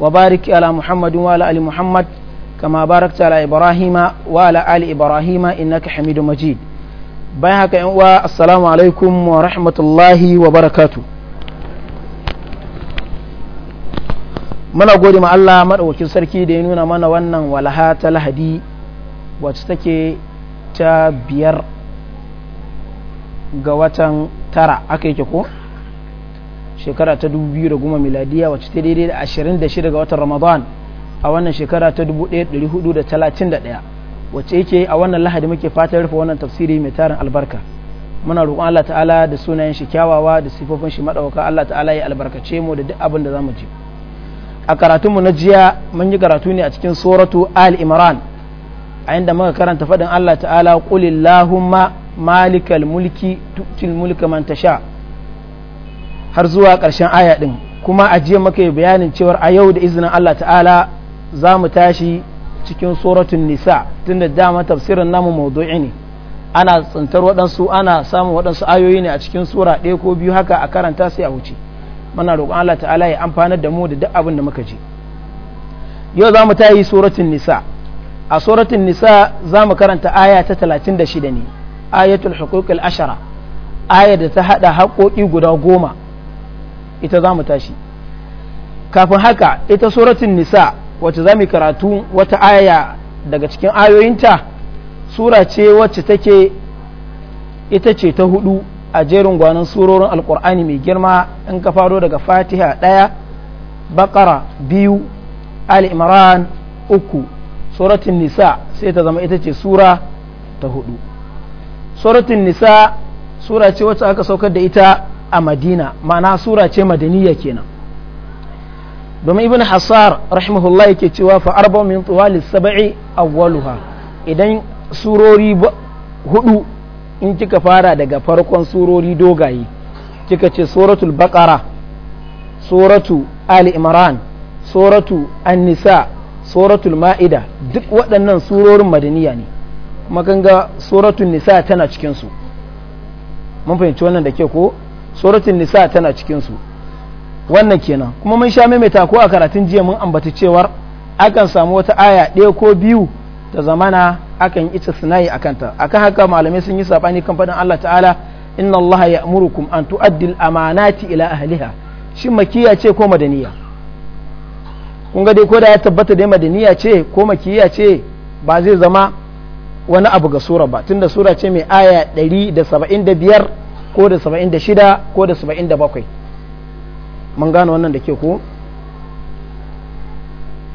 wa bariki ala muhammadu wa ali muhammad kama barakta ala ibrahima wa ali ibrahima innaka hamidu majid bayan haka yan uwa assalamu alaikum wa rahmatullahi wa barakatu mana gode ma Allah madaukakin sarki da ya nuna mana wannan walaha ta lahadi wacce take ta biyar ga watan tara aka yake ko shekara ta dubu biyu da goma miladiya wacce ta daidai da ashirin da shida ga watan ramadan a wannan shekara ta dubu ɗaya da da hudu talatin ɗaya wacce yake a wannan lahadi muke fatan rufe wannan tafsiri mai tarin albarka muna roƙon Allah ta'ala da sunayen shi kyawawa da sifofin shi maɗauka Allah ta'ala ya albarkace mu da duk abin da zamu ji a karatunmu na jiya mun yi karatu ne a cikin suratu al imran a inda muka karanta faɗin Allah ta'ala qulillahumma malikal mulki tu'til mulka man tasha' har zuwa ƙarshen aya ɗin kuma a jiya muka yi bayanin cewar a yau da izinin Allah ta'ala za mu tashi cikin suratun nisa tunda da dama tafsirin namu maudu'i ne ana tsintar waɗansu ana samun waɗansu ayoyi ne a cikin sura ɗaya ko biyu haka a karanta sai a wuce muna roƙon Allah ta'ala ya amfanar da mu da duk abin da muka ji yau za mu tayi suratun nisa a suratun nisa za mu karanta aya ta talatin da shida ne ayatul huquqil ashara ayar da ta haɗa haƙoƙi guda goma ita za mu tashi kafin haka ita suratun nisa wacce za mu karatu wata aya daga cikin ayoyinta sura ce wacce take ita ce ta hudu a jerin gwanin surorin alkur'ani mai girma in ka faro daga fatiha ɗaya bakara biyu al'imran uku suratun nisa sai ta zama ita ce sura ta hudu suratun nisa sura ce wacce aka saukar da ita a madina ma'ana sura ce madaniya kenan domin ibn hasar rahimahullah yake cewa fa arba min tuwali sab'i awwaluha idan surori hudu in kika fara daga farkon surori dogaye kika ce suratul baqara suratu ali imran suratu an-nisa suratul ma'ida duk waɗannan surorin madaniya ne kuma kanga suratul nisa tana cikin su mun fahimci wannan da ke ko tsoratin nisa tana cikinsu wannan kenan kuma mun sha maimaita ko a karatun jiya mun ambaci cewar akan samu wata aya ɗaya ko biyu ta zamana akan ita sinayi a kanta a kan haka malamai sun yi saɓani kan faɗin Allah ta'ala inna Allah ya amurukum an tu'addil amanati ila ahliha shin makiya ce ko madaniya kun ga dai ko da ya tabbata dai madaniya ce ko makiya ce ba zai zama wani abu ga sura ba tunda sura ce mai aya ɗari da da saba'in biyar. ko da saba'in da shida ko da saba'in da bakwai mun gano wannan da ke ku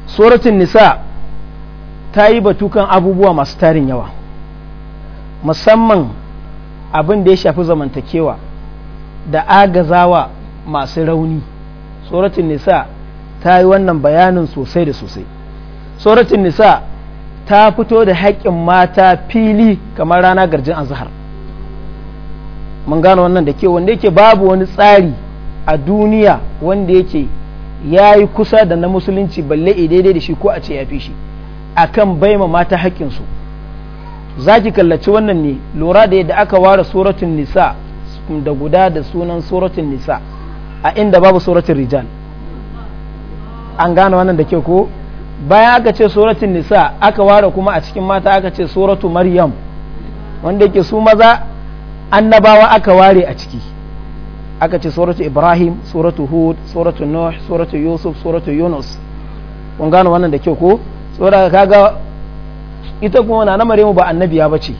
suratun nisa ta yi batukan abubuwa masu tarin yawa musamman abin da ya shafi zamantakewa da agazawa masu rauni suratun nisa ta yi wannan bayanin sosai da sosai suratun nisa ta fito da haƙƙin mata fili kamar rana garjin azhar mun gane wannan da ke wanda yake babu wani tsari a duniya wanda yake ya yi kusa da na musulunci balle daidai da shi ko a ce ya fi shi a kan baima mata haƙƙinsu za ki kallaci wannan ne lura da yadda aka ware suratun nisa da guda da sunan suratun nisa a inda babu suratun rijal an gane wannan da ke ko bayan aka ce suratun nisa aka ware kuma a cikin mata aka ce suratu maryam wanda yake su maza annabawa aka ware a ciki aka ce suratu ibrahim suratu hud suratu nuh suratu yusuf suratu yunus kun gano wannan da kyau ko saboda kaga ita kuma na maryamu ba annabiya bace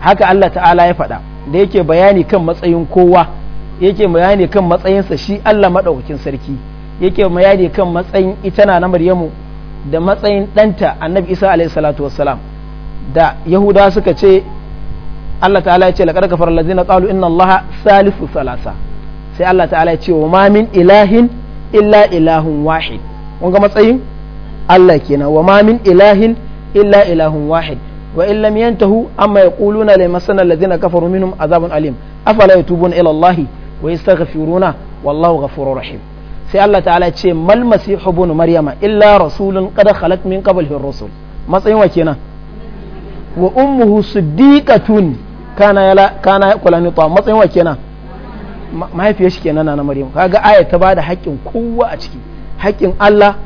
haka Allah ta'ala ya faɗa da yake bayani kan matsayin kowa yake bayani kan matsayinsa shi Allah madaukakin sarki yake bayani kan matsayin ita na maryamu da matsayin ɗanta annabi isa alaihi salatu wassalam da yahuda suka ce Allah ta'ala ya ce laqad kafara allazina qalu inna allaha salisu salasa sai Allah ta'ala ya ce wa ma min ilahin illa ilahun wahid ,wa ga matsayin Allah kenan wa ma min ilahin illa ilahun wahid wa in lam yantahu amma yaquluna la yamassanna allazina kafaru minhum azabun alim afala yatubuna ila Allah wa yastaghfiruna wallahu ghafurur rahim sai Allah ta'ala ya ce mal masihu ibn maryama illa rasulun qad khalat min qablihi rusul matsayin wa kenan wa ummuhu siddiqatun kana yala kana kulani ta matsayin wa kenan mahaifiyar shi kenan na Maryam kaga aya ta bada haƙƙin kowa a ciki haƙƙin Allah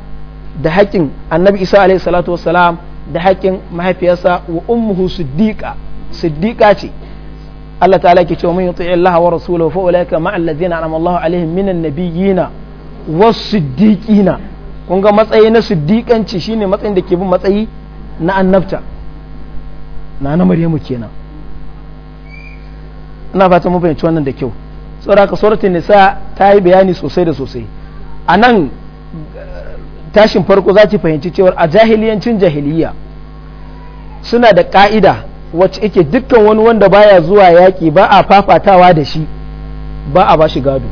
da haƙƙin Annabi Isa alaihi salatu wassalam da haƙƙin mahaifiyarsa wa ummuhu siddiqa siddiqa ce Allah ta'ala ke cewa mun yuti Allah wa rasulahu fa ulaika ma allazina an'ama Allah alaihim minan nabiyyina was siddiqina kun ga matsayi na siddiqanci shine matsayin da ke bin matsayi na annabta na na Maryamu kenan ina fata mun fahimci wannan da kyau saboda suratul nisa ta yi bayani sosai da sosai a nan tashin farko za ki fahimci cewar a jahiliyancin jahiliya suna da ka'ida wacce ike dukkan wani wanda baya zuwa yaƙi ba a fafatawa da shi ba a bashi gado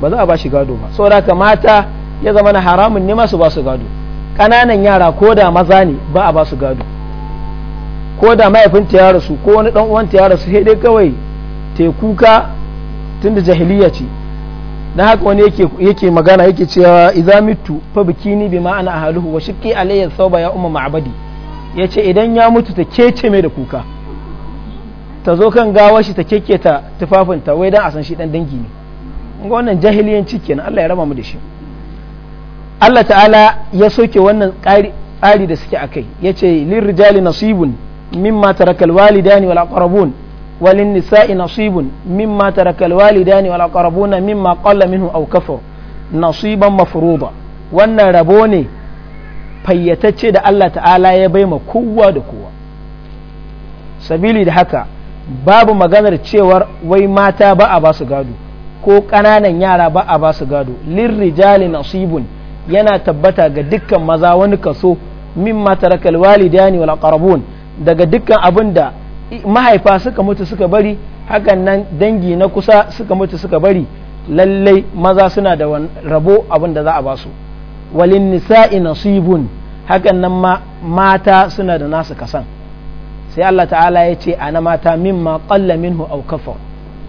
ba za a bashi gado ba saboda mata ya zama na haramun ne masu ba su gado ƙananan yara ko da maza ne ba a ba su gado ko da mahaifinta ya rasu ko wani dan uwan ta ya rasu sai dai kawai te kuka tunda jahiliya ce dan haka wani yake yake magana yake cewa idza mitu fa bikini bi ana ahaluhu wa shiqqi alayya thawba ya umma ma'badi yace idan ya mutu ta kece mai da kuka ta zo kan gawar shi ta keke ta tufafinta wai dan a san shi dan dangi ne ga wannan jahiliyanci kenan Allah ya raba mu da shi Allah ta'ala ya soke wannan tsari da suke a kai ya ce lirrijali nasibun مما ترك الوالدان والأقربون وللنساء نصيب مما ترك الوالدان والأقربون مما قل منه أو كفر نصيبا مفروضا wannan rabo ne fayyatacce da Allah ta'ala ya bai ma kowa da kowa sabili da haka babu maganar cewa wai mata ba a ba gado ko ƙananan yara ba a ba su gado lirrijali nasibun yana tabbata ga dukkan maza wani kaso min matarakal walidani wal aqrabun daga dukkan abin da mahaifa suka mutu suka bari hakan nan dangi na kusa suka mutu suka bari lallai maza suna da rabo abin da za a basu walin nisa'i nasibun hakan nan ma mata suna da nasu kasan sai Allah ta'ala ya ce ana mata min ma qalla minhu aw kafa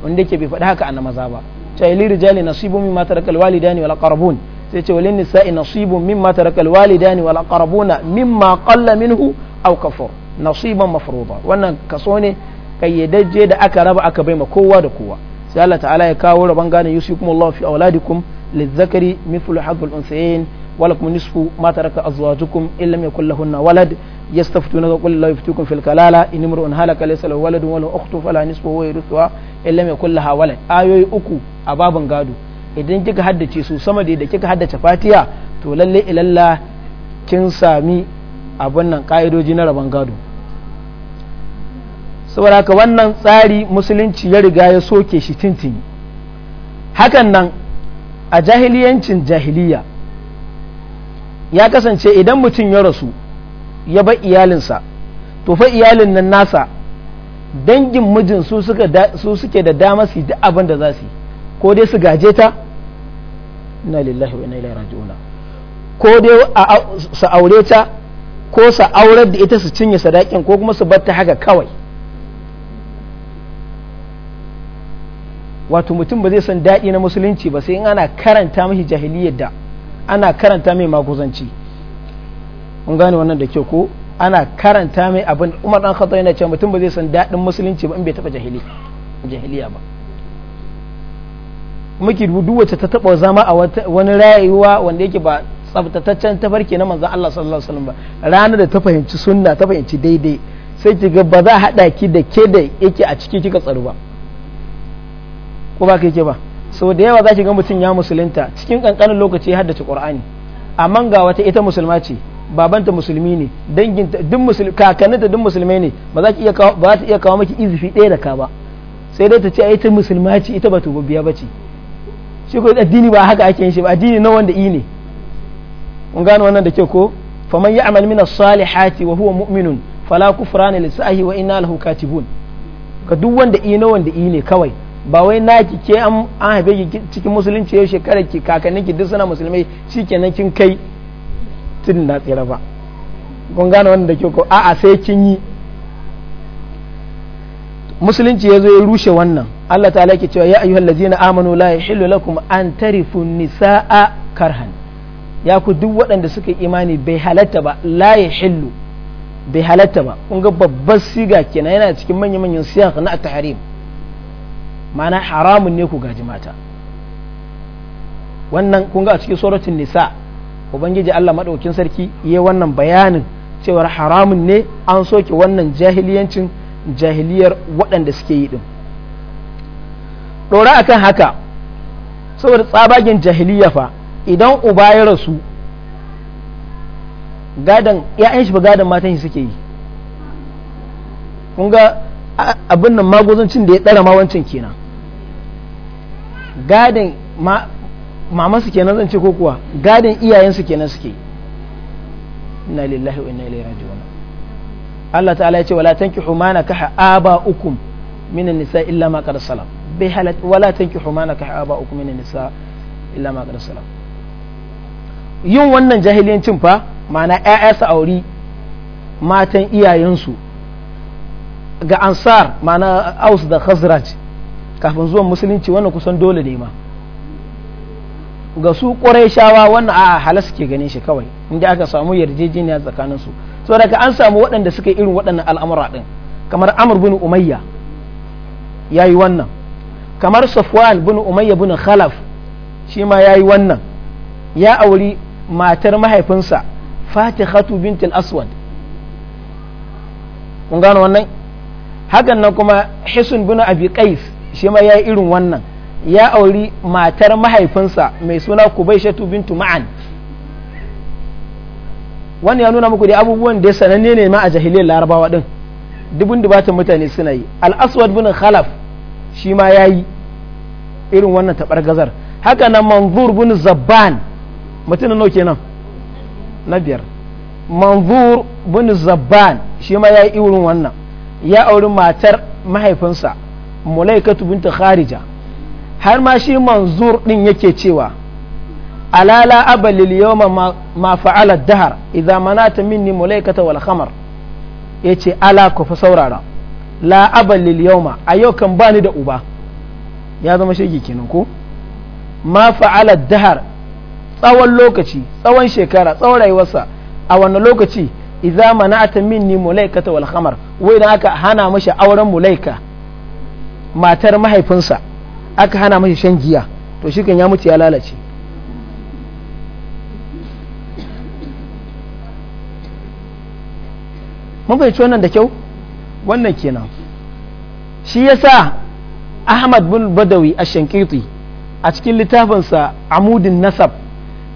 wanda yake bai faɗi haka ana maza ba ta yi rijali nasibun mimma tarakal walidani wal aqrabun sai ce walin nisa'i nasibun mimma tarakal walidani wal aqrabuna mimma qalla minhu aw kafa nasiban mafruda wannan kaso ne kayyadajje da aka raba aka bai ma kowa da kowa sai Allah ta'ala ya kawo raban gane yusikum Allah fi auladikum lizzakari mithlu hadhul unsayin walakum nisfu ma taraka azwajukum illam yakul lahunna walad yastaftuna wa qul la yuftikum fil kalala in imrun halaka laysa lahu waladun wa ukhtun fala nisfu wa yurithuha illam yakul laha walad ayoyi uku a baban gado idan kika haddace su sama da yadda kika haddace fatiya to lalle ilallah kin sami abun nan ka'idoji na rabon gado saboda ka wannan tsari musulunci ya riga ya soke shi tintini hakan nan a jahiliyancin jahiliya ya kasance idan mutum ya rasu ya bar iyalinsa to fa iyalin nan nasa dangin mijin su suke da dama su da abin da za su yi ko dai su gaje ta inna lillahi wa inna ilaihi raji'un ko dai su aure ta ko su aurar da ita su cinye sadakin ko kuma su bar ta haka kawai wato mutum ba zai san daɗi na musulunci ba sai in ana karanta mashi jahiliyar da ana karanta mai maguzanci kun gane wannan da kyau ko ana karanta mai abin umar dan khattab yana cewa mutum ba zai san daɗin musulunci ba in bai taɓa jahiliya ba muke duk wacce ta taɓa zama a wani rayuwa wanda yake ba tsabtataccen tafarki na manzan Allah sallallahu alaihi wasallam ba ranar da ta fahimci sunna ta fahimci daidai sai ki ga ba za a haɗa ki da ke da yake a ciki kika tsaro ba ko ba ka yake ba so da yawa za ki ga mutum ya musulunta cikin kankanin lokaci ya haddace qur'ani amma ga wata ita musulma ce babanta musulmi ne danginta duk musulmi kakanninta duk musulmai ne ba za ki iya kawo ba ta iya kawo maki izifi ɗaya da ka ba sai dai ta ce ita musulma ce ita ba biya ba ce shi ko addini ba haka ake yin shi ba addini na wanda i ne kun gano wannan da kyau ko faman ya'mal min as-salihati wa huwa mu'minun fala kufrana lisahi wa inna lahu katibun ka duk wanda i wanda i ne kawai ba wai na naki ke an haife ki cikin musulunci yau shekarar ki kakannin ki duk suna musulmai nan kin kai tun na tsira ba kun gane ke ko a'a sai kin yi musulunci ya zo ya rushe wannan Allah ta alaƙi cewa ya ayyuhal lazina amanu la yahillu lakum an tarifu nisa'a karhan ya ku duk waɗanda suka yi imani bai halatta ba la yahillu bai halatta ba kun ga babbar siga kenan yana cikin manya manyan siyaq na at-tahrim ma'ana haramun ne ku gaji mata wannan kun ga a cikin suratul nisa ubangiji Allah madaukin sarki yayi wannan bayanin cewar haramun ne an soke wannan jahiliyancin jahiliyar waɗanda suke yi din dora akan haka saboda tsabagen jahiliya fa idan uba ya rasu gadan ya'yan shi ba gadan matan shi suke yi kun ga abin nan magozancin da ya ɗara ma wancan kenan gadin mama su kenan zance ko kuwa gadin iyayen suke kenan suke inna lillahi wa inna ilaihi raji'un Allah ta'ala ya ce wala tankihu ma nakaha aba'ukum min an-nisa illa ma qad salam bai halat wala tankihu ma nakaha aba'ukum min an-nisa illa ma qad salam yin wannan jahiliyancin fa ma'ana ƴaƴa su auri matan iyayensu ga ansar ma'ana aus da khazraj kafin zuwan musulunci wannan kusan dole ne ma ga su shawa wannan a hala suke ganin shi kawai inda aka samu yarjejeniya tsakanin su so daga an samu waɗanda suka irin waɗannan al'amura ɗin kamar amur bin umayya ya yi wannan kamar safwan bin umayya bin khalaf shi ma ya yi wannan ya auri matar mahaifinsa fatihatu bintul aswad kun gano wannan hakan nan kuma hisun bin abi qais shi ma ya yi irin wannan ya auri matar mahaifinsa mai suna kubaishatu bintu ma'an wani ya nuna muku da abubuwan da sananne ne ma a jahiliyar larabawa din dubun dubatan mutane suna yi al'aswad bin khalaf shi ma ya yi irin wannan tabar gazar haka na manzur bin zabban mutum nauke nan na biyar manzur bin zabban shi ma ya yi irin wannan ya auri matar mahaifinsa mulaikatu binta kharija har ma shi manzur din yake cewa alala abalil yawma ma fa'ala dahar idza manata minni mulaikata wal khamar yace ala ku fa saurara la abalil yawma a yau kan bani da uba ya zama shege kenan ko ma fa'ala dahar tsawon lokaci tsawon shekara tsawon rayuwarsa a wannan lokaci idza mana'ata minni mulaikata wal khamar wai aka hana mashi auren mulaika matar mahaifinsa aka hana mashi shan giya to shi kan ya mutu ya lalace mafi wannan da kyau wannan kenan shi ya sa ahmad bin badawi a shankiti a cikin littafinsa amudin nasab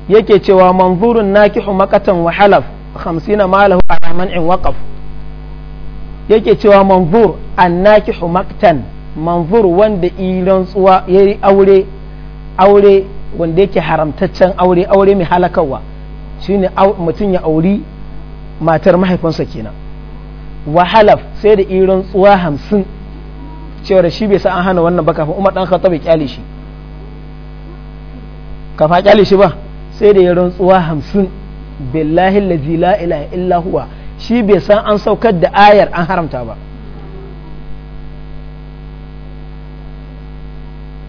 yake cewa manzurun nakihu makatan wa halaf hamsina malahu a in waƙaf yake cewa manzur an nakihu maktan manzur wanda ilon tsuwa ya yi aure aure wanda yake haramtaccen aure aure mai halakawa shine mutum ya auri matar mahaifinsa kenan wahalaf sai da irin tsuwa hamsin cewar shi bai sa an hana wannan ba kafin umar dan khattab ya kyale shi kafa kyale shi ba sai da irin tsuwa hamsin billahi la ilaha illa huwa shi bai san an saukar da ayar an haramta ba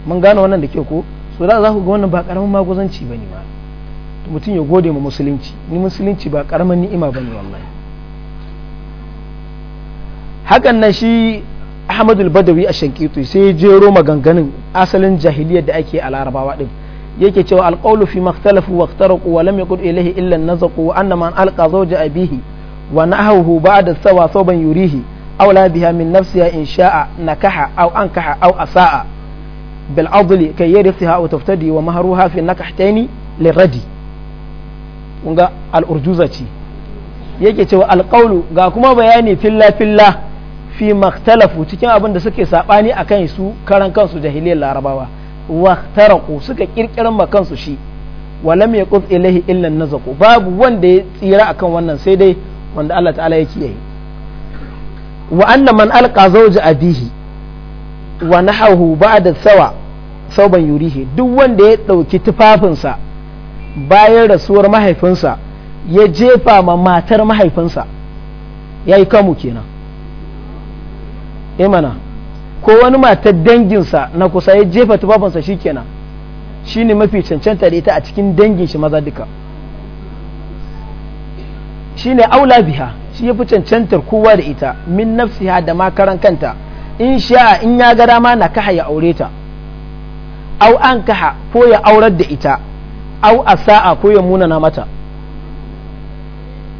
mun gane wannan da ke ko so da za ku ga wannan ba karamin maguzanci bane ba mutum ya gode ma musulunci ni musulunci ba karamin ni'ima bane wallahi hakan nan shi Ahmadul Badawi a Shankitu sai ya jero maganganun asalin jahiliyar da ake a Larabawa din yake cewa alqawlu fi makhtalafu wa iktaraqu wa lam yaqud ilayhi illa an-nazaqu wa anna man alqa zawja abihi wa nahahu ba'da sawa sawban yurihi aw la biha min nafsiha in sha'a nakaha aw ankaha a sa'a. بالعضل كي يرثها أو تفتدي ومهرها في النكحتين للردي kunga al'urjuza ce yake cewa alƙaulu ga kuma bayani filla-filla fi maktalafu cikin abin da suke saɓani a kan su karan kansu jahiliyar larabawa waktaraku suka ƙirƙirar ma kansu shi walam ya ƙuf ilahi illan na zaku babu wanda ya tsira akan wannan sai dai wanda Allah ta'ala ya kiyaye wa anna man alqa zawja abihi wa nahahu ba'da sawa sauban yurihi duk wanda ya ɗauki tufafinsa bayan rasuwar mahaifinsa ya jefa ma matar mahaifinsa ya yi kamu kenan imana eh ko wani matar danginsa na kusa ya jefa tufafinsa shi kenan shi ne mafi cancanta da ita a cikin dangin shi maza duka shi ne aula biha shi ya fi cancantar kowa da ita min nafsiha da makaran kanta in sha in ya ga rama na kaha ya aure ta au an kaha ko ya aurar da ita au asa'a ko ya munana mata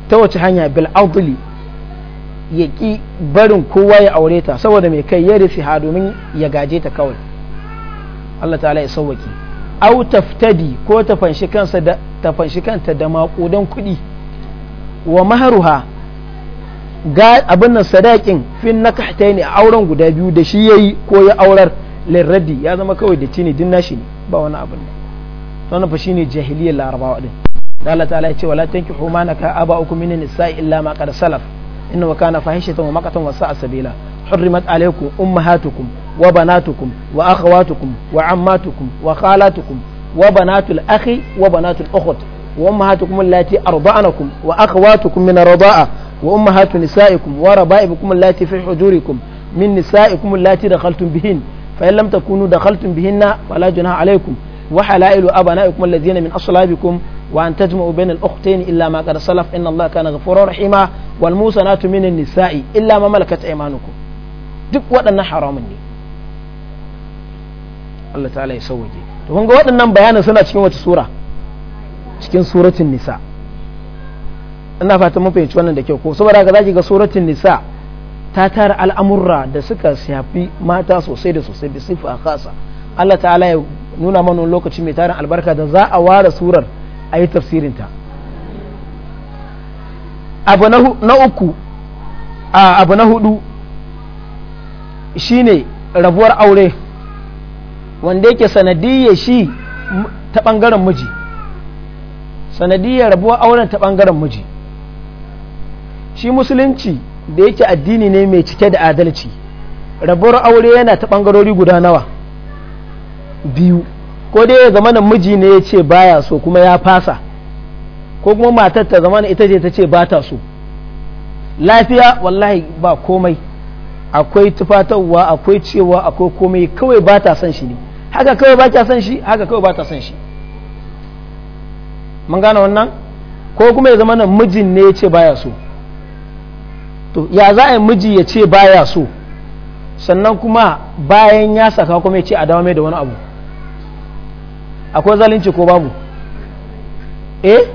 ta wace hanya bil auduli ya ki barin kowa ya aure ta saboda mai kai ya rufe ha domin ya gaje ta kawai Allah ta'ala ya sauwaki au taftadi ko tafanshi kansa da ta kanta da makudan kuɗi wa maharuha ga abin nan sadakin fin nakahtaini a auren guda biyu da shi yayi ko ya aurar lirradi ya zama kawai da cini din nashi ne ba wani abu ne wannan fa shine jahiliyar larabawa din da Allah ta'ala ya ce wala tankihu ma naka uku min nisa'i illa ma qad salaf innahu kana fahishatan wa maqatan wa sa'a sabila حرمت عليكم أمهاتكم وبناتكم وأخواتكم وعماتكم وخالاتكم وبنات الأخ وبنات الأخت وأمهاتكم التي أرضعنكم وأخواتكم من الرضاعة وأمهات نسائكم وربائبكم التي في حجوركم من نسائكم التي دخلتم بهن فإن لم تكونوا دخلتم بهن bihinna جناح عليكم alaikum أبنائكم الذين من أصلابكم min تجمعوا wa an إلا ما قد illa إن الله salaf inna رحيما kana ghafurur rahima wal musanatu minan nisa'i illa duk waɗannan haramun ne Allah ta'ala ya sauwaje to kun ga waɗannan bayanan suna cikin wata sura cikin suratul nisa ina fatan mun fahimci wannan da kyau ko saboda ga zaki ga suratul nisa ta tara al'amurra da suka shafi mata sosai da sosai a kasa Allah ta'ala ya nuna mana lokaci mai tarin albarka da za a ware surar a yi tafsirinta abu na uku abu na hudu shine rabuwar aure wanda yake sanadiyya shi ta ɓangaren miji rabuwar auren ta bangaren miji shi musulunci da yake addini ne mai cike da adalci rabuwar aure yana ta ɓangarori guda nawa biyu ko dai ya zama miji ne ya ce baya so kuma ya fasa ko kuma matar ta zama ita ce ta ce ba ta so lafiya wallahi ba komai akwai tufatarwa akwai cewa akwai komai kawai ba ta son shi ne haka kawai ba ta son shi haka kawai ba ta son shi mun gane wannan ko kuma ya zama mijin ne ya ce baya so to ya za a miji ya ce baya so sannan kuma bayan ya saka kuma ya ce a dawo mai da wani abu akwai zalunci ko babu eh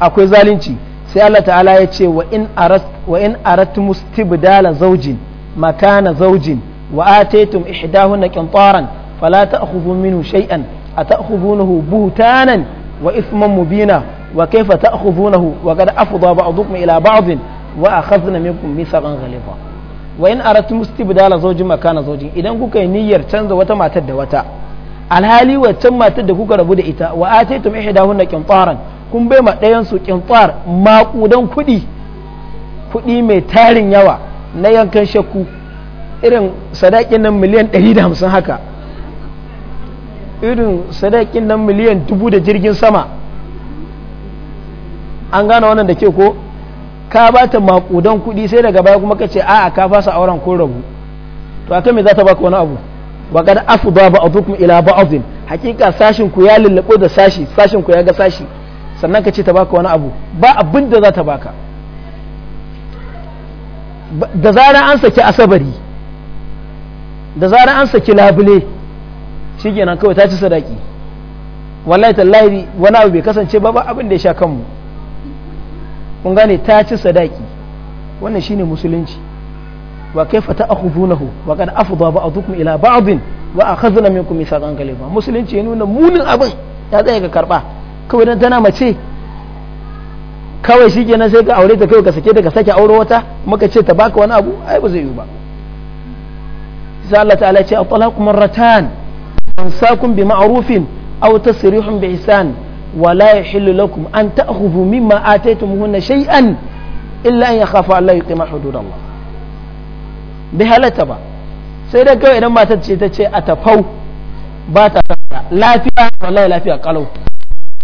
akwai zalunci sai Allah ta'ala ya ce wa in arat wa in arattum istibdala zawjin makana zawjin wa ataytum ihdahunna qintaran fala ta'khudhu minhu shay'an ata'khudhunahu buhtanan wa ithman mubina wa kayfa ta'khudhunahu wa qad afdha ba'dukum ila ba'din wa a akhadna minkum mithaqan ghalifa wa in aradtum istibdala zawjin makana zawjin idan kuka yi niyyar canza wata matar da wata alhali waccan matar da kuka rabu da ita wa ataytum ihdahunna qintaran kun bai ma dayan su qintar kudan kudi kudi mai tarin yawa na yankan shakku irin sadakin nan miliyan 150 haka irin sadakin nan miliyan dubu da jirgin sama an gane wannan da ke ko ka ba ta makudan kuɗi sai daga baya kuma ka ce a'a ka fasa auren ko rabu to akan me za ta baka wani abu wa kad afda ba'dukum ila ba'dhin hakika sashin ku ya lullube da sashi sashin ku ya ga sashi sannan ka ce ta baka wani abu ba abin da za ta baka da zarar an saki asabari da zarar an saki labule shikenan kawai ta ci sadaki wallahi tallahi wani abu bai kasance ba ba abin da ya sha kanmu kun gane ta ci sadaki wannan shine musulunci wa kaifa ta'khudunahu wa qad afdha ba'dukum ila ba'din wa akhadna minkum mithaqan ghaliba musulunci ya nuna munin abin ya tsaya ka karba kawai dan tana mace kawai shikenan sai ka aure ta kawai ka sake ta ka sake aure wata muka ce ta baka wani abu ai ba zai yi ba sai Allah ta'ala ya ce at-talaqu marratan ansakum bi ma'rufin aw tasrihun bi ihsan ولا يحل لكم أن تأخذوا مما آتيتمهن شيئا إلا أن يخاف الله يقيم حدود الله بهالة با سيدا كو إذا ما تتشي تتشي أتفو باتا لا فيها والله لا فيها قالوا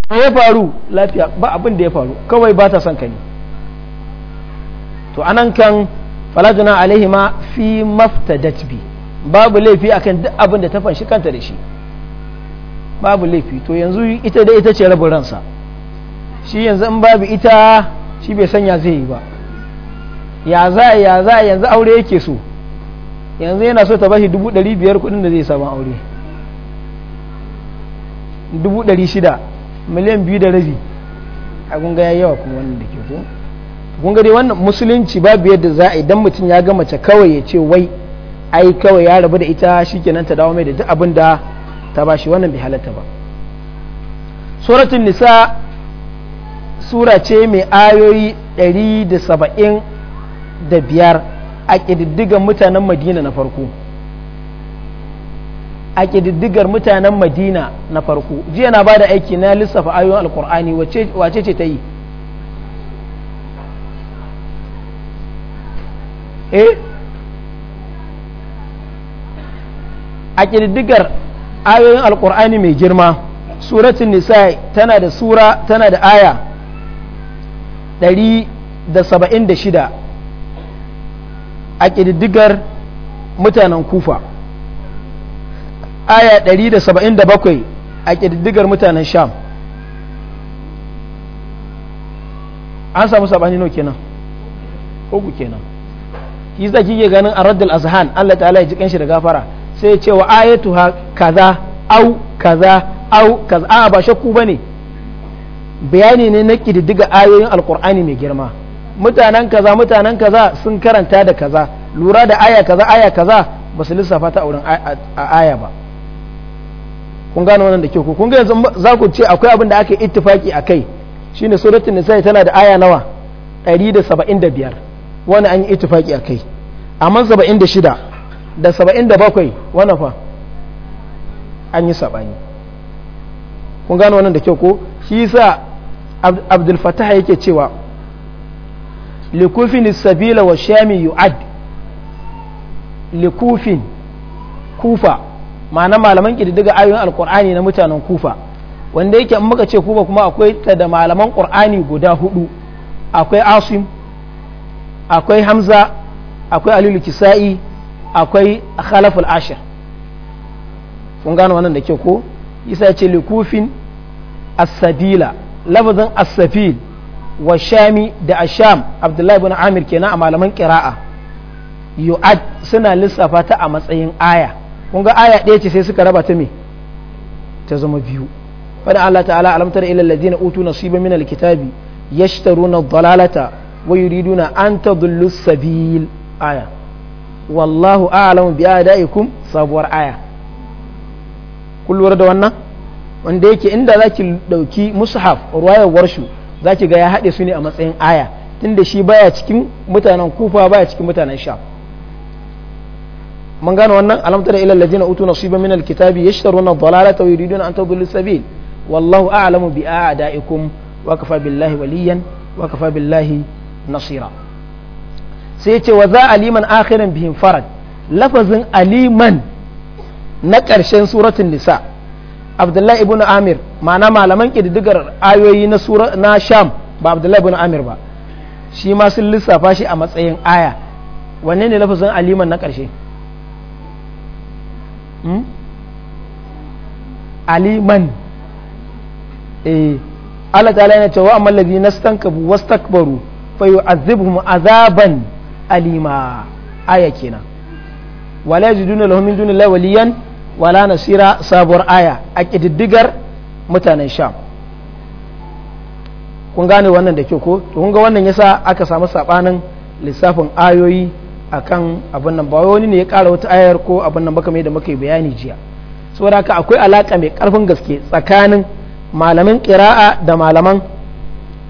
ya faru lafiya ba abin da ya faru kawai ba ta son ka ne to anan kan falajuna alaihima fi maftadat bi babu laifi akan duk abin da ta fanshi kanta da shi babu laifi to yanzu ita da ita ce rabin ransa shi yanzu in babu ita shi bai sanya zai yi ba ya za ya za yanzu aure yake so yanzu yana so ta bashi dubu dari biyar kuɗin da zai samu aure dubu dari shida miliyan biyu da rabi a gunga ya yawa kuma wannan da ke ko gunga dai wannan musulunci babu yadda za a idan mutum ya ga mace kawai ya ce wai ai kawai ya rabu da ita shikenan ta dawo mai da duk abin da ta shi wannan bai halatta ba suratun nisa sura ce mai ayoyi 175 a ƙididdigar mutanen madina na farko a ƙididdigar mutanen madina na farko jiya na ba da aiki na lissafa ayoyin alkur'ani wace ce ta yi eh? a ƙididdigar ayoyin alkur'ani mai girma suratun nisa'i tana da sura tana da aya 176 a ƙididdigar mutanen kufa aya 177 a ƙididdigar mutanen sham an samu sabani nau kenan uku kenan yi zaki ke ganin a raddul azhan Allah ta'ala ya ji kanshi da gafara sai ce wa ha kaza au kaza au kaza a ba shakku bane bayani ne na kididdiga ayoyin alkur'ani mai girma mutanen kaza mutanen kaza sun karanta da kaza lura da aya kaza aya kaza ba su lissafa ta auren aya ba kun gano wannan da ke ku kun ga yanzu za ku ce akwai abin da aka yi ittifaki a kai shine suratul nisa tana da aya nawa 175 wani an yi ittifaki a kai amma 76 da saba'in da bakwai wani fa an yi ne kun gano wannan da kyau ko shi sa abdul yake cewa likufin sabila wa shami yu'ad likufin kufa ma'ana malaman ƙididdiga ayoyin alkur'ani na mutanen kufa wanda yake an muka ce kufa kuma akwai ta da malaman ƙur'ani guda hudu akwai asim akwai hamza akwai alilu kisa'i akwai khalaful ashir kun gano wannan da ke ko isa ce likufin as-sabila lafazin as-safil wa shami da asham abdullahi bin amir kenan a malaman qira'a yu'ad suna lissafa ta a matsayin aya kun ga aya ɗaya ce sai suka raba ta me ta zama biyu fadin Allah ta'ala alamtar ila alladhina utu nasiba min alkitabi yashtaruna ad-dalalata wa yuriduna an tadullu as-sabil aya wallahu a'lamu bi adaikum sabuwar aya kullum da wannan wanda yake inda zaki dauki mushaf ruwayar warshu zaki ga ya haɗe su ne a matsayin aya tunda shi baya cikin mutanen kufa baya cikin mutanen sha mun gano wannan da ila allazina utu nasiba min alkitabi yashtaruna dhalalata wa yuriduna an tadullu sabil wallahu a'lamu bi a'daikum wa kafa billahi waliyan wa kafa billahi nasira sai ce wa za aliman akhiran bihin farad lafazin aliman na ƙarshen suratun nisa abdullahi ibn amir ma'ana malaman ƙididdigar ayoyi na sham ba abdullahi ibn amir ba shi ma sun lissafa shi a matsayin aya wanne ne lafazin aliman na ƙarshe hmm? aliman eh Allah ta yana cewa amma ladina stankabu wastakbaru fa yu'adhibuhum azaban alima aya kenan wala yajiduna lahum min dunillahi waliyan wala nasira sabuwar aya a kididdigar mutanen sham kun gane wannan da kyau ko to kun ga wannan yasa aka samu sabanin lissafin ayoyi akan abin nan ba wani ne ya kara wata ayar ko abin nan baka mai da muka yi bayani jiya saboda haka akwai alaka mai karfin gaske tsakanin malamin qira'a da malaman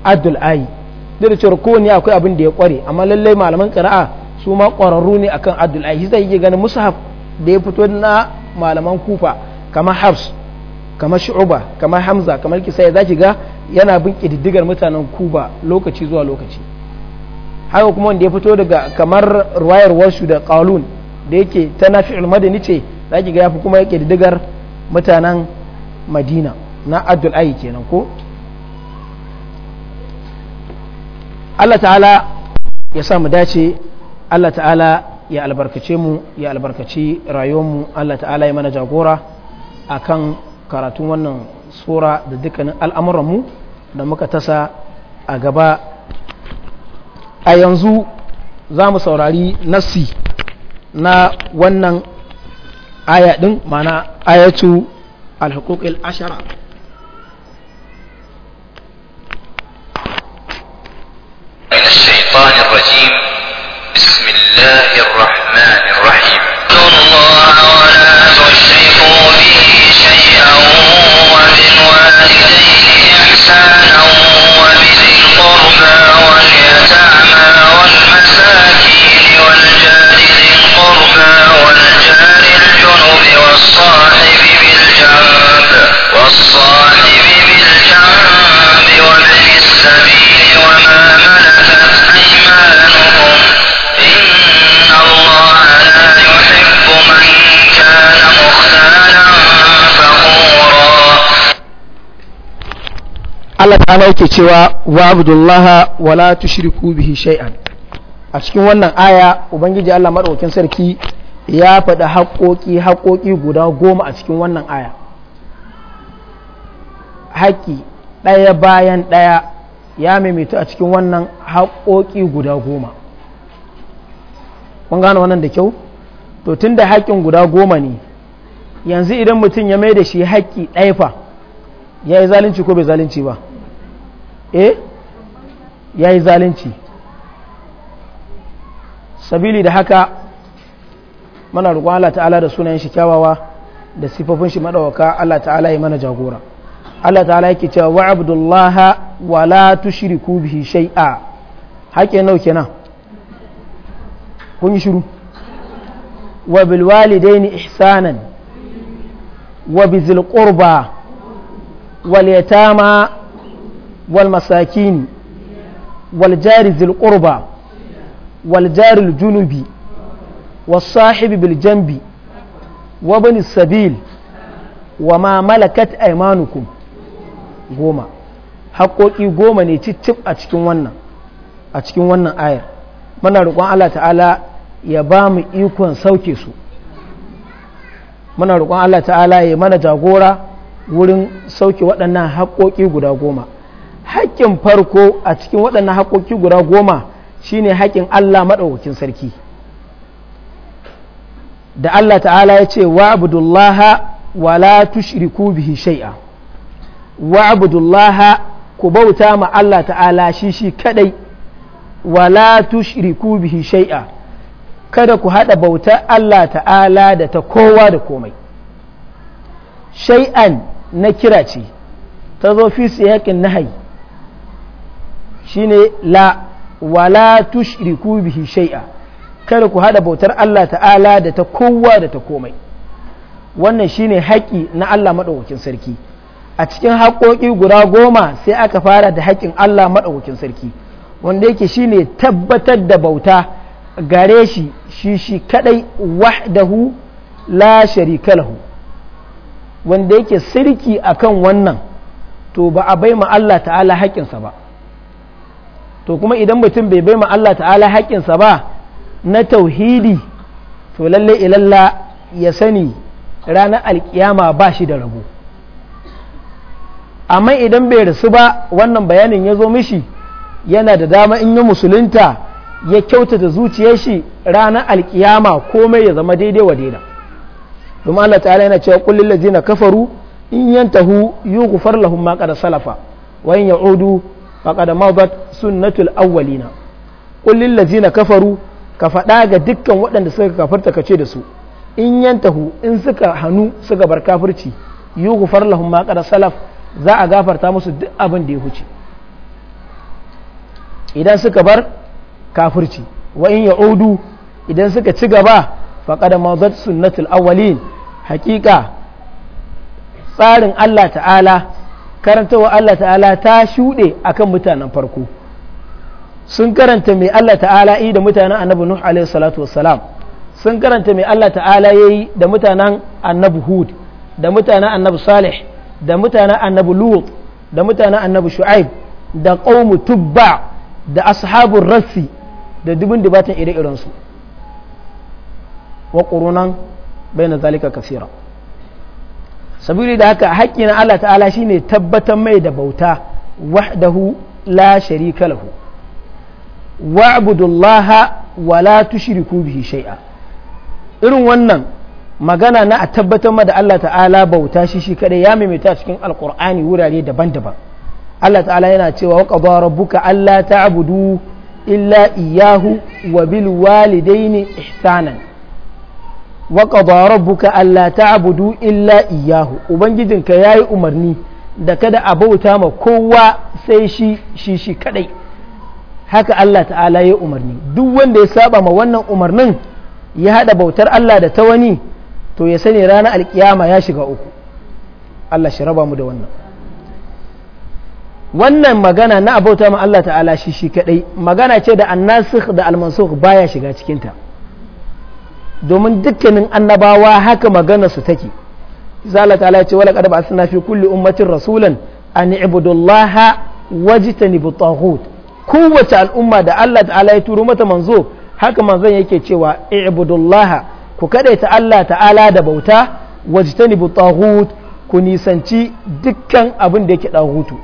adul ayi duk da cewa kowanne akwai abin da ya kware amma lallai malaman qira'a su ma kwararru ne akan adul ai sai yake ganin mushaf da ya fito na malaman kufa kamar habs kamar shu'uba kamar hamza kamar kisai zaki ga yana bin kididdigar mutanen kuba lokaci zuwa lokaci haka kuma wanda ya fito daga kamar ruwayar wasu da qalun da yake ta nafi'ul madani ce zaki ga ya fi kuma ya mutanen madina na adul kenan ko Allah ta'ala ya sa mu dace Allah ta'ala ya albarkace mu ya albarkaci mu Allah ta'ala ya mana jagora akan karatu wannan sura da dukkanin al'amuranmu da muka tasa a gaba a yanzu za mu saurari nassi na wannan aya ɗin mana ayatu al al ashara الشيطان الرجيم بسم الله الرحمن الرحيم الله ولا تشركوا به شيئا وبالوالدين إحسانا وبذي القربى واليتامى والمساكين والجار ذي القربى والجار الجنب والصاحب بالجنب والصاحب بالجنب وابن السبيل وما ملكت Allah ta'ala yake cewa wa abdullah wa la tushriku bihi shay'an a cikin wannan aya ubangiji Allah madaukakin sarki ya faɗi haƙoƙi haƙoƙi guda goma a cikin wannan aya haƙƙi ɗaya bayan ɗaya ya maimaita a cikin wannan haƙoƙi guda goma kun gane wannan da kyau to tun da haƙƙin guda goma ne yanzu idan mutum ya mai da shi haƙƙi ɗaya fa ya yi zalunci ko bai zalunci ba E ya yi zalunci sabili da haka mana rukun Allah ta'ala da sunayen shi kyawawa da sifofin shi madawaka Allah ta'ala ya mana jagora Allah ta'ala yake cewa wa abdullah wa la tushriku bihi shay'a haƙe nau kenan kun yi shiru wa bil walidaini ihsanan wa bizil qurba wal yatama والمساكين والجار ذي القربى والجار الجنب والصاحب بالجنب وابن السبيل وما ملكت أيمانكم goma haƙoƙi goma ne cicif a cikin wannan a cikin wannan ayar muna roƙon Allah ta'ala ya ba mu ikon sauke su muna roƙon Allah ta'ala ya mana jagora wurin sauke waɗannan haƙoƙi guda goma haƙƙin farko a cikin waɗannan haƙoƙi guda goma shine haƙƙin Allah maɗaukakin sarki da Allah ta'ala ya ce wa abudullaha wa la tushriku bihi shay'a wa abudullaha ku bauta ma Allah ta'ala shi shi kadai wa la tushriku bihi shay'a kada ku hada bauta Allah ta'ala da ta kowa da komai shai'an na kira ce ta zo fi siyakin nahayi shine la wala tushriku bihi shay'a kada ku hada bautar Allah ta'ala da ta kowa da ta komai wannan shine haƙƙi na Allah madaukakin sarki a cikin haƙoƙi guda goma sai aka fara da haƙin Allah madaukakin sarki wanda yake shine tabbatar da bauta gare shi shi shi kadai wahdahu la sharika lahu wanda yake sirki akan wannan to ba a bai ma Allah ta'ala haƙinsa ba to kuma idan mutum bai bai ma Allah ta'ala haƙƙinsa ba na tauhidi to lalle ilalla ya sani ranar alƙiyama ba shi da rabo amma idan bai rasu ba wannan bayanin ya zo mishi yana da dama in yi musulunta ya kyautata zuciyar shi ranar alƙiyama komai ya zama daidai wa daidai domin Allah ta'ala yana cewa kullum na kafaru in hu yi gufar lahun da salafa wa ya ya'udu faqad madat sunnatul awwalina qul lil kafaru ka faɗa ga dukkan waɗanda suka kafarta kace da su in yantahu in suka hanu suka bar kafirci yughfar lahum ma qad salaf za a gafarta musu duk abin da ya huce idan suka bar kafirci wa in ya'udu idan suka ci gaba faqad madat sunnatul awwalin haƙiƙa tsarin Allah ta'ala karantawa Allah ta'ala ta shuɗe akan mutanen farko sun karanta mai Allah ta'ala yi da mutanen annabi Nuh alaihi salatu wassalam sun karanta mai Allah ta'ala yi da mutanen annabi Hud da mutanen annabi Salih da mutanen annabi Lut da mutanen annabi Shu'aib da qaumu Tubba da ashabun Rassi da dubin dubatan ire-irensu wa qurunan bayna zalika kasira sabili da haka haƙƙi na Allah ta'ala shine tabbatar mai da bauta wahdahu la sharika lahu wa'budullaha wa la tushriku bihi shay'a irin wannan magana na a tabbatar ma da Allah ta'ala bauta shi shi kadai ya maimaita cikin alqur'ani wurare daban-daban Allah ta'ala yana cewa wa qadara rabbuka alla ta'budu illa iyyahu wa bil walidaini ihsanan wa qada Allah ta ta'budu illa iyyahu ubangijinka yayi umarni da kada a bauta ma kowa sai shi shi shi kadai haka Allah ta'ala ya umarni duk wanda ya saba ma wannan umarnin ya hada bautar Allah da ta wani to ya sani ranar alkiyama ya shiga uku Allah shi raba mu da wannan wannan magana na abauta ma Allah ta'ala shi shi kadai magana ce da annasikh da almansukh baya shiga cikinta domin dukkanin annabawa haka magana su take zala ta ala ce wala qad ba'athna fi kulli ummatin rasulan an ibudullaha wajtanibu taghut kowace al'umma da Allah ta'ala ya turo mata manzo haka manzon yake cewa ibudullaha ku kadaita Allah ta'ala da bauta wajtanibu taghut ku nisanci dukkan abin da yake dahutu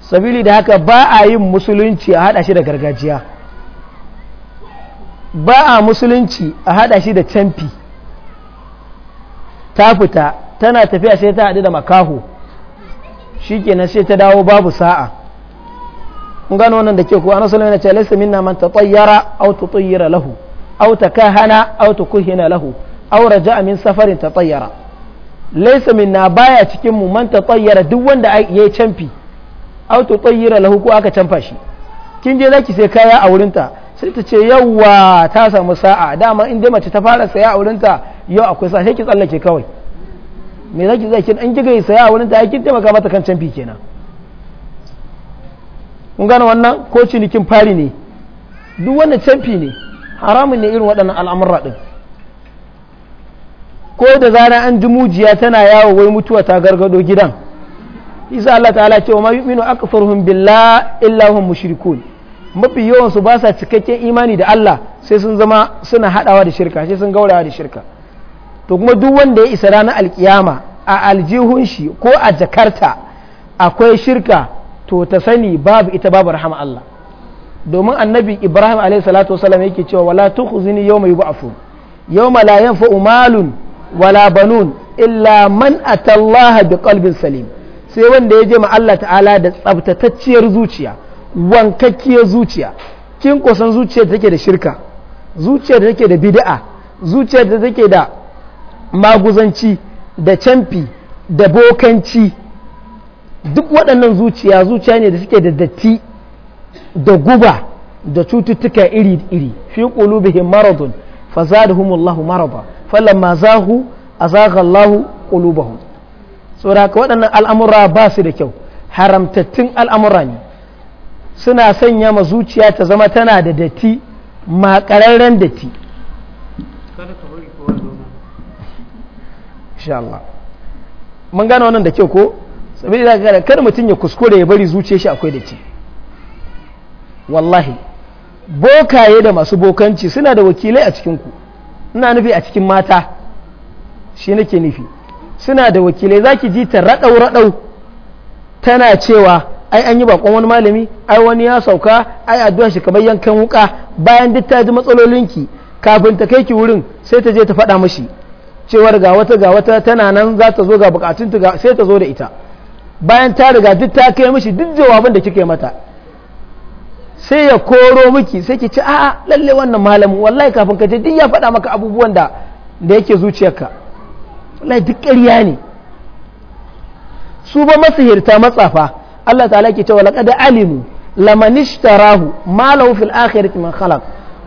sabili da haka ba a yin musulunci a hada shi da gargajiya ba a musulunci a hada shi da canfi ta fita tana tafiya sai ta haɗu da makaho shi kenan sai ta dawo babu sa'a kun gano wannan da ke kuwa na sulaimana ce samin minna manta tsayyara auta tsayyara lahu auta aw takahana aw tukuhina lahu aw a min safarin ta tsayyara. laisa na baya cikin mu manta tsayyara duk wanda ya yi canfi auta tsayyara lahu ko aka canfa shi kin je zaki sai kaya a wurinta sai ta ce yawwa ta samu sa'a dama in dai mace ta fara saya a wurinta yau akwai sa sai ki tsallake kawai me zaki zai kin an yi saya a wurinta ai kin taimaka mata kan canfi kenan kun gane wannan ko cinikin fari ne duk wannan canfi ne haramun ne irin waɗannan al'amurra ɗin. ko da zara an ji mujiya tana yawo wai mutuwa ta gargado gidan isa Allah ta'ala ce wa ma yu'minu akfaruhum billah illa hum mushrikun mafi yawansu su ba sa cikakken imani da Allah sai sun zama suna haɗawa da shirka sai sun gaurawa da shirka to kuma duk wanda ya isa ranar alkiyama a aljihun shi ko a jakarta akwai shirka to ta sani babu ita babu rahama Allah domin annabi Ibrahim alaihi salatu wasallam yake cewa wala tukhzini yawma yub'athun yawma la yanfa'u malun wala banun illa man atallaha biqalbin salim sai wanda ya je ma Allah ta'ala da tsabtatacciyar zuciya wankakkiyar zuciya kin kusan zuciyar da take da shirka zuciyar da take da bid'a zuciyar da take da maguzanci da camfi da bokanci duk waɗannan zuciya zuciya ne da suke da datti da guba da cututtuka iri-iri fi qulubihim maradun fa fazadahumullahu maraba falamma zahu azagha Allahu qulubahum saboda haka waɗannan al'amura ba su da kyau haramtattun al'amura ne suna sanya ma zuciya ta zama tana da datti makararren datti Allah mun gane wannan da kyau ko saboda da gane kada mutum ya kuskure ya bari zuciyar shi akwai datti wallahi bokaye da masu bokanci suna da wakilai a cikinku, ina nufi a cikin mata shi nake nufi suna da wakilai za ki ji ta raɗau raɗau tana cewa ai an yi bakon wani malami ai wani ya sauka ai addu'a shi kamar yankan wuka bayan duk ta ji matsalolinki kafin ta kai ki wurin sai ta je ta faɗa mashi cewar ga wata ga wata tana nan za ta zo ga bukatun ta sai ta zo da ita bayan ta riga duk ta kai mishi duk jawabin da kike mata sai ya koro miki sai ki ci a'a lalle wannan malamin wallahi kafin ka je duk ya faɗa maka abubuwan da da yake zuciyarka wallahi duk ƙarya ne su ba hirta matsafa Allah ta'ala ke cewa laqad alimu laman ishtarahu ma lahu fil akhirati man khalaq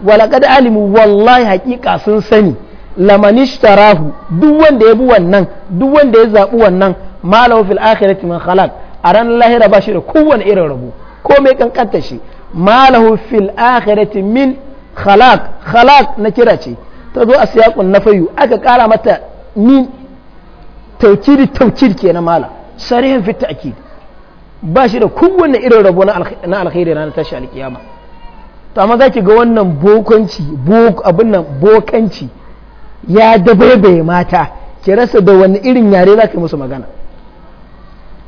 wa laqad alimu wallahi haqiqa sun sani laman ishtarahu duk wanda ya bi wannan duk wanda ya zabi wannan ma lahu fil akhirati man khalaq a ran lahira ba shi da kowane irin rabo ko mai kankanta shi ma lahu fil akhirati min khalaq khalaq na kira ce ta zo a siyaqun nafayu aka kara mata min Taukidi tawkid kenan mala sarihan fi ta'kid ba shi da kowanne irin rabo na alkhairi na tashi alkiyama to amma za ki ga wannan bokanci abin nan bokanci ya dabaibaye mata ki rasa da wani irin yare za ka musu magana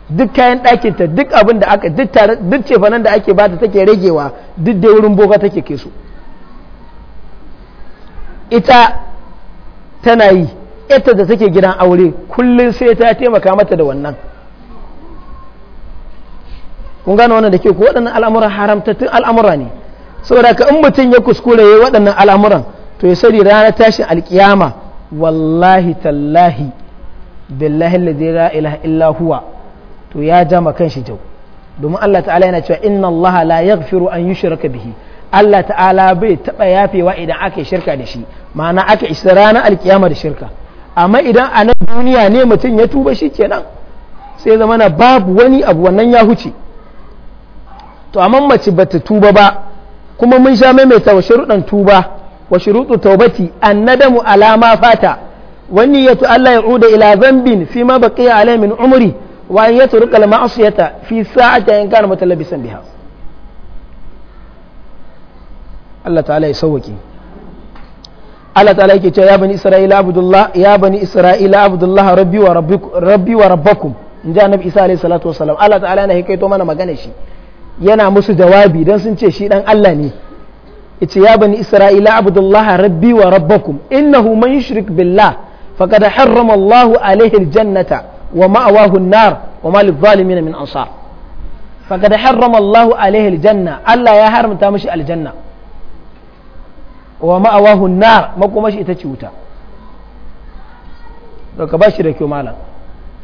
duk kayan ɗakinta duk abin da aka duk cefanen da ake bata take ragewa duk da wurin boka take ke su ita tana yi ita da take gidan aure kullum sai ta taimaka mata da wannan kun gane wannan da ke ko waɗannan al'amuran haramtattun al'amura ne saboda ka in mutum ya kuskure ya waɗannan al'amuran to ya sani ranar tashin alkiyama wallahi tallahi billahi alladhi la ilaha illa huwa to ya jama kan shi jau domin Allah ta'ala yana cewa inna Allah la yaghfiru an yushraka bihi Allah ta'ala bai taba yafewa idan aka yi shirka da shi ma'ana aka isa ranar alkiyama da shirka amma idan a nan duniya ne mutum ya tuba shi kenan sai zamana babu wani abu wannan ya huce to amma mace bata tuba ba kuma mun sha maimaita wa sharuɗan tuba wa shuruɗu taubati annadamu alama fata wani ya Allah ya uda ila zambin fi ma baqiya alai min umri wa an yatruka al ma'siyata fi sa'ati in kana mutalabisan biha Allah ta'ala ya sauwake Allah ta'ala yake cewa ya bani Isra'ila abdullah ya bani Isra'ila abdullah rabbi wa rabbikum rabbi wa rabbakum in ji annabi Isa alaihi salatu salam Allah ta'ala yana hikaito mana magana shi yana musu jawabi don sun ce shi dan Allah ne yace ya bani isra'ila abdullah rabbi wa rabbakum innahu man yushrik billah faqad harrama Allah alaihi aljannata wa ma'awahu an-nar wa ma lidh-dhalimin min ansar faqad harrama Allah alaihi aljanna Allah ya haramta mishi aljanna wa ma'awahu an-nar makomashi ita ce wuta to ka bashi da kyau malam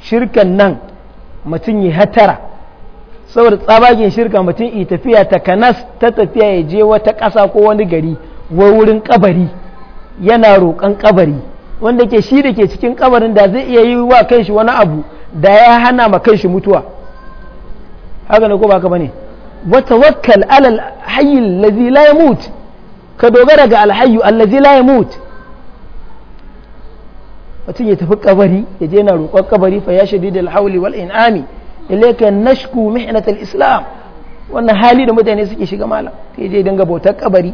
shirkan nan mutum yi hatara saboda tsabagen shirka mutum i tafiya ta kanas ta tafiya ya je wata ƙasa ko wani gari wai wurin kabari yana roƙon kabari wanda ke shi da ke cikin kabarin da zai iya yi wa kanshi wani abu da ya hana ma kanshi mutuwa haka ne ko ba ka bane wata alal hayyil ladzi la yamut ka dogara ga alhayyu allazi la yamut mutum ya tafi kabari ya je na roƙon kabari fa ya shadidul hawli wal in'ami ilayka nashku mihnatal islam wannan hali da mutane suke shiga malam kai je dinga bautar kabari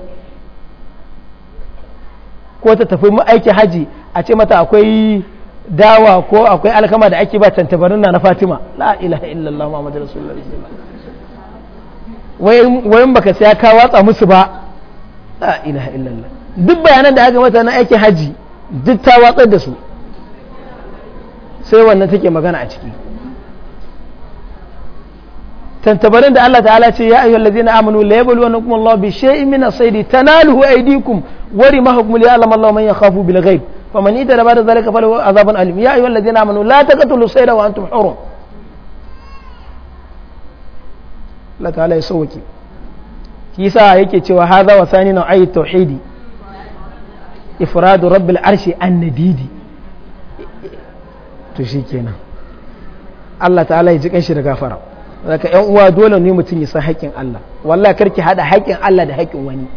ko ta tafi aiki haji a ce mata akwai dawa ko akwai alkama da ake ba tantabarin na fatima la ilaha illallah muhammadu rasulullah wayan baka sai ka watsa musu ba la ilaha illallah duk bayanan da aka mata na aiki haji duk ta watsar da su sai wannan take magana a ciki tantabarin da Allah ta'ala ce ya ayyuhal ladzina amanu la yabluwannakum Allah bi shay'in min as-saydi tanaluhu aydikum wa rimahukum li ya'lam Allah man yakhafu bil ghaib faman itara ba'da zalika falahu azabun alim ya ayyuhal ladzina amanu la taqtulus sayda wa antum hurum Allah ta'ala ya sauke kisa yake cewa hadha wa sani na ayat tauhidi ifradu rabbil arshi annadidi to shikenan Allah ta'ala ya ji kanshi da gafara daga yan uwa dole ne mutum ya san haƙƙin Allah wallahi kar ki hada haƙƙin Allah da haƙƙin wani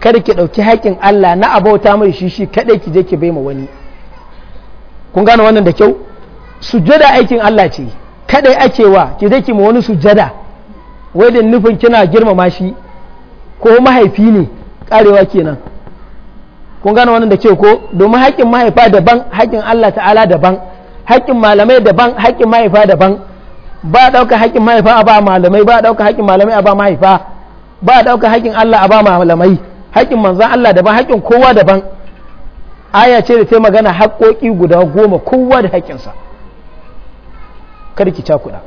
kar ki dauki haƙƙin Allah na abauta mai shi shi ki je ki bai ma wani kun gane wannan da kyau sujjada aikin Allah ce kadai ake wa ki je ki ma wani sujjada wai da nufin kina girmama shi ko mahaifi ne karewa kenan kun gane wannan da kyau ko domin haƙƙin mahaifa daban haƙƙin Allah ta'ala daban haƙƙin malamai daban haƙƙin mahaifa daban ba a ɗauka haƙƙin mahaifa a ba malamai ba a ɗauka haƙƙin malamai a ba mahaifa ba ɗauka haƙƙin Allah a ba malamai haƙƙin manzan Allah daban haƙƙin kowa daban aya ce da ta magana haƙƙoƙi guda goma kowa da haƙƙinsa karki cakuɗa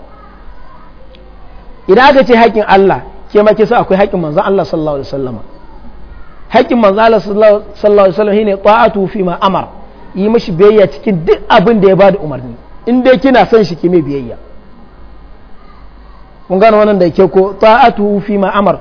idan aka ce haƙƙin Allah ke ma kisa akwai haƙƙin manzan Allah sallallahu alaihi wasallam haƙƙin manzan Allah sallallahu alaihi wasallam shine ta'atu fi ma amar yi mishi biyayya cikin duk abin da ya bada umarni in dai kina son shi ki mai biyayya kun gane wannan da ke ko ta'atuhu fi ma amar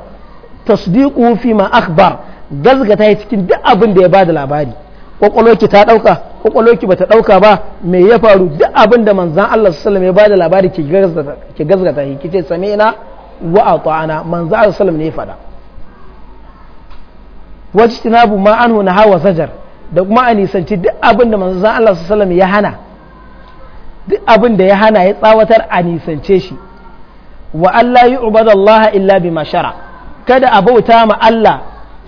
tasdiquhu fi ma akhbar gazgata yi cikin duk abin da ya bada labari kwakwaloki ta dauka kwakwaloki bata dauka ba me ya faru duk abin da manzon Allah sallallahu alaihi wasallam ya bada labari ki gazgata ki gazgata yi kice sami'na wa ata'ana manzon Allah sallallahu ne ya faɗa wajtinabu ma anhu nahawa zajar da kuma a nisanci duk abin da manzon Allah sallallahu alaihi wasallam ya hana duk abin da ya hana ya tsawatar a nisance shi wa Allah yi Allah illa bi shara kada a bauta ma Allah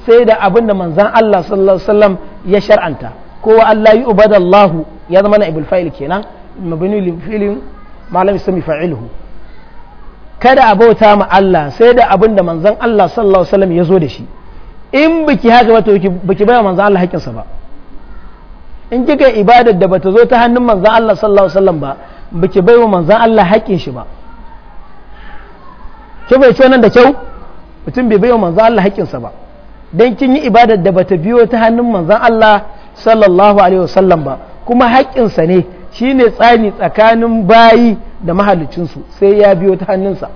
sai da abin da manzan Allah sallallahu wasallam ya shar'anta ko wa Allah yi Allah ya zama na ibul fa'il kenan mabni lil fi'lin malam ismi fa'iluhu kada a bauta ma Allah sai da abin da manzan Allah sallallahu wasallam ya zo da shi in biki haka ba to biki bai manzan Allah haƙƙinsa ba in kika ibadar da bata zo ta hannun manzan Allah sallallahu wasallam ba biki baiwa manzan Allah haƙƙin shi ba ke bai ce nan da kyau mutum bai bai manzan Allah haƙƙinsa ba dan kin yi ibadar da bata biyo ta hannun manzan Allah sallallahu alaihi wasallam ba kuma haƙƙinsa ne shine tsani tsakanin bayi da mahalicinsu sai ya biyo ta hannunsa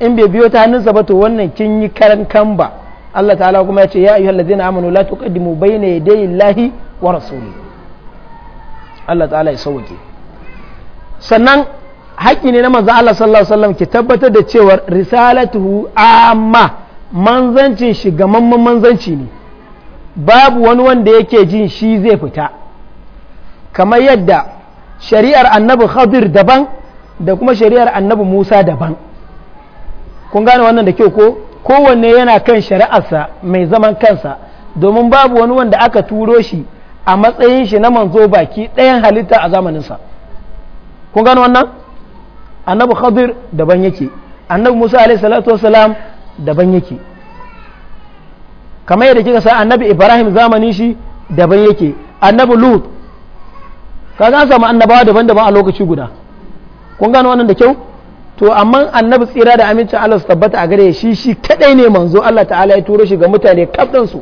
in bai biyo ta hannunsa ba to wannan kin yi karankan ba Allah ta'ala kuma ya ce ya ayyuhal ladzina amanu la tuqaddimu bayna yaday Allahi wa rasuli Allah ta'ala ya sauke sannan haƙƙi ne na manzan Allah sallallahu alaihi wasallam ke tabbatar da cewa risalatu amma manzancin shi gamamman manzanci ne babu wani wanda yake jin shi zai fita kamar yadda shari'ar annabi khadir daban da kuma shari'ar annabi musa daban kun gane wannan da kyau ko kowanne yana kan shari'arsa mai zaman kansa domin babu wani wanda aka turo shi a matsayin shi na manzo baki ɗayan halitta a zamaninsa kun gane wannan annabi khadir daban yake annabi musa alaihi salatu wasalam daban yake kamar yadda kika sa annabi ibrahim zamanin shi daban yake annabi lut ka an samu annabawa daban-daban a lokaci guda kun gano wannan da kyau to amma annabi tsira da amincin Allah su tabbata a gare shi shi kadai ne manzo Allah ta'ala ya turo shi ga mutane kafdan su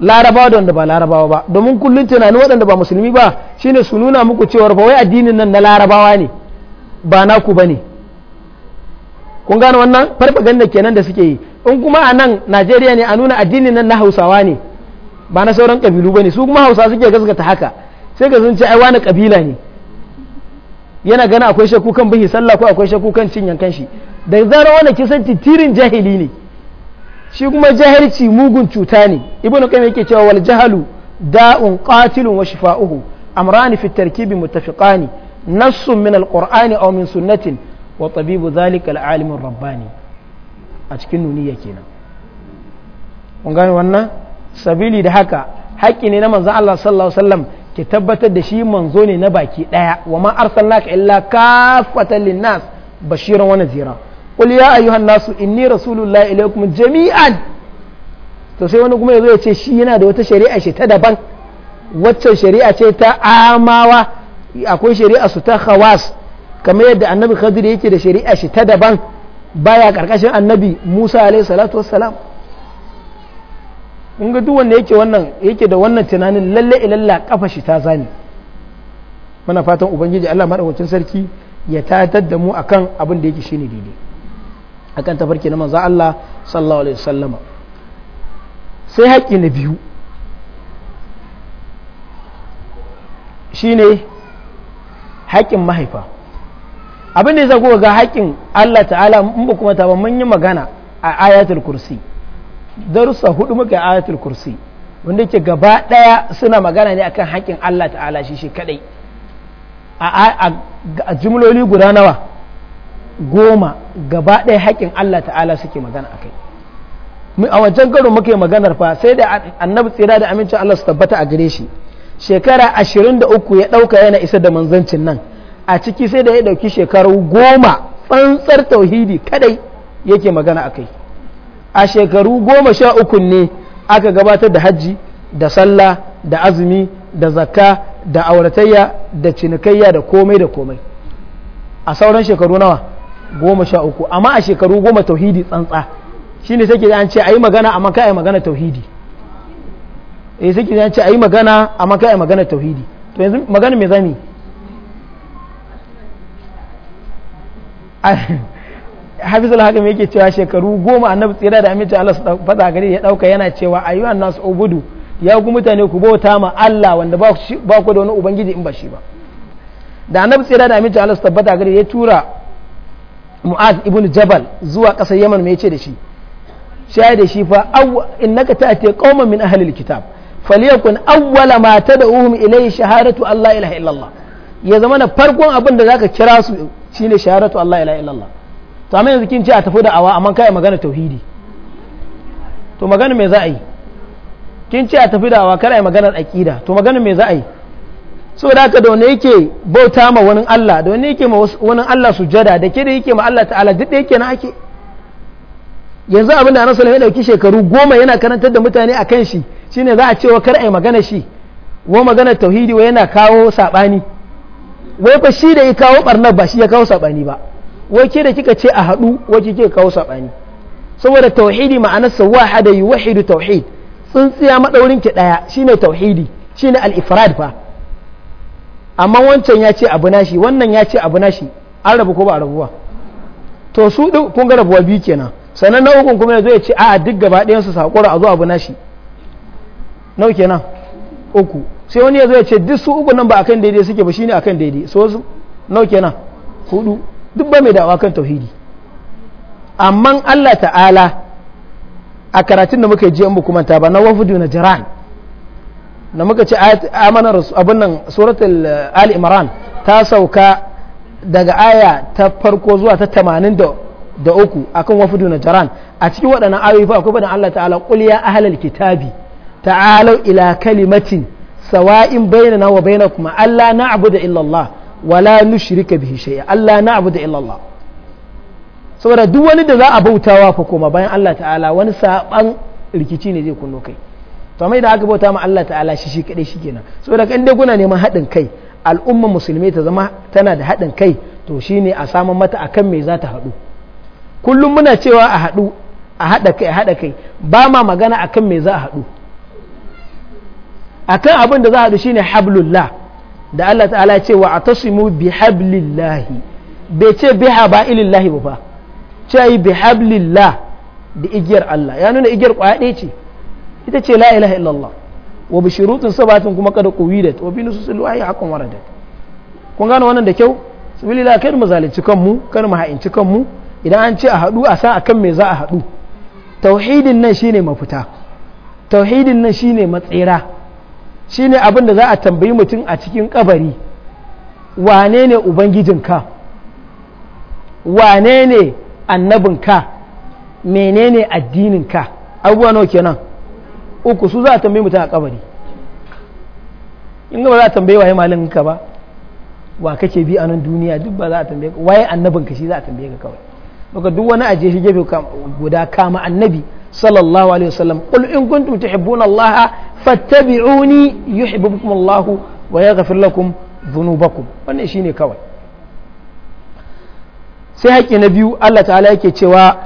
larabawa da wanda ba larabawa ba domin kullun tunanin waɗanda ba musulmi ba shine su nuna muku cewar ba wai addinin nan na larabawa ne ba naku ba ne kun gane wannan farfaganda kenan da suke yi in kuma a nan najeriya ne a nuna addinin nan na hausawa ne ba na sauran kabilu ba ne su kuma hausa suke gaskata haka sai ka sun ce ai wani kabila ne yana gana akwai shakukan kan bihi sallah ko akwai shakku kan da zarar wani kisan titirin jahili ne shi kuma jahilci mugun cuta ne ibnu qayyim yake cewa wal jahalu da'un qatilun wa shifa'uhu amrani fi tarkibi muttafiqani nassun min alqur'ani aw min sunnatin wa tabibu zalika rabbani a cikin nuniya kenan kun gane wannan sabili da haka haƙƙi ne na manzon Allah sallallahu alaihi wasallam tabbatar da shi manzo ne na baki ɗaya. wa ma arsalnaka illa kafata linnas bashiran wa nazira qul ya ayyuhan nasu inni rasulullahi ilaykum jami'an to sai wani kuma ya zo ya ce shi yana da wata shari'a ce ta daban waccan shari'a ce ta amawa akwai shari'a su ta khawas kamar yadda annabi khadir yake da shari'a shi ta daban baya karkashin annabi musa alaihi salatu wassalam kun ga duk wanda yake wannan yake da wannan tunanin lalle ilalla kafa shi ta zani muna fatan ubangiji Allah madaukakin sarki ya tatar da mu akan abin da yake shine daidai akan tafarki na manzo Allah sallallahu alaihi wasallama sai haƙƙi na biyu shine haƙƙin mahaifa abin da ya zago ga haƙƙin Allah ta'ala in ba kuma ba mun yi magana a ayatul kursi darussa hudu muka a ayatul kursi wanda yake gaba ɗaya suna magana ne akan haƙƙin Allah ta'ala shi shi kadai a jimloli guda nawa goma gaba ɗaya haƙƙin Allah ta'ala suke magana akai a wancan garin muka yi maganar fa sai da annabi tsira da amincin Allah su tabbata a gare shi shekara ashirin da uku ya ɗauka yana isa da manzancin nan a ciki sai da ya ɗauki shekaru goma tsantsar tauhidi kadai yake magana a kai a shekaru goma sha uku ne aka gabatar da hajji da sallah da azumi da zakka da auratayya da cinikayya da komai da komai a sauran shekaru nawa goma sha uku amma a shekaru goma tauhidi tsantsa shine take an ce a yi magana amma ka magana tauhidi e sai zai ce ayi magana amma kai magana tauhidi to yanzu magana mai zami hafizul hakim yake cewa shekaru goma annabi tsira da amince Allah su fada gari ya dauka yana cewa ayu annas ubudu ya ku mutane ku bauta ma Allah wanda ba ku da wani ubangiji in ba shi ba da annabi tsira da amince Allah su tabbata gari ya tura mu'az ibn jabal zuwa kasar yaman mai ce da shi shaya da shi fa innaka ta'ati qauman min ahli alkitab falyakun awwala ma tad'uhum ilayhi shahadatu Allah ilaha illallah ya zama na farkon abin da zaka kira su shine shahadatu Allah ilaha illallah to amma yanzu kin ce a tafi da awa amma kai magana tauhidi to magana me za a yi kin ce a tafi da awa kar magana maganar aqida to magana me za a yi saboda haka da wani yake bauta ma wani Allah da wani yake ma wani Allah sujada da ke yake ma Allah ta'ala duk da yake na ake yanzu abin da Annabi sallallahu ya dauki shekaru goma yana karantar da mutane akan shi shine za a cewa kar a yi magana shi wa magana tauhidi wa yana kawo sabani wai fa shi da ya kawo barnar ba shi ya kawo sabani ba wai ke da kika ce a haɗu wai kike kawo sabani saboda tauhidi ma'anarsa wahada yuwahidu tauhid tsintsiya madaurin ki daya shine tauhidi shine al-ifrad fa amma wancan ya ce abu nashi wannan ya ce abu nashi an rabu ko ba rabuwa to su kun ga rabuwa biyu kenan sannan na ukun kuma ya ya ce a duk gaba ɗayan su sakura a zo abu nashi nau nan uku sai wani ya zo ya ce duk su uku nan ba akan daidai suke ba shine akan daidai so su nau nan hudu duk ba mai da'awa kan tauhidi amma Allah ta'ala a karatun da muka je mu kuma ta ba na wafudu na jiran da muka ce amana abin nan suratul uh, ali imran ta sauka daga aya ta farko zuwa ta tamanin da uku akan wafudu na jaran a cikin waɗannan ayoyi fa akwai faɗin Allah ta'ala qul ya ahlal kitabi ta'alau ila kalimatin sawa'in bainana wa bainakum alla na'budu illa Allah wa la nushrika bihi shay'a alla na'budu illa Allah saboda duk wani da za a bautawa fa koma bayan Allah ta'ala wani saban rikici ne zai kunno kai to mai da aka bauta ma Allah ta'ala shi shi kadai shikenan saboda kan dai kuna neman haɗin kai al'umma musulmi ta zama tana da haɗin kai to shine a saman mata akan me za ta haɗu kullum muna cewa a haɗu a haɗa kai a haɗa kai ba ma magana akan me za a haɗu akan abin da za a haɗu shine hablullah da Allah ta'ala ce wa atasimu bi hablillahi bai ce bi habailillahi ba fa ce bi hablillah da igiyar Allah ya nuna igiyar kwaya ɗaya ce ita ce la ilaha illallah wa bi shurutin sabatin kuma kada quwidat wa bi nususil wahyi haqqan waradat kun gane wannan da kyau sabilillah kar mu zalunci kanmu kar mu ha'inci kanmu idan an ce a haɗu a san akan me za a haɗu tauhidin nan shine mafita tauhidin nan shine matsira ne abin da za a tambayi mutum a cikin kabari wane ne ubangijinka wane ne annabinka ne addininka abubuwa nawa kenan uku su za a tambayi mutum a kabari in ba za a tambayi waye malaminka ba wa kake bi a nan duniya duk ba za a tambaye ka waye annabinka shi za a tambaye ka kawai baka duk wani aje shi gefe guda kama annabi sallallahu alaihi wasallam qul in kuntum tuhibbuna Allah fattabi'uni yuhibbukum Allah wa yaghfir lakum dhunubakum wannan shine kawai sai haƙi na biyu Allah ta'ala yake cewa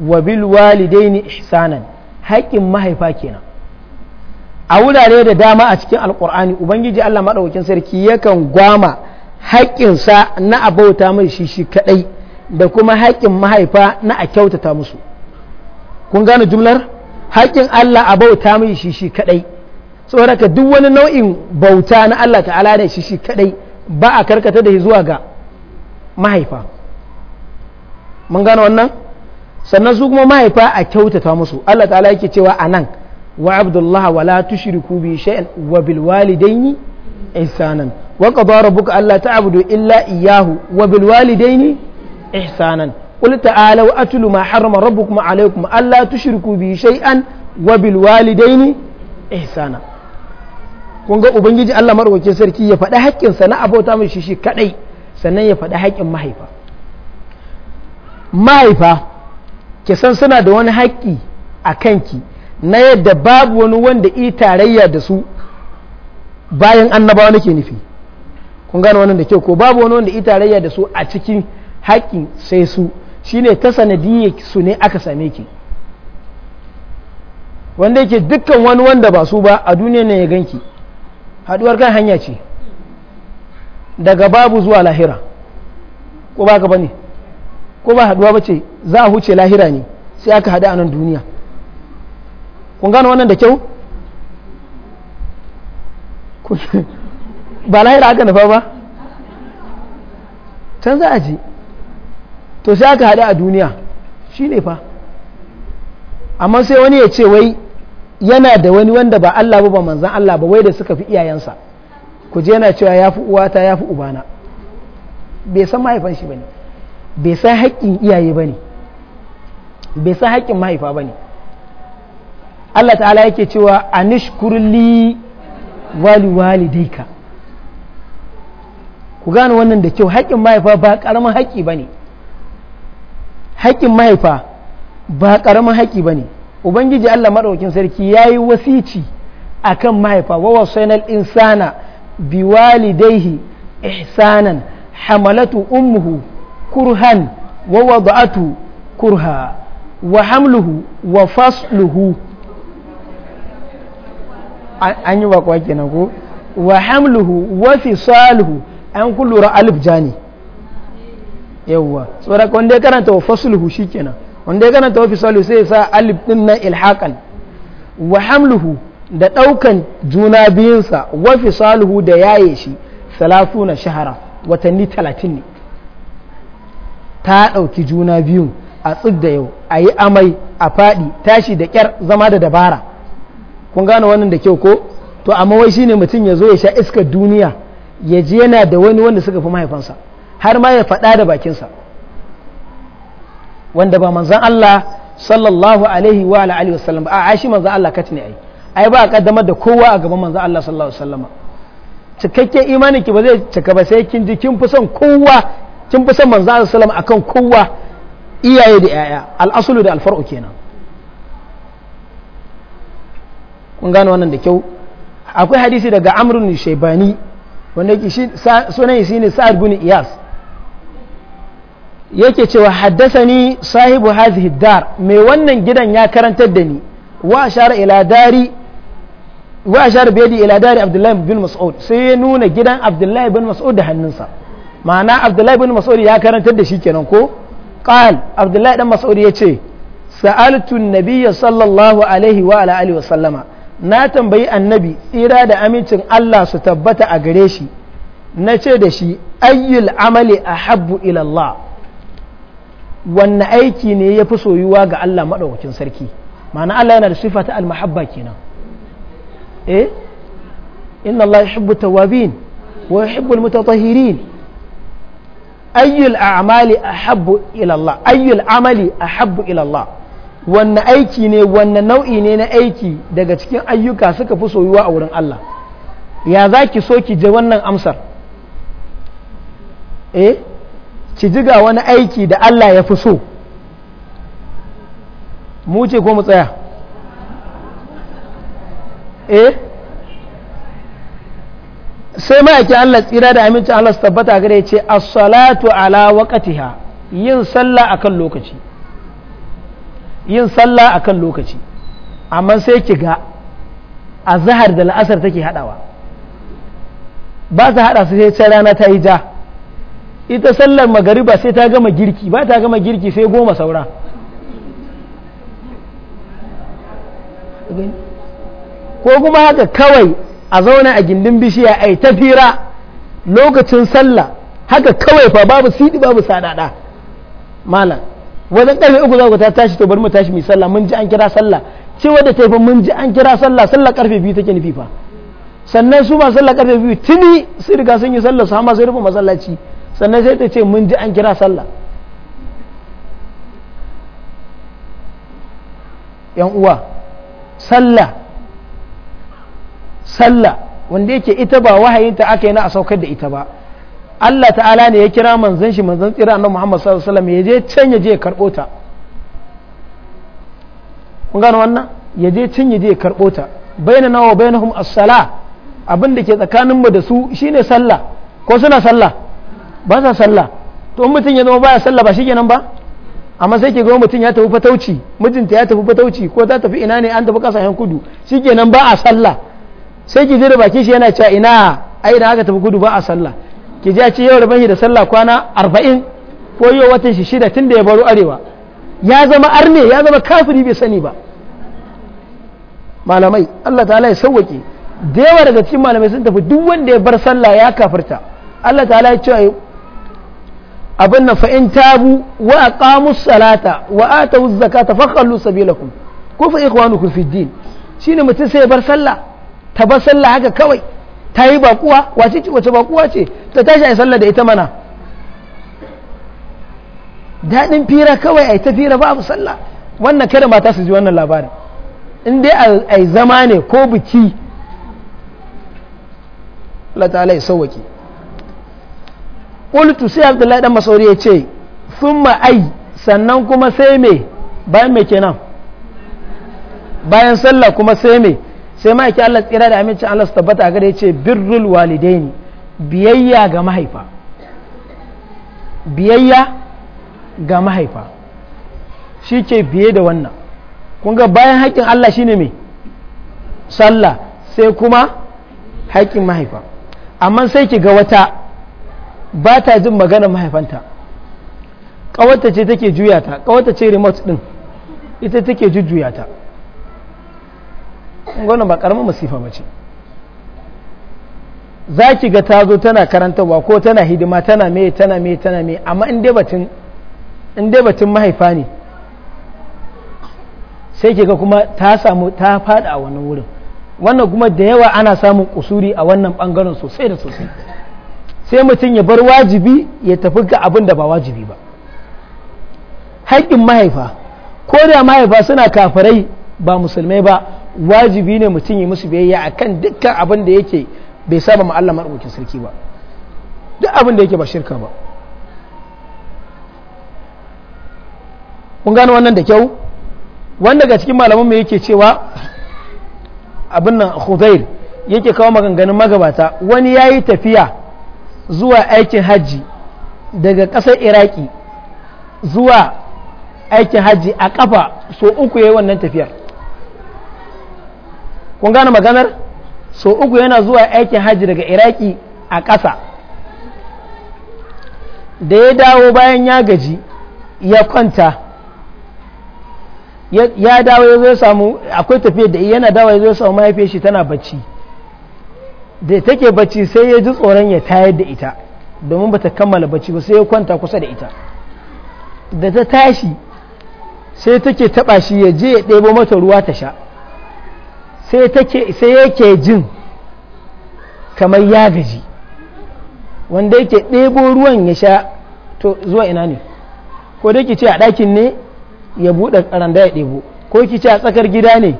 wa bil walidaini ihsanan haƙin mahaifa kenan a wurare da dama a cikin alkur'ani ubangiji Allah maɗaukakin sarki yakan gwama haƙƙinsa na abauta mai shi shi kaɗai da kuma haƙƙin mahaifa na a kyautata musu kun gane jumlar haƙƙin Allah abauta mai shi shi kaɗai tsoraka duk wani nau'in bauta na Allah ta'ala da shi shi kadai ba a karkata da zuwa ga mahaifa mun wannan sannan su kuma mahaifa a kyautata musu Allah ta'ala yake cewa a nan wa abdullahi wa la tushriku bi shay'in wa bil walidaini ihsanan wa qadara rabbuka alla ta'budu illa iyyahu wa bil walidaini ihsanan قل تعالوا أتلوا ما حرم ربكم عليكم ألا تشركوا به شيئا وبالوالدين إحسانا kun ga ubangiji Allah madaukakin sarki ya faɗi haƙƙinsa na abota mai shi shi kaɗai sannan ya faɗi haƙƙin mahaifa mahaifa ki san suna da wani haƙƙi a kanki na yadda babu wani wanda i tarayya da su bayan annabawa nake nufi kun gane wannan da kyau ko babu wani wanda i tarayya da su a cikin haƙƙin sai su shine ta sanadiyya su ne aka same ki wanda yake dukkan wani wanda ba su ba a duniya ne ya ganki haduwar kan hanya ce daga babu zuwa lahira ko ba ka bane ko ba haduwa ba ce za a huce lahira ne sai aka hada a nan duniya kun gano wannan da kyau ba lahira aka nufa ba can za a ji to sai aka hada a duniya shi ne fa amma sai wani ya ce wai yana da wani wanda ba Allah ba ba manzan Allah ba wai da suka fi iyayensa ku je yana cewa ya fi uwata ya fi ubana bai san mahaifan shi ba ne bai san haƙƙin iyaye ba ne bai san haƙƙin mahaifa ba ne Allah ta'ala yake cewa anishkurli wali walidaika ku gane wannan da kyau haƙƙin mahaifa ba ƙaramin haƙƙi ba ne haƙƙin mahaifa ba ƙaramin haƙƙi ba ne ubangiji Allah maɗaukin sarki ya yi wasici a kan mahaifa wa wasainal insana biwalidaihi ihsanan hamalatu ummuhu kurhan wa wadatu kurha wa hamluhu wa fasluhu an yi wakwa kenan ko wa hamluhu wa fisaluhu an kullura alif jani yawwa tsoraka wanda ya karanta wa fasluhu shikenan wanda ya ta wa fisalu sai ya sa alif ɗin nan ilhaƙan wa hamluhu da ɗaukan juna biyunsa wa saluhu da yaye shi na shahara watanni talatin ne ta ɗauki juna biyun a tsig da yau a yi amai a faɗi tashi da ƙyar zama da dabara kun gane wannan da kyau ko to amma wai ne mutum ya zo ya sha iskar duniya ya ji yana da wani wanda suka fi mahaifansa har ma ya faɗa da bakinsa wanda ba manzan Allah sallallahu alaihi wa alihi sallam a ashi manzan Allah kati ne ai ai ba a kaddamar da kowa a gaban manzan Allah sallallahu alaihi wasallam cikakken imanin ki ba zai cika ba sai kin ji kin fi son kowa kin fi son manzan Allah sallallahu akan kowa iyaye da yaya al'asulu da alfar'u kenan kun gano wannan da kyau akwai hadisi daga amrun shaibani wanda yake shi sunan shi ne sa'ad bin iyas yake cewa ni sahibu hazihi dar mai wannan gidan ya karantar da ni wa a ila dari biyadi ila dari abdullahi bin mas'ud sai ya nuna gidan abdullahi bin mas'ud da hannunsa ma'ana abdullahi bin mas'ud ya karantar da shi kenan ko qal abdullahi dan mas'ud ya ce sa'altu nabiyya sallallahu alaihi wa ala alihi wa sallama na tambayi annabi tsira da amincin Allah su tabbata a gare shi na ce da shi ayyul amali ahabbu ila Allah wanne aiki ne ya fi soyuwa ga Allah maɗaukakin sarki ma'ana Allah yana da sifa ta almahabba kenan eh inna Allah yuhibbu tawabin wa yuhibbu almutatahirin ayyul a'mali a habbu ilallah ayyul amali ahabbu habbu ilallah wanne aiki ne wanne nau'i ne na aiki daga cikin ayyuka suka fi soyuwa a wurin Allah ya zaki so ki je wannan amsar eh ki ji wani aiki da Allah ya fi so mu ce ko mu tsaya eh sai ma'aikin Allah tsira da amincin Allah su tabbata gare ce as-salatu ala waqtiha yin sallah akan lokaci yin sallah akan lokaci amma sai ki ga a zahar da la'asar take hadawa ba su hada sai sai rana ta yi ja ita sallar magariba sai ta gama girki ba ta gama girki sai goma saura ko kuma haka kawai a zauna a gindin bishiya a yi tafira lokacin sallah haka kawai fa babu sidi babu sadada malam wajen ƙarfe uku za ku ta tashi to bari mu tashi mu sallah mun ji an kira sallah wadda ta taifin mun ji an kira sallah sallah ƙarfe biyu take nufi fa sannan su ma sallah ƙarfe biyu tuni su riga sun yi sallah su hama sai rufe masallaci sannan sai ta ce mun ji an kira sallah yan uwa sallah sallah wanda yake ita ba wahayinta aka yi na a saukar da ita ba Allah ta'ala ne ya kira manzon shi manzon tsira annabi Muhammad sallallahu alaihi wasallam ya je can ya je ya karbo ta kun gano wannan ya je can ya je ya karbo ta bainana wa bainahum as-sala abin da ke tsakanin mu da su shine sallah ko suna sallah ba sa sallah to in mutum ya zama baya sallah ba shi kenan ba amma sai ke gama mutum ya tafi fatauci mijinta ya tafi fatauci ko ta tafi ina ne an tafi kasashen kudu shi kenan ba a sallah sai ki je da baki shi yana cewa ina ai da aka tafi kudu ba a sallah ki ji a ce yau ban shi da sallah kwana arba'in ko yau watan shi shida tun da ya baro arewa ya zama arne ya zama kafiri bai sani ba malamai Allah ta'ala ya sauwake da daga cikin malamai sun tafi duk wanda ya bar sallah ya kafirta Allah ta'ala ya ce abin na fa tabu wa aqamu salata wa atu zakata fakhallu sabilakum ku fa ikhwanukum fi din shine mutum sai bar sallah ta bar sallah haka kawai ta yi bakuwa wace ce wace bakuwa ce ta tashi ai sallah da ita mana Daɗin fira kawai ai ta fira babu sallah wannan kada mata su ji wannan labarin in dai ai zama ne ko biki Allah ta'ala ya sauwake qultu sai abdullahi dan masauri ya ce thumma ai sannan kuma sai me bayan me kenan bayan sallah kuma sai me sai ma yake Allah tsira da amincin Allah su tabbata a gare ce birrul walidaini biyayya ga mahaifa biyayya ga mahaifa shi ke biye da wannan kun ga bayan haƙƙin Allah shi ne mai sallah sai kuma haƙƙin mahaifa amma sai ki ga wata ba ta jin magana mahaifanta ƙawarta ce take juya ta ƙawarta ce remote ɗin ita take jujjuya ta wannan ba ƙaramin masifa ba ce za ki ga ta zo tana karantarwa ko tana hidima tana mai tana mai tana mai amma in batun mahaifa ne sai ke ga kuma ta samu ta fada a wannan wurin wannan kuma da yawa ana samun kusuri a wannan bangaren sosai da sosai sai mutum ya bar wajibi ya tafi ga abin da ba wajibi ba haƙƙin mahaifa ko da mahaifa suna kafirai ba musulmai ba wajibi ne mutum ya musu biyayya akan dukkan abin da yake bai saba ma'allama Allah sarki ba duk abin da yake ba shirka ba kun gano wannan da kyau wanda daga cikin malaman mu yake cewa abin nan yake kawo maganganun magabata wani ya yi tafiya zuwa aikin hajji daga ƙasar iraki zuwa aikin hajji a ƙafa so uku ya yi wannan tafiyar kun gane maganar so uku yana zuwa aikin hajji daga iraki a ƙasa da ya dawo bayan ya gaji ya kwanta ya dawo ya zo ya samu akwai tafiyar da yana dawo ya zo ya samu mahaifiyar shi tana bacci da take bacci sai ya ji tsoron ya tayar da ita domin ba ta kammala bacci ba sai ya kwanta kusa da ita da ta tashi sai take taba shi ya je ya ɗebo mata ruwa ta sha sai yake jin kamar ya gaji wanda yake ɗebo ruwan ya sha to zuwa ina ne ko da ki ce a ɗakin ne ya buɗe karanda ya ɗebo ko ki ce a tsakar gida ne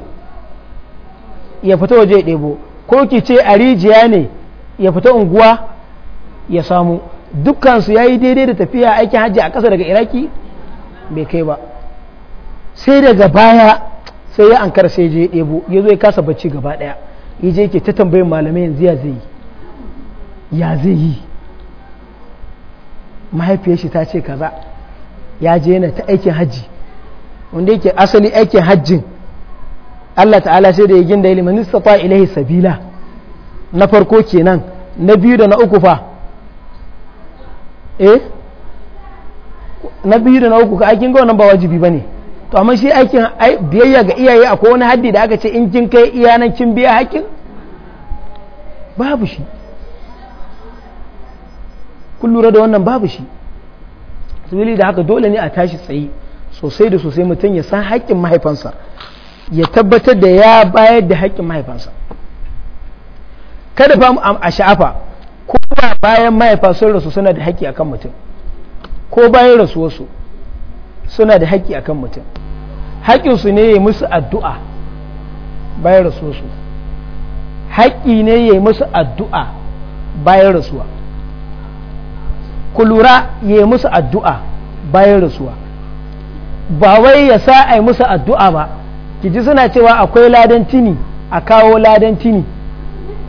ya fita waje ya ɗebo ko ki ce a rijiya ne ya fita unguwa ya samu dukkansu ya yi daidai da tafiya aikin hajji a ƙasa daga iraki bai kai ba sai daga baya sai ya ankara sai je ɗebo ya zo ya kasa bacci gaba ɗaya ya je ke ta tambayin malamai yanzu ya zai yi ya zai mahaifiyar shi ta ce kaza ya je na ta aikin hajji wanda yake asali aikin hajjin Allah ta'ala sai da ya ginda ya liman istata ilaihi sabila na farko kenan na biyu da na uku fa eh na biyu da na uku ka aikin ga wannan ba wajibi bane to amma shi aikin biyayya ga iyaye akwai wani haddi da aka ce in kin kai iyanan kin biya hakkin babu shi kun lura da wannan babu shi sabili da haka dole ne a tashi tsaye sosai da sosai mutum ya san haƙƙin mahaifansa ya tabbatar da ya bayar da haƙƙin mahaifansa kada fa a sha'afa ko ba bayan mahaifa sun rasu suna da haƙƙi akan mutum ko bayan wasu suna da haƙƙi akan mutum haƙƙinsu ne ya musu addu'a bayan wasu haƙƙi ne ya musu addu'a bayan rasuwa ku lura ya musu addu'a bayan rasuwa ba wai ya sa a yi musu addu'a ba ki ji suna cewa akwai ladan tini a kawo ladan tini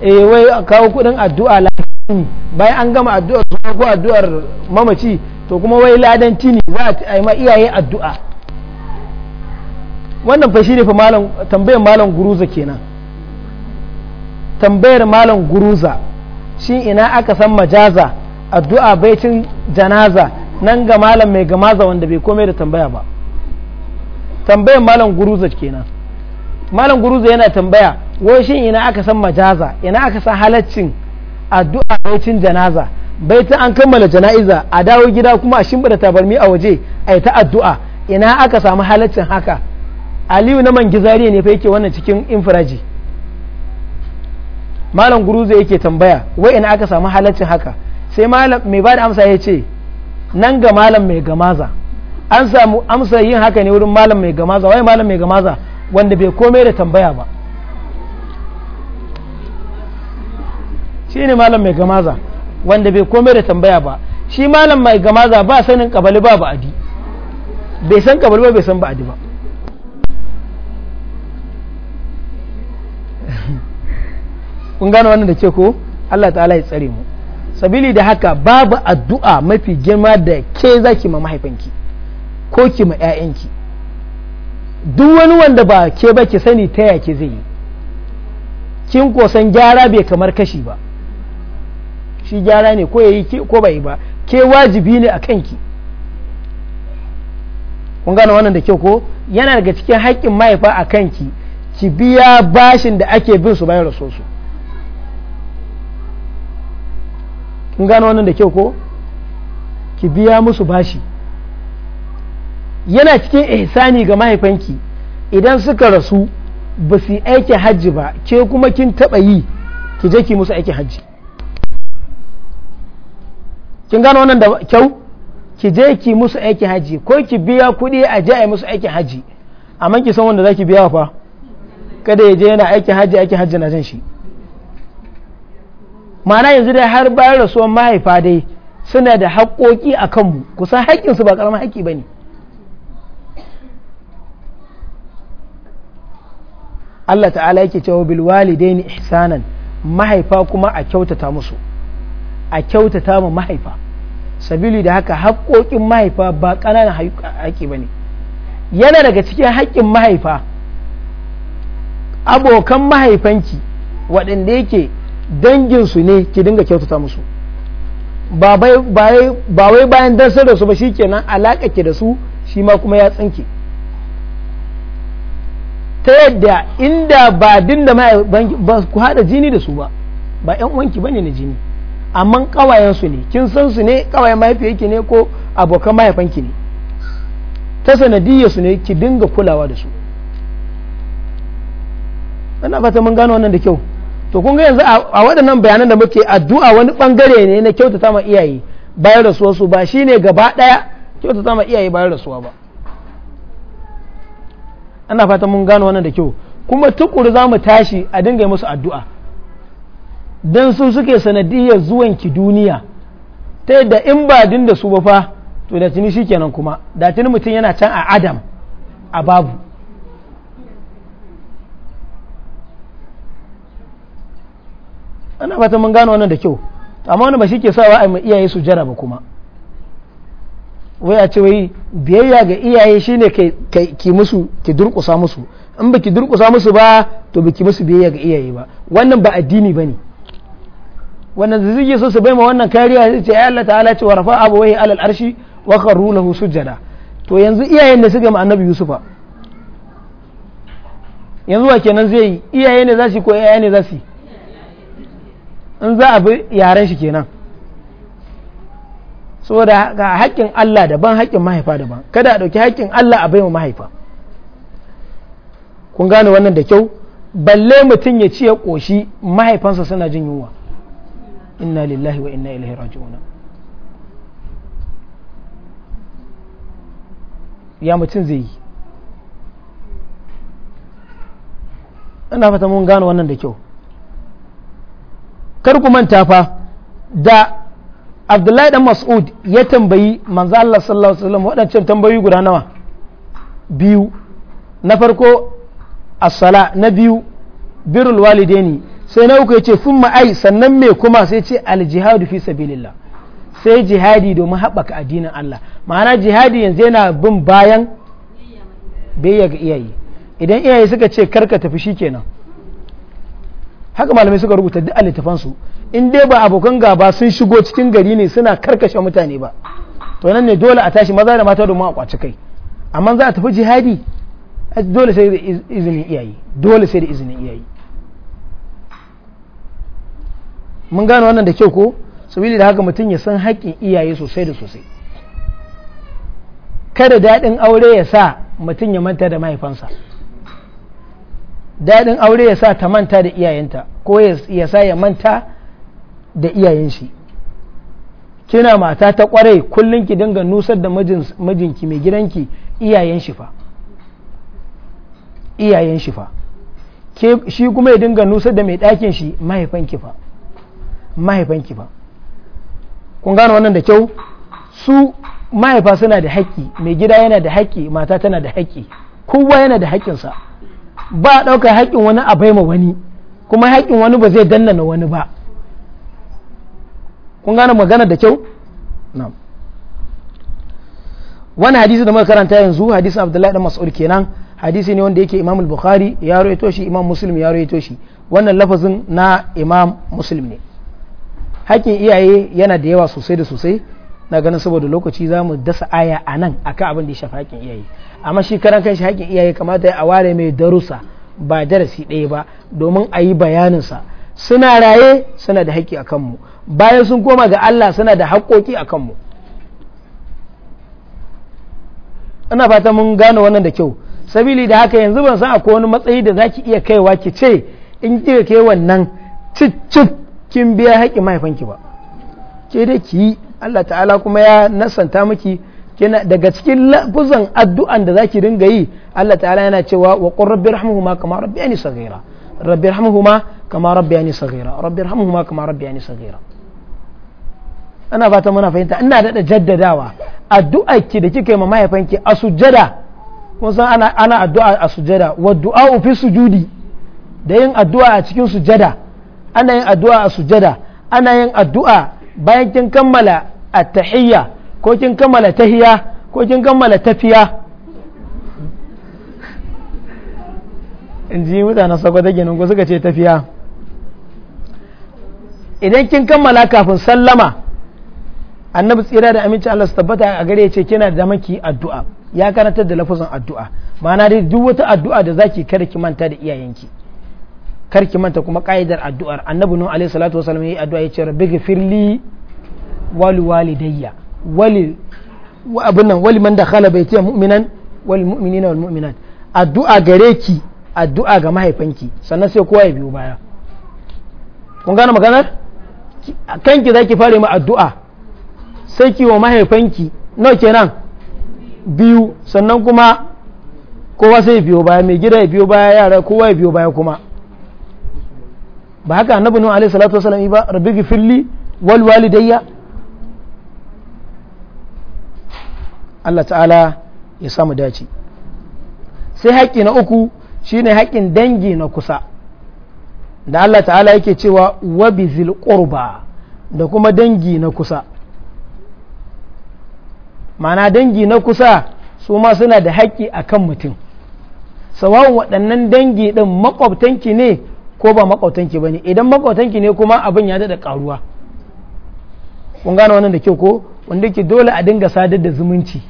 eh wai a kawo kudin addu'a ladan tini bayan an gama addu'ar ko addu'ar mamaci to kuma wai ladan tini za a yi ma iyaye addu'a wannan fa shine fa malam tambayar malam guruza kenan tambayar malam guruza shin ina aka san majaza addu'a baitin janaza nan ga malam mai gamaza wanda bai komai da tambaya ba tambayan malam guruza kenan malam guruza yana tambaya wai shin ina aka san majaza ina aka san halaccin addu'a baitin janaza baitin an kammala jana'iza a dawo gida kuma a shimfida tabarmi a waje a yi ta addu'a ina aka samu halaccin haka aliyu na mangizari ne fa yake wannan cikin infiraji malam guruza yake tambaya wai ina aka samu halaccin haka sai Malam mai ba da amsa ya ce nan ga malam mai gamaza an samu amsa yin haka ne wurin malam mai gamaza wai malam mai gamaza wanda bai komai da tambaya ba shi ne malam mai gamaza wanda bai komai da tambaya ba shi malam mai gamaza ba sanin kabali ba ba'adi bai san kabali ba bai san ba'adi ba kun gano wannan da ke ko Allah ta'ala ya tsare mu sabili da haka babu addu'a mafi girma da ke zaki ma mahaifanki ko ki ma 'ya'yanki duk wani wanda ba ke ba ki sani ta yake zai yi kin kosan gyara bai kamar kashi ba shi gyara ne ko yayi ko bai ba ke wajibi ne a kanki kun gane wannan da kyau ko yana daga cikin haƙƙin mahaifa a kanki ki biya bashin da ake bin su bayan rasosu kun gane wannan da kyau ko ki biya musu bashi yana cikin ihsani ga mahaifanki idan suka rasu ba su aiki hajji ba ke kuma kin taɓa yi ki je ki musu aiki hajji kin gano wannan da kyau ki je ki musu aiki hajji ko ki biya kuɗi a je a musu aiki hajji amma ki san wanda za ki biya fa kada ya je yana aiki hajji aiki hajji na jan shi ma'ana yanzu dai har bayan rasuwar mahaifa dai suna da haƙoƙi a kanmu kusan haƙƙinsu ba ƙaramin haƙƙi ba ne Allah ta'ala yake cewa bil walidaini ihsanan mahaifa kuma a kyautata musu a kyautata ma mahaifa sabili da haka haƙoƙin mahaifa ba ƙananan haƙi ba yana daga cikin haƙƙin mahaifa abokan mahaifanki waɗanda yake danginsu ne ki dinga kyautata musu ba wai bayan dansar da su ba shi kenan alaƙa ke da su shi ma kuma ya tsinke ta yadda inda ba din da ba ku haɗa jini da su ba ba yan uwanki bane na jini amma su ne kin san su ne kawayen mahaifiyarki ne ko abokan mahaifanki ne ta sanadiyya su ne ki dinga kulawa da su ana fata mun gano wannan da kyau to kun ga yanzu a waɗannan bayanan da muke addu'a wani bangare ne na kyautata ma iyaye bayar bayan su ba shine gaba ɗaya kyautata ma iyaye bayar bayan rasuwa ba ana fata mun gano wannan da kyau kuma tukuru za mu tashi a dinga musu addu'a don su suke sanadiyar zuwan ki duniya ta yadda in ba din da su ba fa to da tuni shikenan kuma da tuni mutum yana can a adam a babu ana fata mun gano wannan da kyau amma wani ba shi ke sawa a iyaye su jaraba kuma wai a ce wai biyayya ga iyaye shine ki musu ki durƙusa musu in ba baki durƙusa musu ba to ki musu biyayya ga iyaye ba wannan ba addini ba ne wannan da zai so su bai ma wannan kariya zai ce ya Allah ta'ala ce wa rafa abu wai alal arshi wa rula lahu sujjada to yanzu iyayen da su ma annabi yusufa yanzu wa kenan zai yi iyaye ne za su ko iyaye ne za su in za a bi yaren shi kenan saboda ga haƙƙin Allah daban haƙƙin mahaifa daban kada a ɗauki haƙƙin Allah a baiwa mahaifa kun gane wannan da kyau balle mutum ya ci ya ƙoshi mahaifansa suna jin yunwa inna lillahi wa inna ilaihi raji'un ya mutum zai yi ina fata mun gane wannan da kyau kar ku manta fa da abdullahi dan mas'ud ya tambayi manzo Allah sallallahu alaihi wasallam waɗancan tambayoyi guda nawa biyu na farko as-sala na biyu birrul walidaini sai na uku yace thumma ai sannan me kuma sai ce al-jihadu fi sabilillah sai jihadi domin haɓaka addinin Allah ma'ana jihadi yanzu yana bin bayan biyayya ga iyaye idan iyaye suka ce karka tafi shikenan haka malamai suka rubuta duk a tafansu. in dai ba abokan gaba sun shigo cikin gari ne suna karkashe mutane ba to nan ne dole a tashi maza da mata domin a kwaci kai amma za a tafi jihadi dole sai da izinin iyaye dole sai da izinin iyaye mun gano wannan da kyau ko sabili da haka mutum ya san haƙƙin iyaye sosai da sosai kada daɗin aure ya sa mutum ya manta da mahaifansa daɗin aure ya sa ta manta da iyayenta ko ya sa ya manta da iyayen shi kina mata ta kwarai kullum ki dinga nusar da mijinki mai gidanki iyayen shi fa iyayen shi fa shi kuma ya dinga nusar da mai ɗakin shi mahaifanki fa mahaifanki fa kun gano wannan da kyau su mahaifa suna da haƙƙi mai gida yana da haƙƙi mata tana da haƙƙi kowa yana da haƙƙinsa ba a ɗaukar haƙƙin wani a baima wani kuma haƙƙin wani ba zai danna wani ba kun gane magana da kyau na wani hadisi da muka karanta yanzu hadisin abdullahi dan mas'ud kenan hadisi ne wanda yake imam al-bukhari ya rawaito shi imam muslim ya rawaito shi wannan lafazin na imam muslim ne hakkin iyaye yana da yawa sosai da sosai na ganin saboda lokaci za mu dasa aya a nan akan abin da ya shafi hakkin iyaye amma shi karan kanshi hakkin iyaye kamata a ware mai darussa ba darasi ɗaya ba domin a yi bayaninsa suna raye suna da haƙƙi a kanmu bayan sun koma ga Allah suna da haƙoƙi a kanmu ina fata mun gane wannan da kyau sabili da haka yanzu ban san akwai wani matsayi da zaki iya kaiwa ki ce in kika kai wannan cicif kin biya haƙi mahaifanki ba ke da ki yi Allah ta'ala kuma ya nasanta miki kina daga cikin lafuzan addu'an da zaki dinga yi Allah ta'ala yana cewa wa qur rabbi rahmuhuma kama rabbiyani saghira rabbi rahmuhuma kama rabbiyani saghira rabbi rahmuhuma kama rabbiyani saghira ana fata muna fahimta ina daɗa jaddadawa addu'a ki da kika yi ma mahaifanki a sujjada kun san ana ana addu'a a sujjada wa du'a fi sujudi da yin addu'a a cikin sujjada ana yin addu'a a sujjada ana yin addu'a bayan kin kammala at-tahiyya ko kin kammala tahiyya ko kin kammala tafiya in ji mutanen da ginin ko suka ce tafiya idan kin kammala kafin sallama annabi tsira da aminci Allah su tabbata a gare ya ce kina da maki addu'a ya karantar da lafazin addu'a ma'ana dai duk wata addu'a da zaki kar ki manta da iyayenki kar ki manta kuma ka'idar addu'ar annabi nuhu alaihi salatu wasallam yayi addu'a yace rabbi ghfirli wal walidayya wal wa abun nan wal man dakhala baytiya mu'minan wal mu'minina wal mu'minat addu'a gare ki addu'a ga mahaifanki sannan sai kowa ya biyo baya kun gane maganar kanki zaki fare mu addu'a sai ki wa mahaifanki nawa kenan biyu sannan kuma kowa sai biyo baya mai gida ya biyo baya yara kowa ya biyo baya kuma ba haka annabi nuhu alaihi salatu wasallam ba rabbi gifirli wal walidayya Allah ta'ala ya samu dace sai haƙƙi na uku shine haƙƙin dangi na kusa da Allah ta'ala yake cewa wa bizil da kuma dangi na kusa mana dangi na kusa su ma suna da haƙƙi a kan mutum sawawun waɗannan dangi ɗin maƙwabtanki ne ko ba maƙwabtanki ba ne idan maƙwabtanki ne kuma abin ya daɗa ƙaruwa kun gane wannan da kyau ko wanda ke dole a dinga sadar da zumunci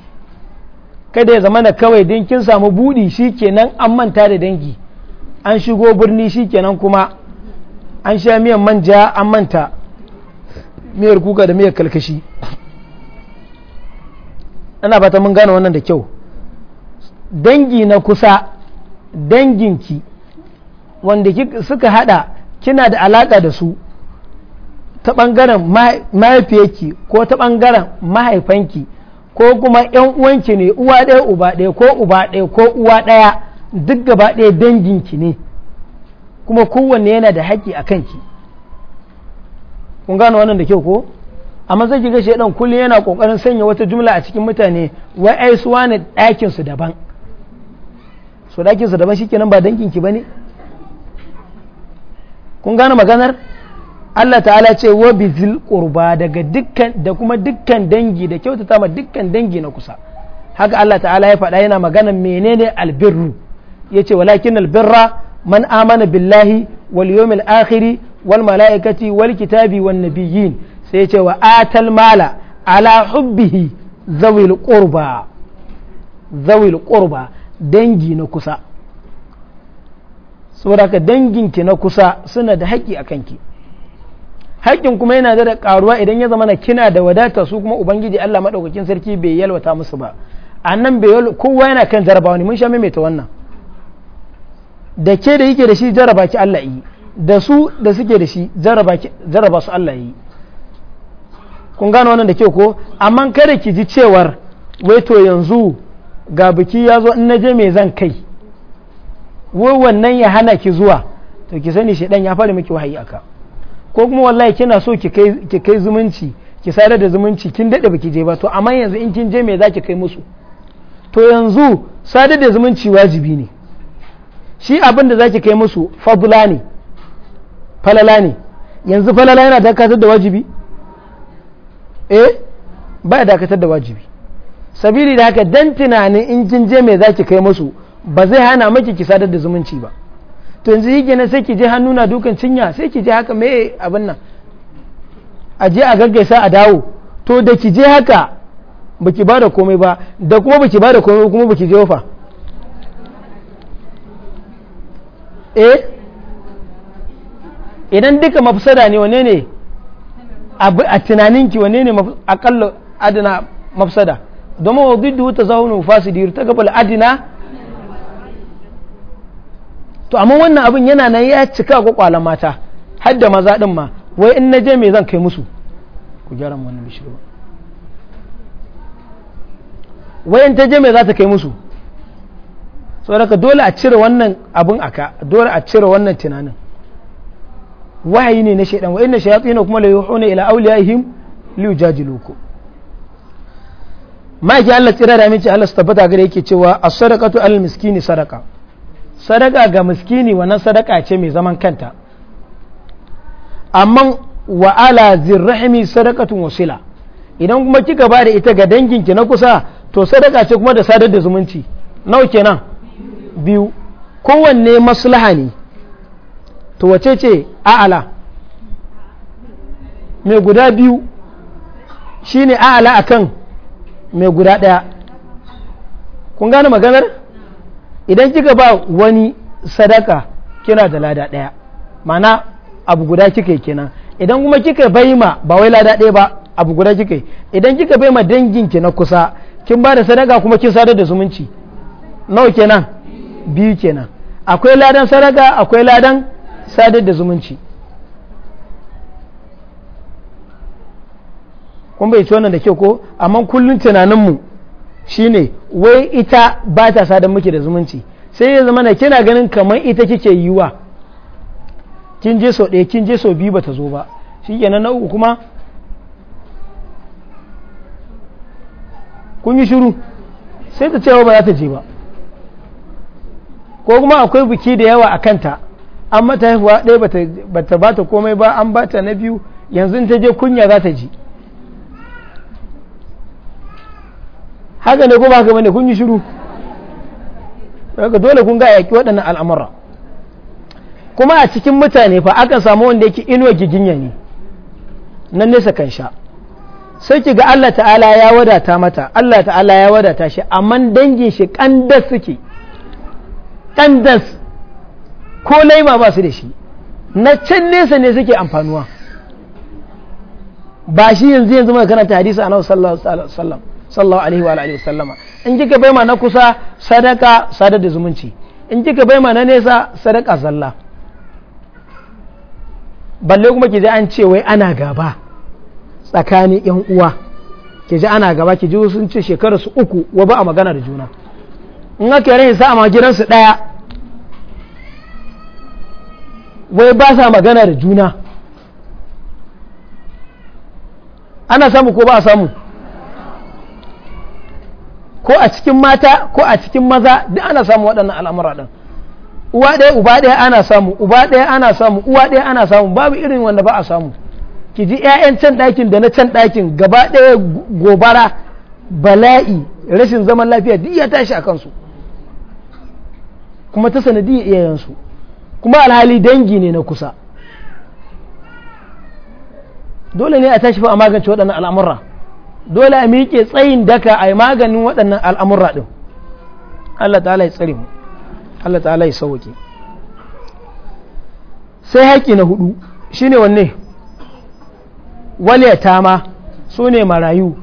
kada ya zama da kawai din kin samu buɗi shikenan an manta da dangi an shigo birni shikenan kuma an sha miyan manja an manta miyar kuka da miyar kalkashi ina fata mun gane wannan da kyau dangi na kusa danginki wanda suka hada kina da alaka da su ta ɓangaren mahaifiyarki ko ta bangaren mahaifanki ko kuma ‘yan uwanki ne uwa ɗaya uba ɗaya ko uba ɗaya ko uwa ɗaya duk gaba ɗaya danginki ne kuma kowanne yana da haƙƙi a kanki kun gano wannan da kyau ko amma zai kiga shaidan kullum yana kokarin sanya wata jumla a cikin mutane wai ai su wani ɗakin su daban so ɗakin su daban shikenan ba dangin ki bane kun gane maganar Allah ta'ala ce wa bizil qurba daga dukkan da kuma dukkan dangi da kyautata ma dukkan dangi na kusa haka Allah ta'ala ya faɗa yana magana menene albirru yace walakin albirra man amana billahi wal yawmil akhiri wal mala'ikati wal kitabi wan nabiyyin sai ce wa atal mala ala hubbihi zawil qurba zawil qurba dangi na kusa saboda ka danginki na kusa suna da haƙƙi a kanki haƙƙin kuma yana da ƙaruwa idan ya zama kina da wadata su kuma ubangiji Allah maɗaukakin sarki bai yalwata musu ba annan bai yalwa kowa yana kan jarabawa ne mun sha maimaita wannan da ke da yake da shi jaraba Allah yi da su da suke da shi jaraba su Allah yi kun gano wannan da ke ko amma kada ki ji cewar wai to yanzu ga biki ya zo in na je mai zan kai wai wannan ya hana ki zuwa to ki sani shi ya fara miki wahayi aka ko kuma wallahi kina so ki kai ki kai zumunci ki sadar da zumunci kin dade baki je ba to amma yanzu in kin je me zaki kai musu to yanzu sadar da zumunci wajibi ne shi abin da zaki kai musu fadla ne falala ne yanzu falala yana dakatar da wajibi e ba dakatar da wajibi sabili da haka dan tunanin in kin je me zaki kai musu ba zai hana miki ki sadar da zumunci ba to yanzu yi sai ki je hannu na dukan cinya sai ki je haka me abin nan a je a gaggaisa a dawo to da ki je haka baki ba da komai ba da kuma baki ba da komai kuma baki je wafa eh? idan duka mafsada ne wane ne a tunanin ki wane ne akalla adana mafsada domin wa duddu ta fasi diri ta gabal adina to amma wannan abin yana nan ya cika kwalan mata har da maza din ma wai in na je me zan kai musu ku gyara mu wannan bishiru wai in ta je me za ta kai musu saboda dole a cire wannan abin aka dole a cire wannan tunanin wahayi ne na shaidan wa inna shayatin kuma la yuhuna ila awliyaihim li yujadiluku maki Allah tsira da minci Allah su tabbata gare yake cewa as-sadaqatu al miskini sadaqa sadaka ga miskini wannan sadaka ce mai zaman kanta amma wa ala zirrahimi sadaqatun wasila idan kuma kika ba da ita ga danginki na kusa to sadaka ce kuma da sadar da zumunci nawa kenan biyu kowanne maslaha ne to wace ce a'ala mai guda biyu shi ne a'ala a kan mai guda ɗaya kun gane maganar idan kika ba wani sadaka kina da lada ɗaya mana abu guda kika yi kenan idan kuma kika bai ma ba wai lada ɗaya ba abu guda kika idan kika bai ma danginki na kusa kin ba da sadaka kuma kin sadar da zumunci nawa kenan biyu kenan akwai ladan sadaka akwai ladan sadar da zumunci kun bai wannan da kyau ko amma kullum tunaninmu shine wai ita ba ta sadar muke da zumunci sai ya zama na kina ganin kamar ita kike yiwa kin je sau ɗaya kin je sau biyu ba ta zo ba shi kenan na uku kuma kun yi shiru sai ta cewa ba za ta je ba ko kuma akwai biki da yawa a kanta an mata haihuwa ɗaya bata bata komai ba an bata na biyu yanzu ta je kunya za ta ji haka ne ko ba haka bane kun yi shiru daga dole kun ga yaki waɗannan al'amura kuma a cikin mutane fa akan samu wanda yake inuwa giginya ne nan nesa kan sha sai ki ga Allah ta'ala ya wadata mata Allah ta'ala ya wadata shi amma dangin shi kandas suke kandas ko laima ba su da shi na can nesa ne suke amfanuwa ba shi yanzu yanzu muka karanta hadisi a sallallahu alaihi wa alihi wasallama in kika bai ma na kusa sadaka sadar da zumunci in kika bai ma na nesa sadaka zalla. balle kuma ki ji an ce wai ana gaba tsakanin yan uwa ki ji ana gaba ki ji sun ce shekarar su uku wa ba a magana da juna in aka yare sa a ma gidansu daya wai ba sa magana da juna ana samu ko ba a samu ko a cikin mata ko a cikin maza duk ana samu waɗannan al'amura ɗin uwa ɗaya uba ɗaya ana samu uba ɗaya ana samu uwa ɗaya ana samu babu irin wanda ba a samu ki ji 'ya'yan can ɗakin da na can ɗakin gaba ɗaya gobara bala'i rashin zaman lafiya duk ya tashi a kansu kuma ta sanadiyar iyayensu kuma alhali dangi ne na kusa dole ne a tashi fa a magance waɗannan al'amurra dole a miƙe tsayin daka a maganin waɗannan al'amurra ɗin Allah ta ya tsari mu Allah ta ya sauƙi sai haƙƙi na hudu shine wanne waliyatama su ne marayu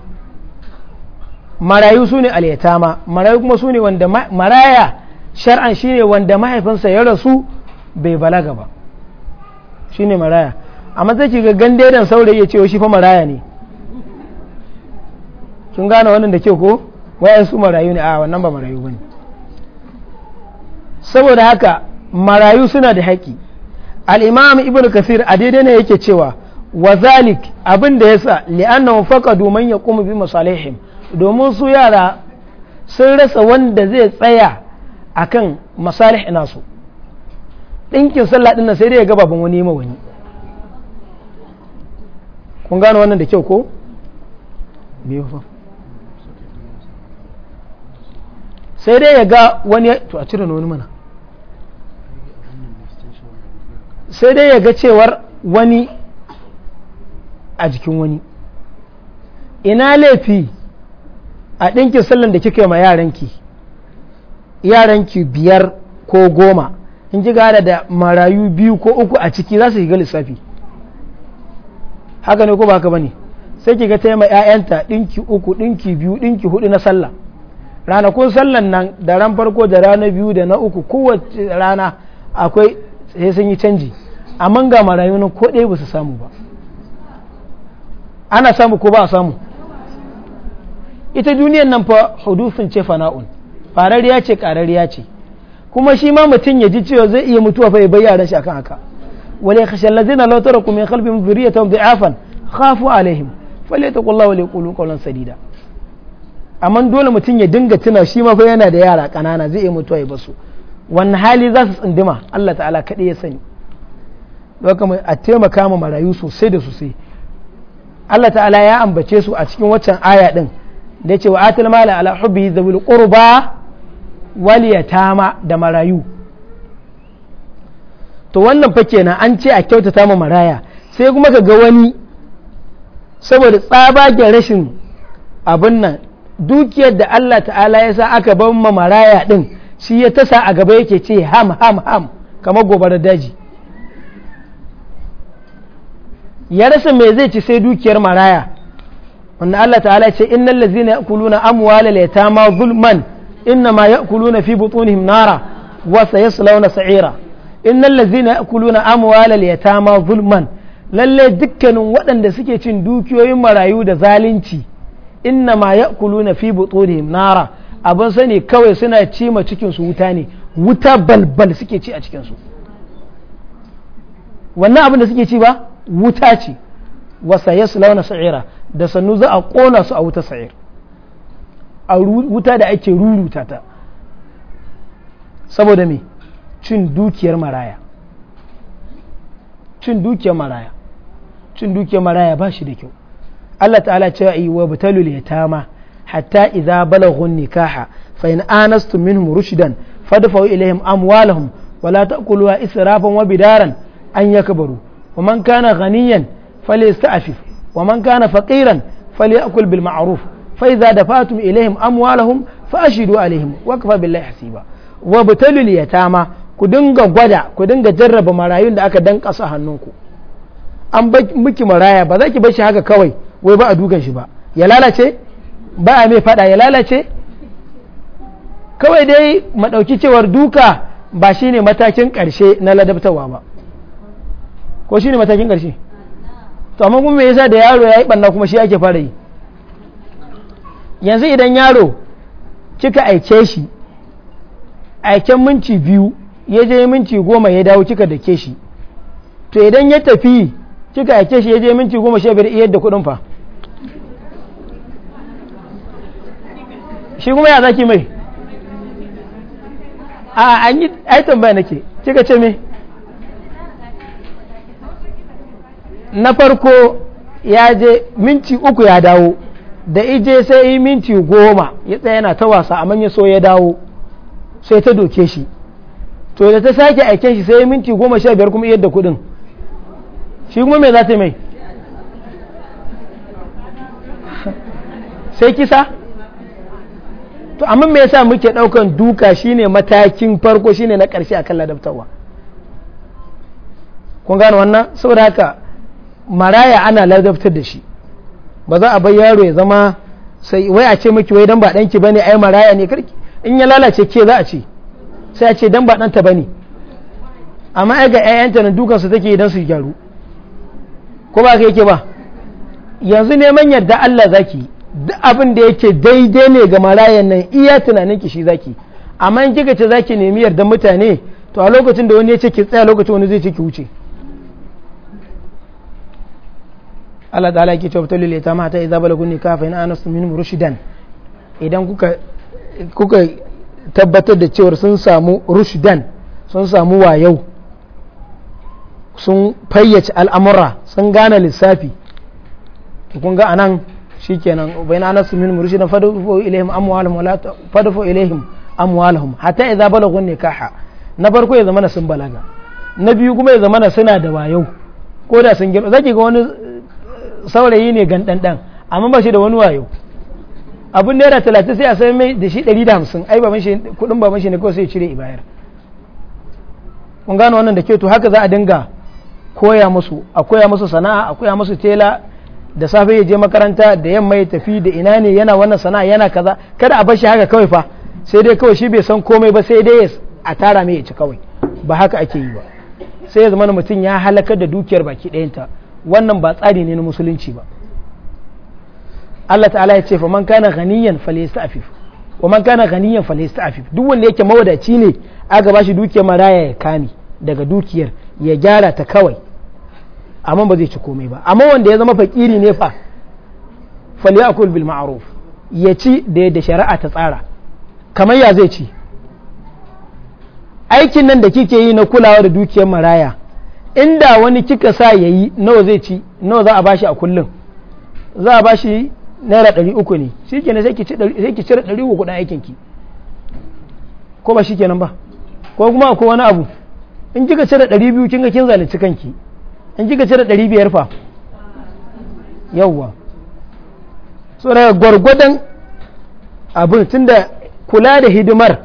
marayu su ne aliyatama marayu kuma su ne wanda maraya shar'an shi ne wanda mahaifinsa ya rasu bai balaga ba shi ne maraya amma zai ga gande dan saurayi ya ce shi fa maraya ne kin gane wannan da ke ko wayan su marayu ne a wannan ba marayu ba ne saboda haka marayu suna da haƙi al'imam ibn kasir a daidai ne yake cewa wa zalik abin da na li'annahu domin ya kuma bi masalihim domin su yara sun rasa wanda zai tsaya akan masalih nasu ɗinkin sallah ɗin nan sai dai ya gababan wani yi wani kun gano wannan da kyau ko? biyu fa sai dai ya ga wani to a cire wani mana sai dai ya ga cewar wani a jikin wani ina laifi a ɗinkin sallan da kika yi ma yaranki yaranki biyar ko goma in ji gada da marayu biyu ko uku a ciki za su shiga lissafi haka ne ko ba ka bane sai ki ga ta ma ƴaƴanta dinki uku dinki biyu dinki hudu na sallah ranakun sallan nan da ran farko da rana biyu da na uku kowace rana akwai sai sun yi canji amma ga marayu nan ko ɗaya ba su samu ba ana samu ko ba a samu ita duniyan nan fa hudufin ce fana'un farariya ce ƙarariya ce kuma shi ma mutum ya ji cewa zai iya mutuwa fa ya bai yaran shi akan haka wala khashal ladina law taraku min qalbihim dhurriyatan dha'afan khafu alaihim falyattaqullaha wa liqulu qawlan sadida amma dole mutum ya dinga tuna shi ma fa yana da yara kanana zai iya mutuwa ya basu wannan hali za su tsindima Allah ta'ala kadai ya sani doka a taimaka ma marayu sosai da sosai Allah ta'ala ya ambace su a cikin waccan aya din da ya ce wa atil mala ala hubbi zawil qurba waliyatama da marayu to wannan fa kenan an ce a kyautata ma maraya sai kuma ka ga wani saboda tsabagen rashin abin nan dukiyar da Allah ta'ala ya sa aka ban ma maraya din shi ya tasa a gaba yake ce ham ham ham kamar gobarar daji ya rasa me zai ci sai dukiyar maraya wanda Allah ta'ala ce innal ladzina yakuluna amwalal yatama zulman ma ya fi إنما يأكلون في بطونهم نارا وسيصلون سعيرا إن الذين يأكلون أموال اليتامى zulman lalle dukkanin waɗanda suke cin dukiyoyin marayu da zalunci inna ma ya ya'kuluna fi butunihim nara abin sani kawai suna ci ma cikin su wuta ne wuta balbal suke ci a cikin su wannan abin da suke ci ba wuta ce wasa yaslawna sa'ira da sannu za a kona su a wuta sa'ir a wuta da ake ruruta ta saboda me cin dukiyar maraya cin dukiyar maraya cin dukiyar maraya ba shi da kyau Allah ta'ala a yi wa batalul yatama hatta idza balaghun nikaha fa in anastum minhum rushdan fadfa'u ilayhim amwalahum wala ta'kuluha israfan wa bidaran an yakbaru wa man kana ghaniyan falyasta'fif wa man kana faqiran falyakul bil ma'ruf fa idza dafatum ilaihim amwalahum fa ashidu alaihim wa kafa billahi hasiba wa butalul yatama ku dinga gwada ku dinga jarraba marayun da aka danka su hannunku an miki maraya ba za ki bar shi haka kawai wai ba a dukan shi ba ya lalace ba a mai fada ya lalace kawai dai madauki cewar duka ba shine matakin karshe na ladabtawa ba ko shine matakin karshe to amma kuma me yasa da yaro ya yi banna kuma shi ake fara yi yanzu idan yaro kika aice shi aiken minci biyu ya je minci goma ya dawo kika da ke shi to idan ya tafi kika aike shi ya je minci goma shi biyar iya da kuɗin fa shi kuma ya zaki mai a an yi ai tambaya nake kika ce me na farko ya je minci uku ya dawo da ije sai yi minti goma ya tsaya yana ta wasa amma ya so ya dawo sai ta doke shi to da ta sake aike shi sai yi minti goma sha biyar kuma yadda kudin shi kuma mai za ta mai sai kisa to amma me yasa muke daukan duka shine matakin farko shine na karshe akan ladabtarwa kun gane wannan saboda haka maraya ana ladabtar da shi ba za a bar yaro ya zama sai wai a ce miki wai dan ba danki bane ai maraya ne karki in ya lalace ke za a ce sai a ce dan ba danta bane amma ai ga ƴaƴanta nan dukan su take idan su gyaru ko ba ka yake ba yanzu neman yarda Allah zaki duk abin da yake daidai ne ga marayan nan iya tunanin ki shi zaki amma in kika ce zaki nemi yardan mutane to a lokacin da wani ya ce ki tsaya lokacin wani zai ce ki wuce Allah da alaƙi cewa tulil yatama ta idza balagun nikafa in anastum minhum rushidan idan kuka kuka tabbatar da cewa sun samu rushidan sun samu wayau sun fayyace al'amura sun gane lissafi kun ga anan shikenan bayan anastum minhum rushdan fadfu ilaihim amwalahum wala fadfu ilaihim amwalahum hatta idza balagun nikaha na farko ya na sun balaga na biyu kuma ya na suna da wayau ko da sun gina zaki ga wani saurayi ne gan ɗanɗan amma ba shi da wani wayo abin naira talatin sai a san mai da shi ɗari da hamsin ai ba mashi kuɗin ba mashi ne kawai sai cire ibayar kun gano wannan da kyau haka za a dinga koya musu a koya musu sana'a a koya musu tela da safe ya je makaranta da yamma ya tafi da ina ne yana wannan sana'a yana kaza kada a bar shi haka kawai fa sai dai kawai shi bai san komai ba sai dai a tara mai ya ci kawai ba haka ake yi ba sai ya zama mutum ya halakar da dukiyar baki ɗayanta wannan ba tsari ne na musulunci ba Allah ta'ala ya ce fa man kana ghaniyan Afif. wa man kana ghaniyan Afif duk wanda yake mawadaci ne aka ba shi dukiyar maraya ya kame daga dukiyar ya gyara ta kawai amma ba zai ci komai ba amma wanda ya zama fakiri ne fa falyakul bil ma'ruf ya ci da yadda shari'a ta tsara kamar ya zai ci aikin nan da kike yi na kulawa da dukiyar maraya inda wani kika sa ya yi nawa zai ci nawa za a bashi a kullum za a bashi naira ɗari uku ne shi kenan sai ki cire ɗari uku kuɗin aikinki ko ba shi kenan ba ko kuma akwai wani abu in kika cire ɗari biyu kinga kin zalunci kanki in kika cire ɗari biyar fa yawwa so daga gwargwadon abin tunda kula da hidimar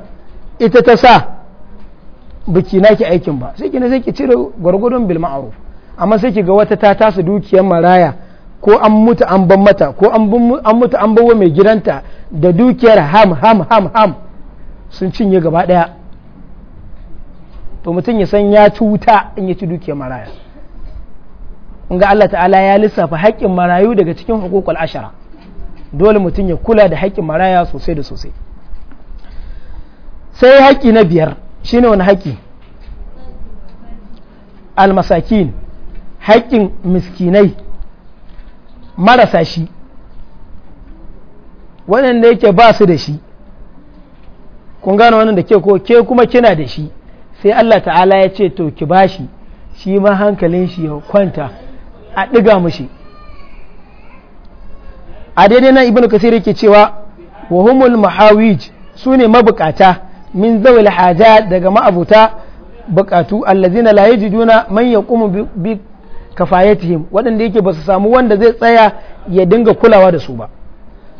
ita ta sa biki naki aikin ba sai ki sai ki cire gwargwadon bil ma'ruf amma sai ki ga wata ta tasa dukiyar maraya ko an mutu an ban mata ko an mutu an bawa mai gidanta da dukiyar ham ham ham ham sun cinye gaba daya to mutum ya san ya ci wuta in ya ci dukiyar maraya in ga Allah ta'ala ya lissafa haƙƙin marayu daga cikin hukukul ashara dole mutum ya kula da haƙƙin maraya sosai da sosai sai haƙƙi na biyar Shi ne wani haƙƙi almasakin haƙƙin miskinai marasa shi waɗanda yake ba su da shi kun gano wannan da ke ko ke kuma kina da shi sai Allah ta'ala ya ce to ki bashi shi ma hankalin shi ya kwanta a ɗiga mushi a daidai nan ibn kasir yake cewa wa humul mahawij su ne mabukata min zawil haja daga ma'abuta bukatu allazina la yajiduna man yaqumu bi kafayatihim wadanda yake ba su samu wanda zai tsaya ya dinga kulawa da su ba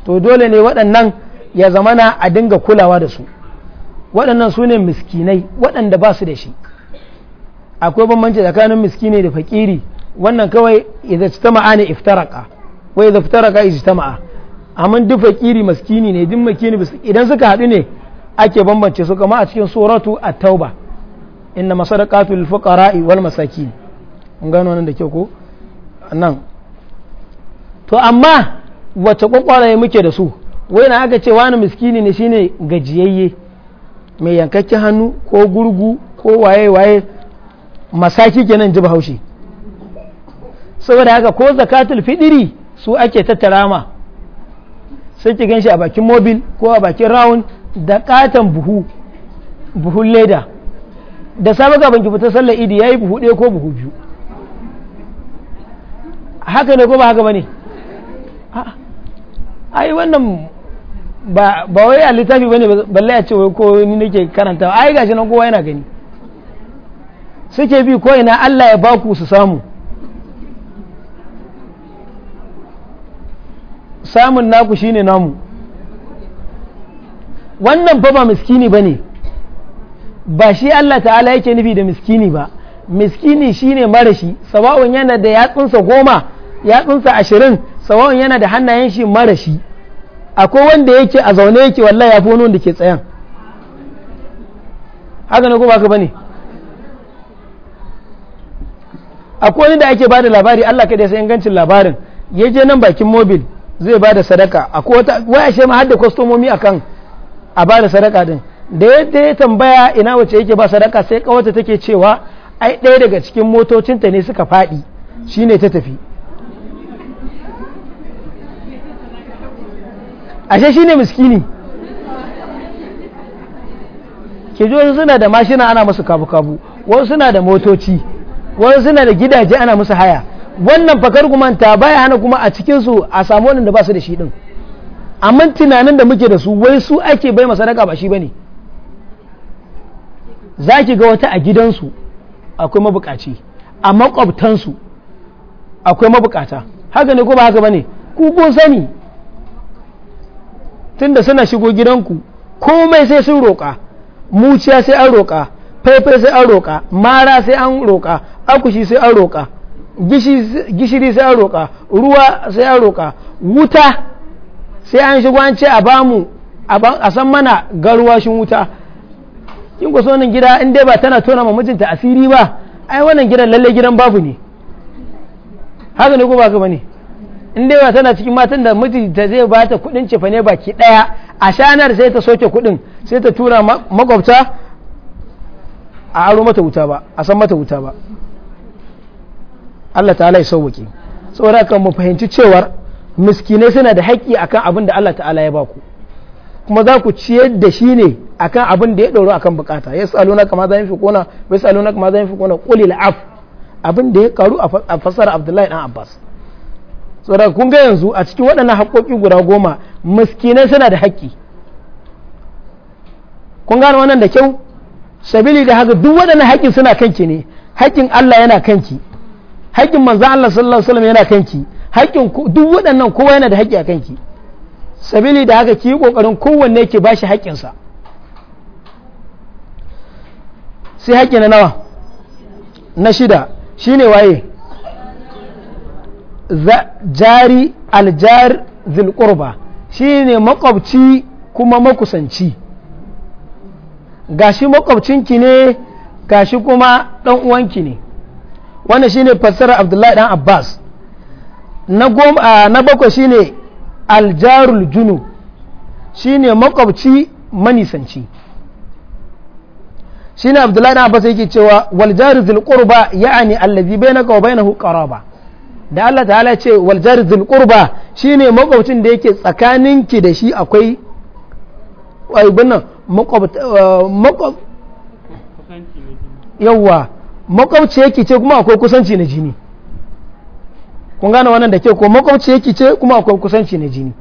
to dole ne waɗannan ya zamana a dinga kulawa da su waɗannan su ne miskinai waɗanda ba su da shi akwai bambanci tsakanin miskini da fakiri wannan kawai idan ta ma'ana iftaraka wai idan iftaraka ijtama'a amma duk fakiri miskini ne duk makini idan suka haɗu ne ake bambance su kama a cikin suratu a tauba inna masadaqatu lil wal mun gano nan da ke ko nan to amma wace kwakwaraye muke da su wai na aka ce wani miskini ne shine gajiyayye mai yankakken hannu ko gurgu ko waye waye masaki kenan ji bahaushe saboda haka ko zakatul fidiri su ake tattara ma sai ki ganshi a bakin mobil ko a bakin rawun da katon buhu buhun leda da safe gaban ki fita sallar idi yayi buhu ɗaya ko buhu biyu haka ne ko ba haka bane ai wannan ba wai a littafi bane balle a ce wai ko ni nake karanta ai gashi nan kowa yana gani suke bi ko ina Allah ya baku su samu samun naku shine namu wannan fa ba miskini ba ne ba shi Allah ta'ala yake nufi da miskini ba miskini shine marashi sawa'un yana da yatsunsa goma yatsunsa ashirin sawa'un yana da hannayen shi marashi akwai wanda yake a zaune yake wallahi ya fi wani wanda ke tsayan haka na ko baka bane akwai wani da ake ba da labari Allah kada ya san ingancin labarin ya je nan bakin mobil zai ba da sadaka akwai wata waya shema har da kwastomomi akan a ba da sadaka din da yadda ya tambaya ina wace yake ba sadaka sai kawata take cewa ai ɗaya daga cikin motocinta ne suka faɗi shine ta tafi ashe shine miskini ke wasu suna da mashina ana musu kabu-kabu wasu suna da motoci wasu suna da gidaje ana musu haya wannan fakar kuma ta baya hana kuma a cikinsu a samu wanda ba su da shi din amma tunanin da muke da su wai su ake bai sadaka ba shi bane za ki ga wata a gidansu akwai mabukaci a makwabtansu akwai mabukata haka ne ko ba haka bane ku kun sani tunda suna shigo gidanku komai sai sun roƙa muciya sai an roƙa faifai sai an roƙa mara sai an roƙa akushi sai an roƙa gishiri sai an roƙa ruwa sai an roƙa wuta sai an shigo an ce a bamu a san mana garwashin wuta kin ku sonin gida in dai ba tana tona ma mijinta asiri ba ai wannan gidan lalle gidan babu ne haka ne ko ba ka bane in dai ba tana cikin matan da mijinta zai ba ta kudin cefa ne baki daya a shanar sai ta soke kudin sai ta tura makwabta a aro mata wuta ba a san mata wuta ba Allah ta ya sauwaki saboda kan mu fahimci cewar miskinai suna da haƙƙi akan abin da Allah ta'ala ya baku kuma za ku ciyar da shi ne akan abin da ya ɗoro akan bukata ya na kama zai fi kona bai na kama zai fi kona ƙuli la'af abin da ya karu a fasara abdullahi dan abbas saboda kun ga yanzu a cikin waɗannan haƙoƙi guda goma miskinai suna da haƙƙi kun gane wannan da kyau sabili da haka duk waɗannan haƙƙin suna kanki ne haƙƙin Allah yana kanki haƙƙin manzon Allah sallallahu alaihi wasallam yana kanki haƙƙin duk waɗannan kowa yana da haƙƙi a kanki sabili da haka ki yi ƙoƙarin kowanne ke ba shi haƙƙinsa sai haƙƙi na nawa na shida shi ne waye jari aljar zilƙurba ne makwabci kuma makusanci gashi makwabcinki ne gashi kuma ɗan uwanki ne wannan ne fassara abdullahi dan abbas na bakwai shine aljarul junu shine makwabci manisanci shine abdullahi na abasa yake cewa waljaru zil qurba ya'ani allazi bainaka wa bainahu qaraba da Allah ta'ala ce waljaru zil qurba shine makwabcin da yake tsakaninki da shi akwai aibin nan makwabci eh, yawwa makwabci yake ce kuma akwai kusanci na jini kun gane wannan da ke ko makwabci yake ce kuma akwai kusanci na jini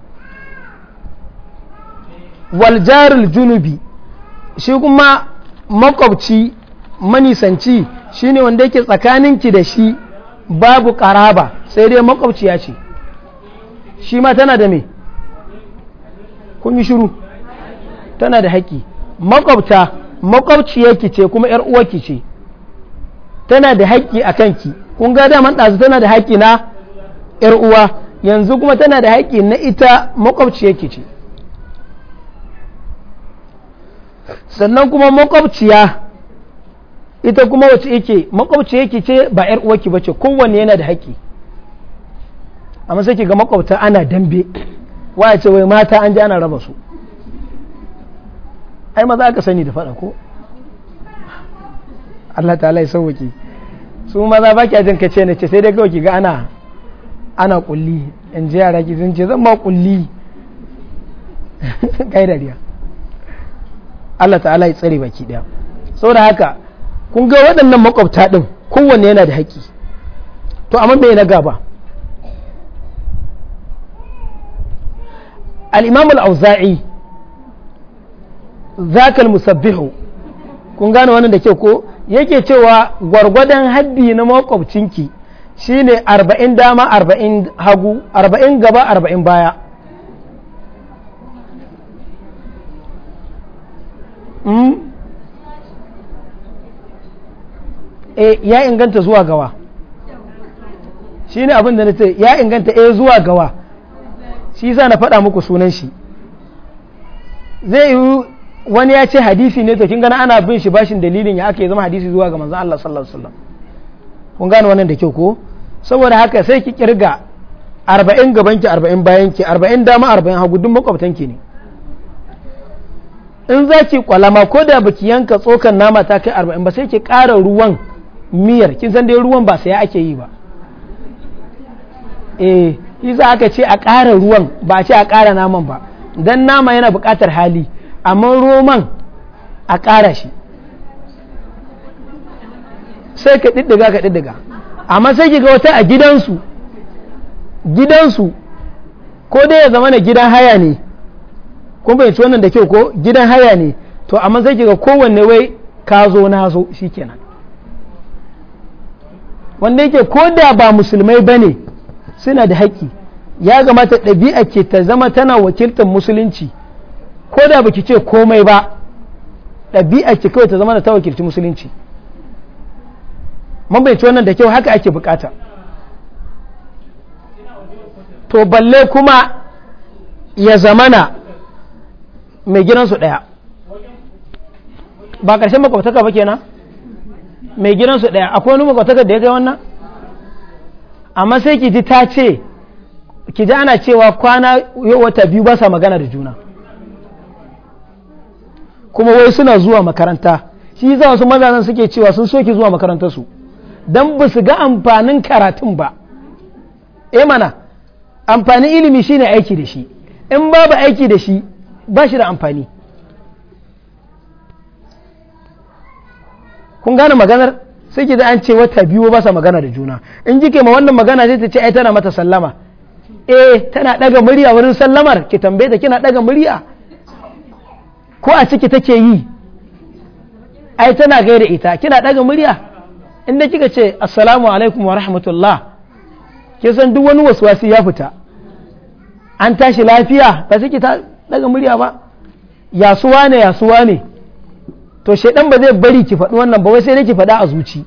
waljaril junubi shi kuma makwabci manisanci shine wanda yake ki da shi babu karaba sai dai ya ce shi ma tana da me kun yi shiru tana da haƙƙi makwabta yake ce kuma yar uwarki ce tana da haƙƙi a kanki kun ga daman ɗazu tana da haƙƙi na 'yar uwa yanzu kuma tana da haƙƙi na ita makwabci yake ce sannan kuma makwabciya ita kuma wace yake makwabci yake ce ba 'yar uwa ki ce kowanne yana da haƙƙi amma sai ga makwabta ana dambe wa ce wai mata an ji ana raba su ai maza aka sani da faɗa ko Allah ta'ala ya sauwaki su maza ba ajin ka kace ne ce sai dai kawai ki ga ana ana kulli in ji yara ki zan ce zan ma kulli kai da riya Allah ta'ala ya tsare baki daya saboda haka kun ga waɗannan makwabta din kowanne yana da haƙƙi to amma bai na gaba al-imam al-auza'i zakal musabbihu kun gane wannan da kyau ko yake cewa gwargwadon haddi na makwabcinki shi ne arba'in dama arba'in hagu arba'in gaba arba'in baya e ya inganta zuwa gawa ne abin da na ce ya inganta e zuwa gawa shi za na faɗa muku sunan shi zai yi wani ya ce hadisi ne to kin gana ana bin shi bashin dalilin ya ake zama hadisi zuwa ga manzan Allah sallallahu alaihi wasallam kun gane wannan da kyau ko saboda haka sai ki kirga arba'in gabanki arba'in bayanki arba'in dama arba'in hagu duk makwabtanki ne in za ki kwalama ko da baki yanka tsokan nama ta kai arba'in ba sai ki ƙara ruwan miyar kin san dai ruwan ba sai ake yi ba eh shi za aka ce a ƙara ruwan ba ce a ƙara naman ba dan nama yana buƙatar hali amma roman a ƙara shi sai ka ɗiɗɗiga ka ɗiɗɗiga amma sai ki ga wata a gidansu gidansu ko dai ya zama na gidan haya ne bai fahimci wannan da kyau ko gidan haya ne to amma sai ki ga kowanne wai ka zo na zo kenan wanda yake ko da ba musulmai ba ne suna da haƙƙi ya gamata ɗabi'a ce ta zama tana wakiltar musulunci ko da baki ce komai ba ɗabi'a ce kawai ta zama da ta wakilci musulunci mun wannan da kyau haka ake bukata to balle kuma ya zamana mai gidansu daya ba ƙarshen makwabtaka ba kenan mai gidansu daya akwai wani makwabtaka da ya kai wannan amma sai ki ji ta ce ki ji ana cewa kwana wata biyu ba sa magana da juna kuma wai suna zuwa makaranta shi za su mazazan suke cewa sun soki zuwa makarantarsu don ba su ga amfanin karatun ba e mana amfanin ilimi shine aiki da shi in babu aiki da shi ba shi da amfani kun gane maganar sai ki da an ce wata biyu ba sa magana da juna in ke ma wannan magana zai ta ce ai tana mata sallama eh tana daga murya wurin sallamar ki tambaye ta kina daga murya ko a ciki take yi ai tana gaida ita kina daga murya inda kika ce assalamu alaikum wa rahmatullah ke san duk wani waswasi ya fita an tashi lafiya ba sai ki ta daga murya ba yasuwa ne yasuwa ne to shaidan ba zai bari ki faɗi wannan ba wai sai dai ki faɗa a zuci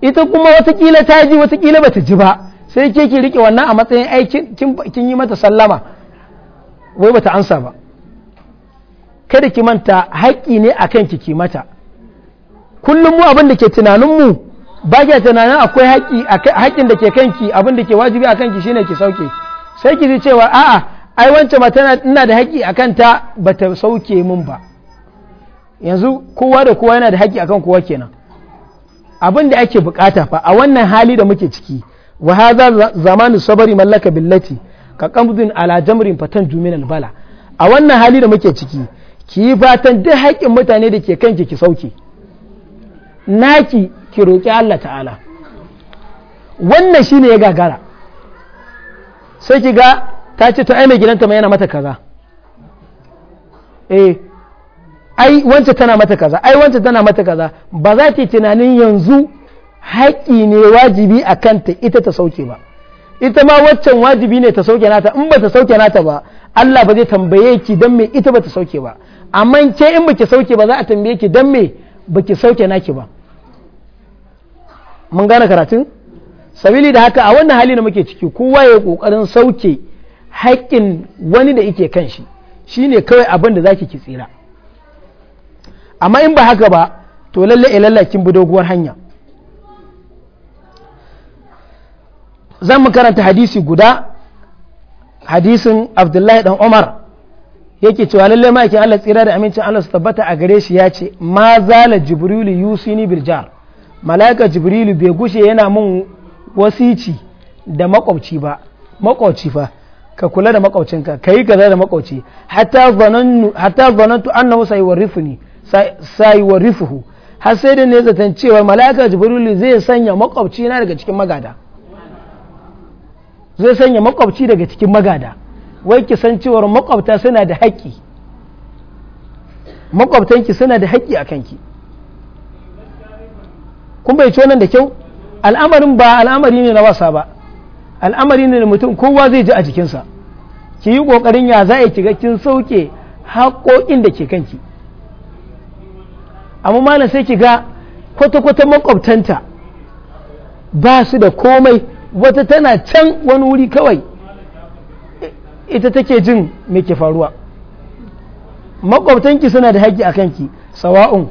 ita kuma watakila ta ji watakila ba ta ji ba sai ke ki rike wannan a matsayin aikin kin yi mata sallama wai bata ansa ba kada ki manta haƙƙi ne a kanki ki mata kullum mu abin da ke tunaninmu ba ke tunanin akwai haƙƙin da ke kanki abin da ke wajibi a kanki shine ki sauke sai ki ji cewa a'a ai wancan ma tana ina da haƙƙi akan ta bata sauke min ba yanzu kowa da kowa yana da haƙƙi akan kowa kenan abin da ake bukata fa a wannan hali da muke ciki wa hadha zamanu sabari mallaka billati ka qamdun ala jamrin fatan jumin albala a wannan hali da muke ciki ki yi fatan duk haƙƙin mutane da ke kanki ki sauke naki ki roƙi Allah ta'ala wannan shine ya gagara sai ki ga ta ce to ai mai gidanta ma yana mata kaza eh ai wancan tana mata kaza ai wancan tana mata kaza ba za ta tunanin yanzu haƙƙi ne wajibi a kanta ita ta sauke ba ita ma waccan wajibi ne ta sauke nata in ba ta sauke nata ba Allah ba zai tambaye ki dan me ita ba ta sauke ba amma ke in ba ki sauke ba za a tambaye ki dan me baki sauke naki ba mun gane karatun sabili da haka a wannan hali da muke ciki kowa ya kokarin sauke haƙƙin wani da yake kan shi shine kawai abin da zaki ki tsira amma in ba haka ba to lalle ilalla eh, kin bi doguwar hanya zan mu karanta hadisi guda hadisin abdullahi dan umar yake cewa lalle ma'aikin Allah tsira da amincin Allah su tabbata a gare shi ya ce ma zala jibrilu yusini birjar mala'ika jibrilu bai gushe yana mun wasici da makwabci ba makwabci fa ka kula da makwabcinka ka yi kaza da makwabci hatta zanantu annahu sayuwarrifuni sayuwarrifuhu har sai da ne zaton cewa mala'ika jibrilu zai sanya makwabci na daga cikin magada zai sanya makwabci daga cikin magada wai ki san cewar makwabta suna da haƙƙi makwabtanki suna da haƙƙi a kanki kun bai nan da kyau al'amarin ba al'amari ne na wasa ba al'amari ne da mutum kowa zai ji a jikinsa ki yi ƙoƙarin ya za a kiga kin sauke haƙoƙin da ke kanki amma malam sai ki ga kwata-kwata makwabtanta ba su da komai wata tana can wani wuri kawai ita take jin me ke faruwa makwabtanki suna da haƙƙi a kanki sawa'un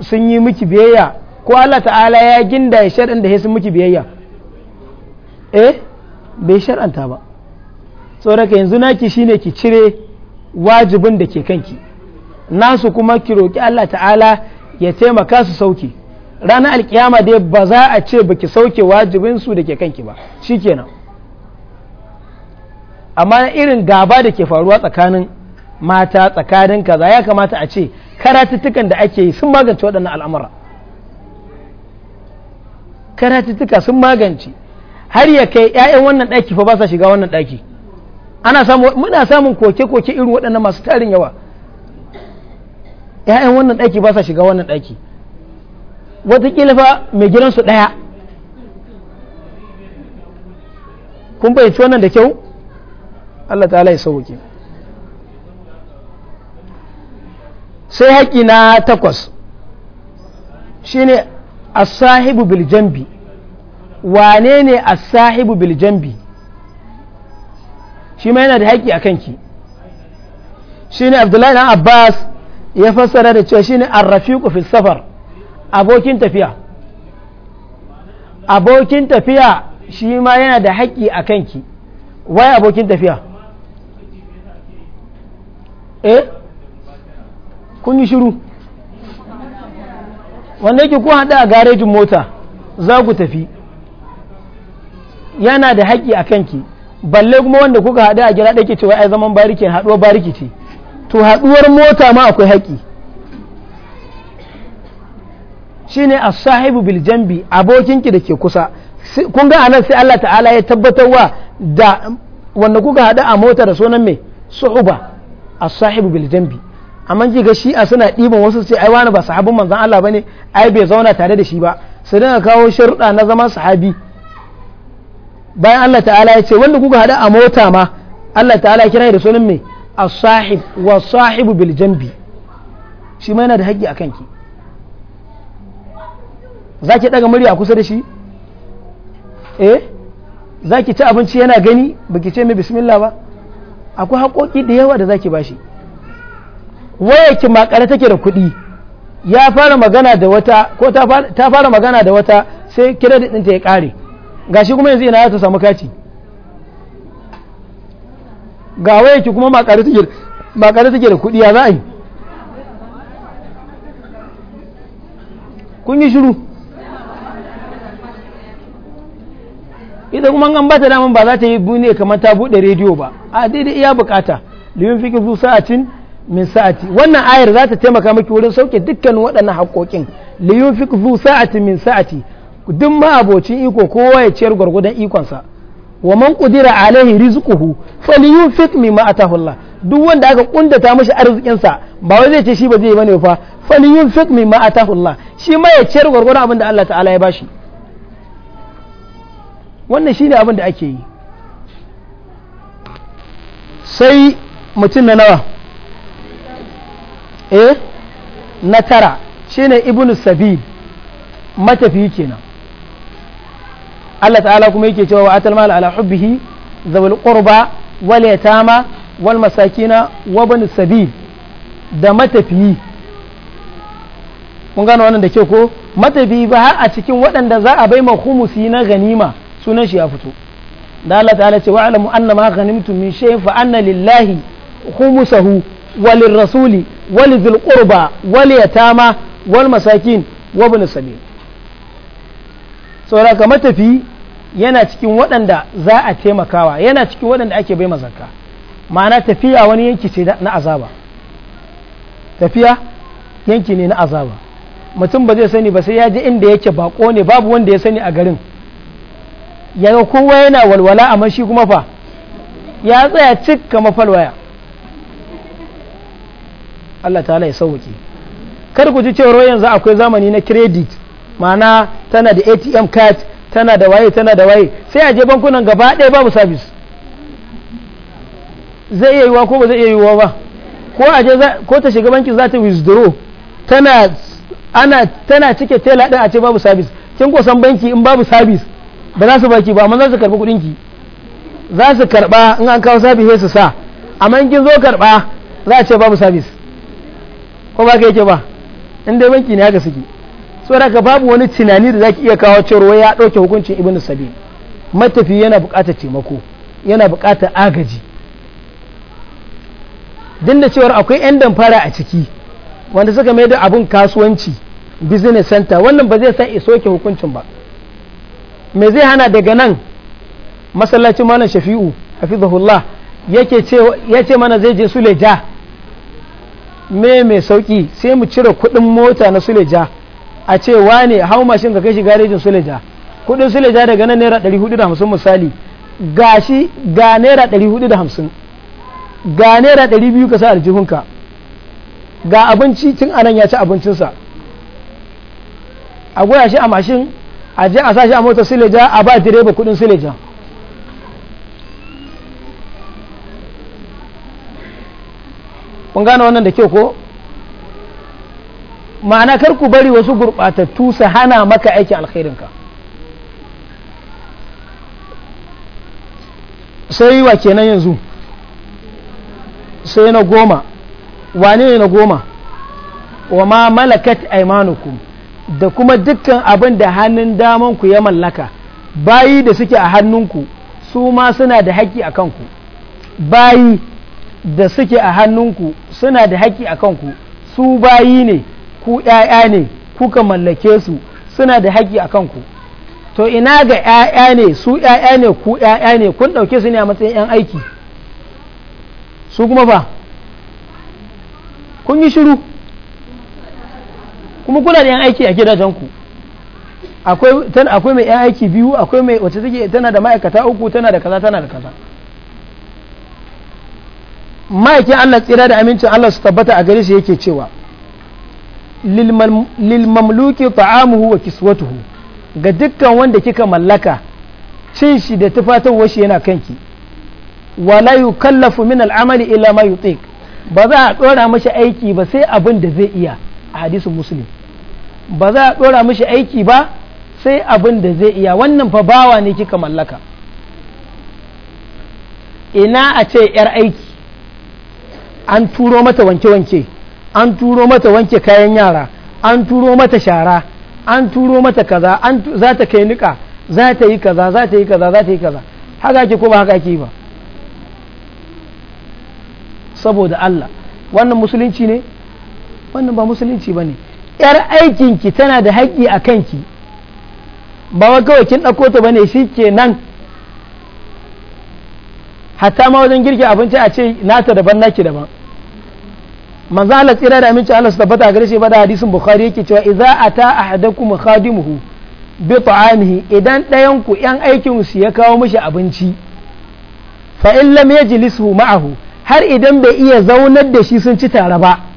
sun yi miki biyayya ko Allah ta'ala ya ginda ya shar'an da sun miki biyayya eh bai shar'anta ba tsoraka yanzu naki shine ki cire wajibin da ke kanki nasu kuma ki roki Allah ta'ala ya taimaka su sauke ranar alkiyama dai ba za a ce baki sauke wajibinsu da ke kanki ba shikenan amma irin gaba da ke faruwa tsakanin mata tsakanin kaza ya kamata a ce karatuttukan da ake yi sun magance waɗannan al'amura karatuttuka sun magance har ya kai 'ya'yan wannan ɗaki fa ba sa shiga wannan ɗaki ana samu muna samun koke-koke irin waɗannan masu tarin yawa 'ya'yan wannan ɗaki ba sa shiga wannan ɗaki watakila fa mai gidansu ɗaya kun bayyace wannan da kyau Allah ta ya sauke sai haƙi na takwas shine a sahibu biljambi wane ne a sahibu biljambi shi ma yana da haƙi a kanki shine Abdullahi dan Abbas ya fassara da cewa shine ar-rafiqu fi safar abokin tafiya abokin tafiya shi ma yana da haƙi a kanki wai abokin tafiya eh kun yi shiru wanda yake ku haɗu a garejin mota za ku tafi yana da haƙƙi a kanki balle kuma wanda kuka haɗu a gida ɗake cewa ai zaman bariki haɗuwar bariki ce to haɗuwar mota ma akwai haƙƙi ne a sahibu biljambi abokinki da ke kusa kun ga anan sai Allah ta'ala ya tabbatarwa da wanda kuka haɗu a mota da sunan mai su'uba as-sahibu bil jambi amma ji ga shi'a suna ɗiban wasu sai ai wani ba sahabin manzon Allah bane ai bai zauna tare da shi ba su dinga kawo sharuɗa na zama sahabi bayan Allah ta'ala ya ce wanda kuka hada a mota ma Allah ta'ala ya kira da sunan me as-sahib wa sahibu bil jambi shi ma yana da haƙƙi akan ki zaki daga murya kusa da shi eh zaki ci abinci yana gani baki ce mai bismillah ba akwai haƙoƙi da yawa da zaki bashi waya ki makare take da kuɗi ya fara magana da wata ko ta fara magana da wata sai credit ɗinta ya ƙare gashi kuma yanzu ina ta samu kaci ga waya ki kuma makara take makare take da kuɗi ya za a yi kun yi shiru ita kuma an bata daman ba za ta yi bune kamar ta buɗe rediyo ba a daidai iya bukata liyun fi sa'atin min sa'ati wannan ayar za ta taimaka miki wurin sauke dukkan waɗannan haƙoƙin liyun fi kizu sa'atin min sa'ati duk ma abocin iko kowa ya ciyar gwargwadon ikonsa wa man qudira alaihi rizquhu falyunfiq mimma atahu Allah duk wanda aka kundata mashi arzikinsa ba wai zai ce shi ba zai yi bane fa falyunfiq mimma atahu Allah shi ma ya ciyar gwargwadon abin da Allah ta'ala ya bashi wannan shi ne abin da ake yi sai mutum na nawa e na tara shi ne ibn sabi matafi kenan Allah ta'ala kuma yake cewa atal mala ala hubbihi zawal qurba wal yatama wal masakina wa ibn sabi da matafi kun gano wannan da ke ko matafi ba a cikin waɗanda za a bai ma humusi na ganima sunan shi ya fito da Allah ta'ala ce wa'lamu anna ma ghanimtum min shay'in fa anna lillahi khumsahu walil rasuli walil qurba wal yatama wal masakin wa ibn sabil saboda matafi yana cikin waɗanda za a taimakawa yana cikin waɗanda ake bai mazaka ma'ana tafiya wani yanki ce na azaba tafiya yanki ne na azaba mutum ba zai sani ba sai ya je inda yake bako ne babu wanda ya sani a garin yaga kowa yana walwala amma shi kuma fa ya tsaya cik kama falwaya Allah ta'ala ya sauki kar ku ji cewa yanzu akwai zamani na credit ma'ana tana da ATM card tana da waye tana da waye sai a je bankunan gaba ɗaya babu service zai iya yiwuwa ko ba zai iya yiwuwa ba ko a je ko ta shiga banki za ta withdraw tana ana tana cike tela din a ce babu service kin ko san banki in babu service ba za su baki ba amma za su karɓi kuɗinki ki za su karɓa in an kawo sabis sai su sa amma in kin zo karɓa za a ce babu sabis ko ba ka yake ba in dai banki ne haka suke saboda ka babu wani tunani da zaki iya kawo cewa ya ɗauke hukuncin ibnu sabil matafi yana buƙatar taimako yana buƙatar agaji din da cewar akwai 'yan damfara a ciki wanda suka mai da abun kasuwanci business center wannan ba zai sa isoke ke hukuncin ba me zai hana daga nan masallacin malam shafi'u hafizahullah yake ce ya ce mana zai je suleja me mai sauki sai mu cire kudin mota na suleja a ce wane hau mashin ka kai shi garejin suleja kudin suleja daga nan naira 450 misali gashi ga naira 450 ga naira 200 ka sa aljihunka ga abinci tun anan ya ci abincinsa a goya shi a mashin a je a sashi a mota sileja a ba direba kudin sileja kun gane wannan da ke ko ma'ana kar ku bari wasu gurɓatattu su hana maka aikin alkhairinka sai wa kenan yanzu sai na goma wane ne na goma wa ma malakat aimanukum da kuma dukkan abin da hannun damanku ya mallaka bayi da suke a hannunku su ma suna da haƙƙi a kanku bayi da suke a hannunku suna da haƙƙi a kanku su bayi ne ku ‘ya'ya ne kuka mallake su suna da haƙƙi a kanku to ina ga ‘ya'ya ne su ‘ya'ya ne ku ‘ya'ya ne kun ɗauke su ne a matsayin ‘yan aiki su kuma ba kun yi shiru kuma kuna da yan aiki a gidajen ku akwai mai yan aiki biyu akwai mai wacce take tana da ma'aikata uku tana da kaza tana da kaza ma'aikin Allah tsira da amincin Allah su tabbata a gare shi yake cewa lil mamluki ta'amuhu wa kiswatuhu ga dukkan wanda kika mallaka cin shi da tufatarwar shi yana kanki wa la yukallafu min al'amali illa ma yutiq ba za a dora mashi aiki ba sai abin da zai iya a hadisin musulun ba za a ɗora mishi aiki ba sai abin da zai iya wannan fa bawa ne kika mallaka ina a ce 'yar aiki an turo mata wanke-wanke an turo mata wanke kayan yara an turo mata shara an turo mata kaza an za ta kai nika za ta yi kaza za ta yi kaza za ta yi kaza haka ke ko ba haka ke ba saboda Allah wannan musulunci ne wannan ba musulunci ba ne yar aikinki tana da haƙƙi a kanki ba wa kawai kin ɗauko ta ne shi ke nan hatta ma wajen girki abinci a ce nata daban naki daban manzo Allah tsira da aminci Allah su tabbata gare shi ba da hadisin bukhari yake cewa idza ata ahadakum khadimuhu bi ta'amihi idan ɗayan ku yan aikin su ya kawo mishi abinci fa in lam yajlisu ma'ahu har idan bai iya zaunar da shi sun ci tare ba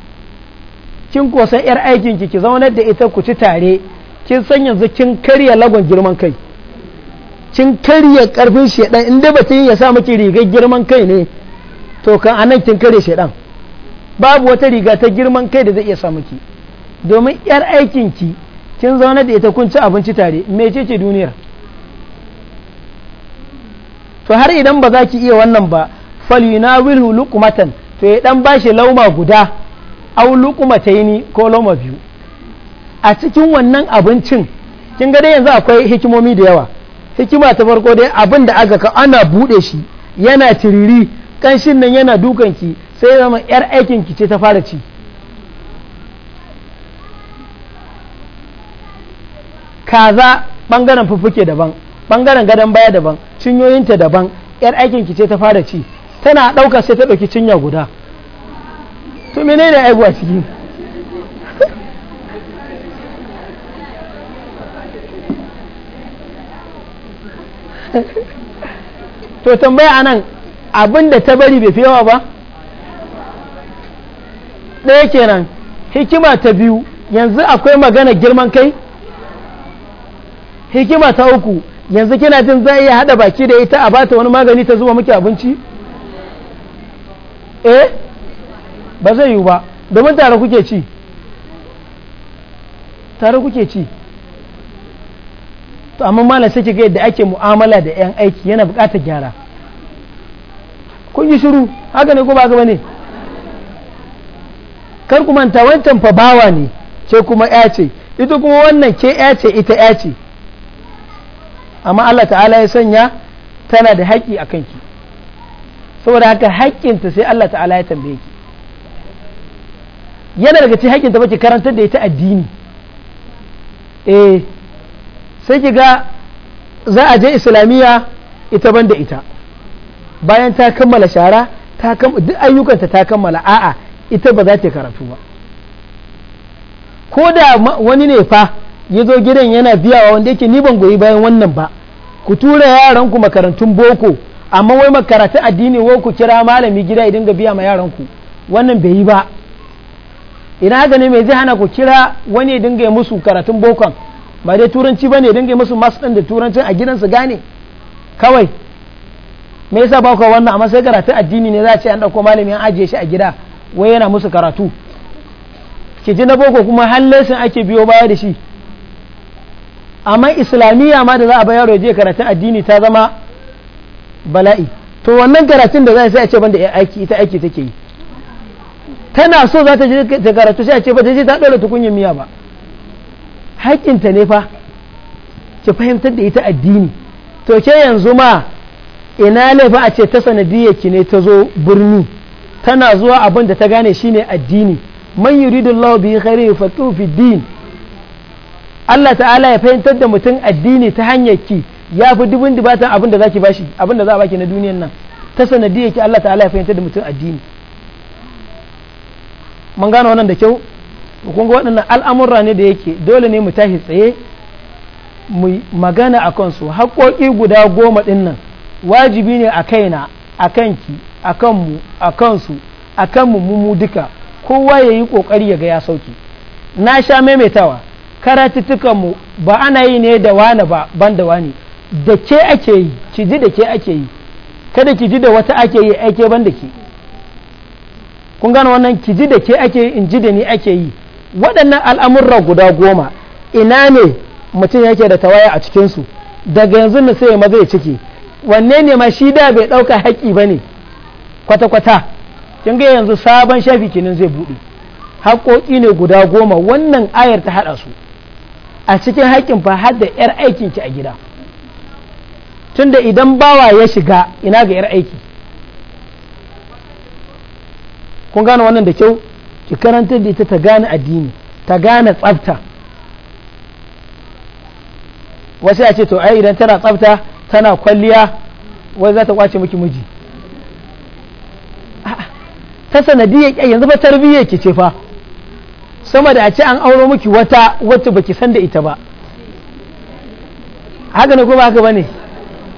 kin kosan yar aikinki ki zaunar da ita ku ci tare kin san yanzu kin karya lagon girman kai kin karya karfin shedan inda dai batun ya sa miki rigar girman kai ne to kan anan kin karya shedan babu wata riga ta girman kai da zai iya sa miki domin yar aikin ki kin zaunar da ita kun ci abinci tare ce duniyar to har idan ba za ki iya wannan ba falyunawilhu luqmatan to ya dan bashi lauma guda yi ni, ko loma biyu a cikin wannan abincin kin ga dai yanzu akwai hikimomi da yawa hikima ta farko dai abin da aka ka ana bude shi yana tiriri kanshin nan yana dukanki sai zama yar aikin ki ce ta fara ci kaza bangaren fuffuke daban bangaren gadon baya daban cinyoyinta daban yar aikin ki ce ta fara ci tana ɗauka sai ta ɗauki cinya guda to menene aibu a ciki to tambaya anan nan abinda ta bari bai fi yawa ba ɗaya kenan hikima ta biyu yanzu akwai magana girman kai hikima ta uku yanzu kina jin za a iya hada baki da ita a bata wani magani ta zuba muke abinci eh ba zai yiwu ba domin tare kuke ci tare kuke ci to amma malam sai kiga yadda ake mu'amala da yan aiki yana bukatar gyara kun yi shiru haka ne ko ba gaba ne kar ku manta wancan fa bawa ne ke kuma ya ce ita kuma wannan ke ya ce ita ya ce amma Allah ta'ala ya sanya tana da haƙƙi a kanki saboda haka haƙƙinta sai Allah ta'ala ya tambaye ki yana daga cikin haƙƙin da muke karantar da ita addini eh sai ki ga za a je islamiyya ita ban da ita bayan ta kammala shara ta duk ayyukanta ta kammala a'a ita ba za ta karatu ba ko da wani ne fa ya zo gidan yana biyawa wanda yake ni ban goyi bayan wannan ba ku tura yaranku makarantun boko amma wai makarantun addini wai ku kira malami gida idan ga biya ma yaran ku wannan bai yi ba ina haka ne mai zai hana ku kira wani ya dinga musu karatun bokon ba dai turanci ba ne dinga musu masu ɗan da turancin a gidansu gane kawai me yasa ba wannan amma sai karatun addini ne za a ce an ɗauko malami an ajiye shi a gida wai yana musu karatu kiji ji na boko kuma hallesin ake biyo baya da shi amma islamiyya ma da za a bayar yaro je karatun addini ta zama bala'i to wannan karatun da za a sai a ce banda aiki ita aiki take yi tana so za ta je ta karatu sai a ce ba ta je ta ɗora tukunyar miya ba haƙƙinta ne fa ki fahimtar da ita addini to ke yanzu ma ina ne laifa a ce ta sanadiyar ki ne ta zo birni tana zuwa abin da ta gane shine addini man yuridullahu bihi khairu yufatu fi din Allah ta'ala ya fahimtar da mutum addini ta hanyar ki ya fi dubin dubatan abin da ki bashi abin da za a baki na duniyar nan ta sanadiyar ki Allah ta'ala ya fahimtar da mutum addini mun gano wannan da kyau kun ga waɗannan al'amurra ne da yake dole ne mu tashi tsaye mu magana a kansu haƙoƙi guda goma ɗin wajibi ne a kaina a kanki a kanmu a kansu a kanmu mu duka kowa ya yi ƙoƙari ya ga ya sauki na sha maimaitawa mu ba ana yi ne da wani ba ban da wani da ke ake yi ki ji da ke ake yi kada ki ji da wata ake yi ake ban da ke kun gane wannan ki ji da ke ake yi in ji da ni ake yi waɗannan al'amurra guda goma ina ne mutum yake da tawaya a cikinsu daga yanzu na sai maza ya ciki wanne ne ma shi da bai ɗauka haƙƙi ba ne kwata-kwata kin ga yanzu sabon shafi kinin zai buɗe haƙoƙi ne guda goma wannan ayar ta haɗa su a cikin haƙƙin fa har da 'yar aikinki a gida tunda idan bawa ya shiga ina ga 'yar aiki kun gane wannan da kyau ki karantar da ita ta gane addini ta gane tsafta wasu ya ce to ai idan tana tsafta tana kwalliya wai za ta kwace miki miji ta sanadiyar yanzu ba tarbiyyar ki ce fa sama da a ce an auro miki wata wacce baki san da ita ba haka ne ko ba haka bane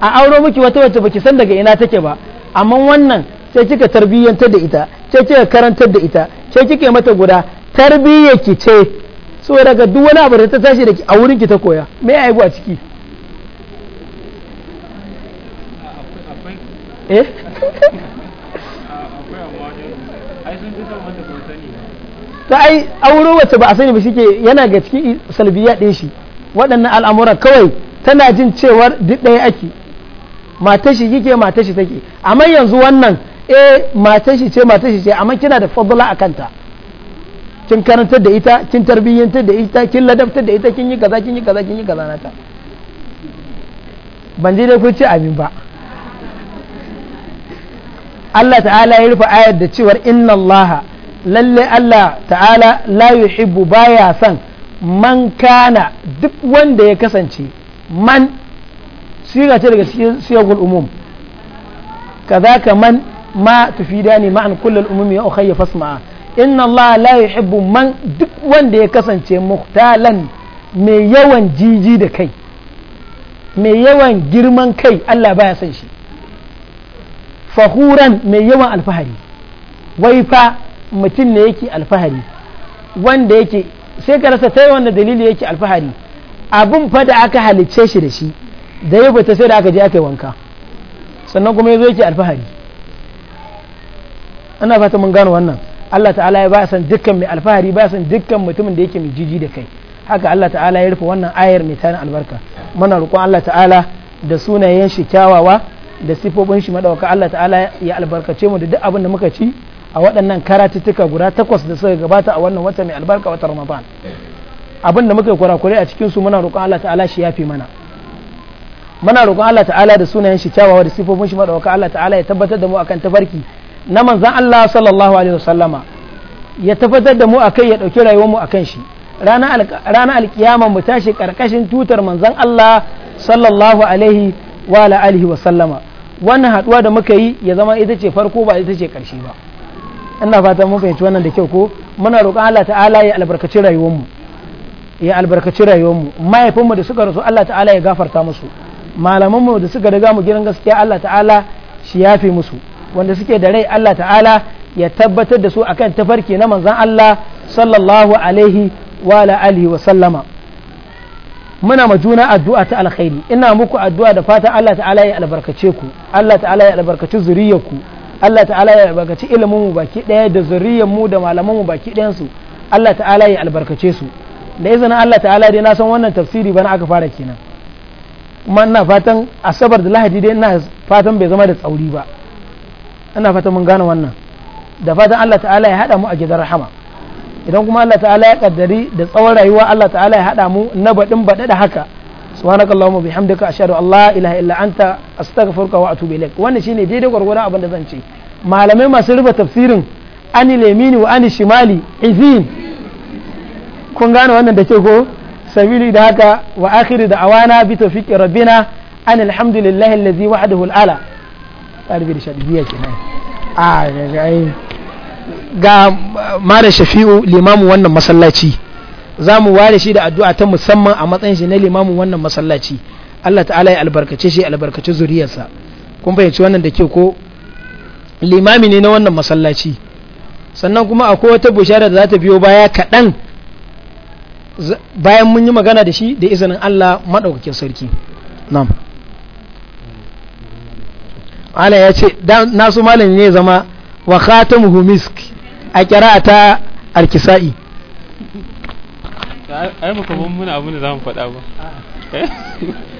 a auro miki wata wacce baki san daga ina take ba amma wannan sai kika tarbiyyantar da ita sai kika karantar da ita sai kike mata guda tarbiyyar ki ce So daga duk wani abu da ta tashi da a wurin ki ta koya me ya a ciki eh ta ai auro wacce ba a sani ba shike yana ga ciki salbiya ɗin shi waɗannan al'amura kawai tana jin cewar duk ɗaya ake Mata shi kike mata shi take amma yanzu wannan eh matar shi ce matar shi ce amma kina da fadla a kanta kin karantar da ita kin tarbiyyantar da ita kin ladabtar da ita kin yi kaza kin yi kaza kin yi kaza ta ban dai ku ce abin ba Allah ta'ala ya rufe ayar da cewar inna Allah lalle Allah ta'ala la yuhibbu baya san man kana duk wanda ya kasance man siga ce daga siyagul umum kaza ka man ma tufidani ma'an kullal umumi ya ukhayya fasma'a inna Allah la yuhibbu man duk wanda ya kasance muhtalan mai yawan jiji da kai mai yawan girman kai Allah baya son shi fahuran mai yawan alfahari wai fa mutum ne yake alfahari wanda yake sai ka rasa ta wanda dalili yake alfahari abin fa da aka halicce shi da shi da ya bata sai da aka je aka yi wanka sannan kuma ya zo yake alfahari ana fata mun gano wannan Allah ta'ala ya ba san dukkan mai alfahari ba san dukkan mutumin da yake mai jiji da kai haka Allah ta'ala ya rufe wannan ayar mai tana albarka muna roƙon Allah ta'ala da sunayen shi kyawawa da sifofin shi madawaka Allah ta'ala ya albarkace mu da duk abin da muka ci a waɗannan karatuttuka guda takwas da suka gabata a wannan wata mai albarka wata Ramadan abin da muka kurakurai a cikin su muna roƙon Allah ta'ala shi yafi mana muna roƙon Allah ta'ala da sunayen shi kyawawa da sifofin shi madawaka Allah ta'ala ya tabbatar da mu akan tafarki na manzan Allah sallallahu alaihi wasallama ya tabbatar da mu a kai ya ɗauki rayuwar mu a kan shi ranar alkiyama mu tashi ƙarƙashin tutar manzan Allah sallallahu alaihi wa alihi wasallama wannan haɗuwa da muka yi ya zama ita ce farko ba ita ce ƙarshe ba ina fatan mun fahimci wannan da kyau ko muna roƙon Allah ta'ala ya albarkaci rayuwar mu ya albarkaci rayuwar mu da suka rasu Allah ta'ala ya gafarta musu malaman da suka riga mu gidan gaskiya Allah ta'ala shi yafe musu wanda suke da rai Allah ta'ala ya tabbatar da su akan tafarki na manzan Allah sallallahu alaihi wa alihi wa sallama muna ma juna addu'a ta alkhairi ina muku addu'a da fatan Allah ta'ala ya albarkace ku Allah ta'ala ya albarkaci zuriyarku Allah ta'ala ya albarkaci ilimin mu baki daya da zuriyar mu da malaman mu baki dayan su Allah ta'ala ya albarkace su da izinin Allah ta'ala dai na san wannan tafsiri bana aka fara kenan kuma ina fatan asabar da lahadi dai ina fatan bai zama da tsauri ba ina fata mun gane wannan da fatan Allah ta'ala ya haɗa mu a gidan rahama idan kuma Allah ta'ala ya kaddari da tsawon rayuwa Allah ta'ala ya haɗa mu na baɗin baɗe da haka subhanaka allahumma bihamdika ashhadu an la ilaha illa anta astaghfiruka wa atubu ilaik wannan shine daidai gwargwadon abin da zan ce malamai masu rubuta tafsirin ani lemini wa ani shimali izin kun gane wannan da ke ko sabili da haka wa akhiri da awana bi tawfiqi rabbina an alhamdulillahi allazi wahdahu ala ɗalibi da ke nan a ga mara shafi'u limamin wannan masallaci za mu ware shi da addu'a ta musamman a matsayin shi na limamin wannan masallaci Allah ta'ala ya albarkace shi albarkace zuriyarsa kun fahimci wannan da ke ko limami ne na wannan masallaci sannan kuma akwai wata bushara da za ta biyo baya kaɗan bayan mun yi magana da shi da izinin Allah maɗaukakin sarki. Na'am. ala ya ce nasu malami ne zama wa khatamuhu humisk a kira ta alkisa'i ai muka ban muna abin da za mu faɗa ba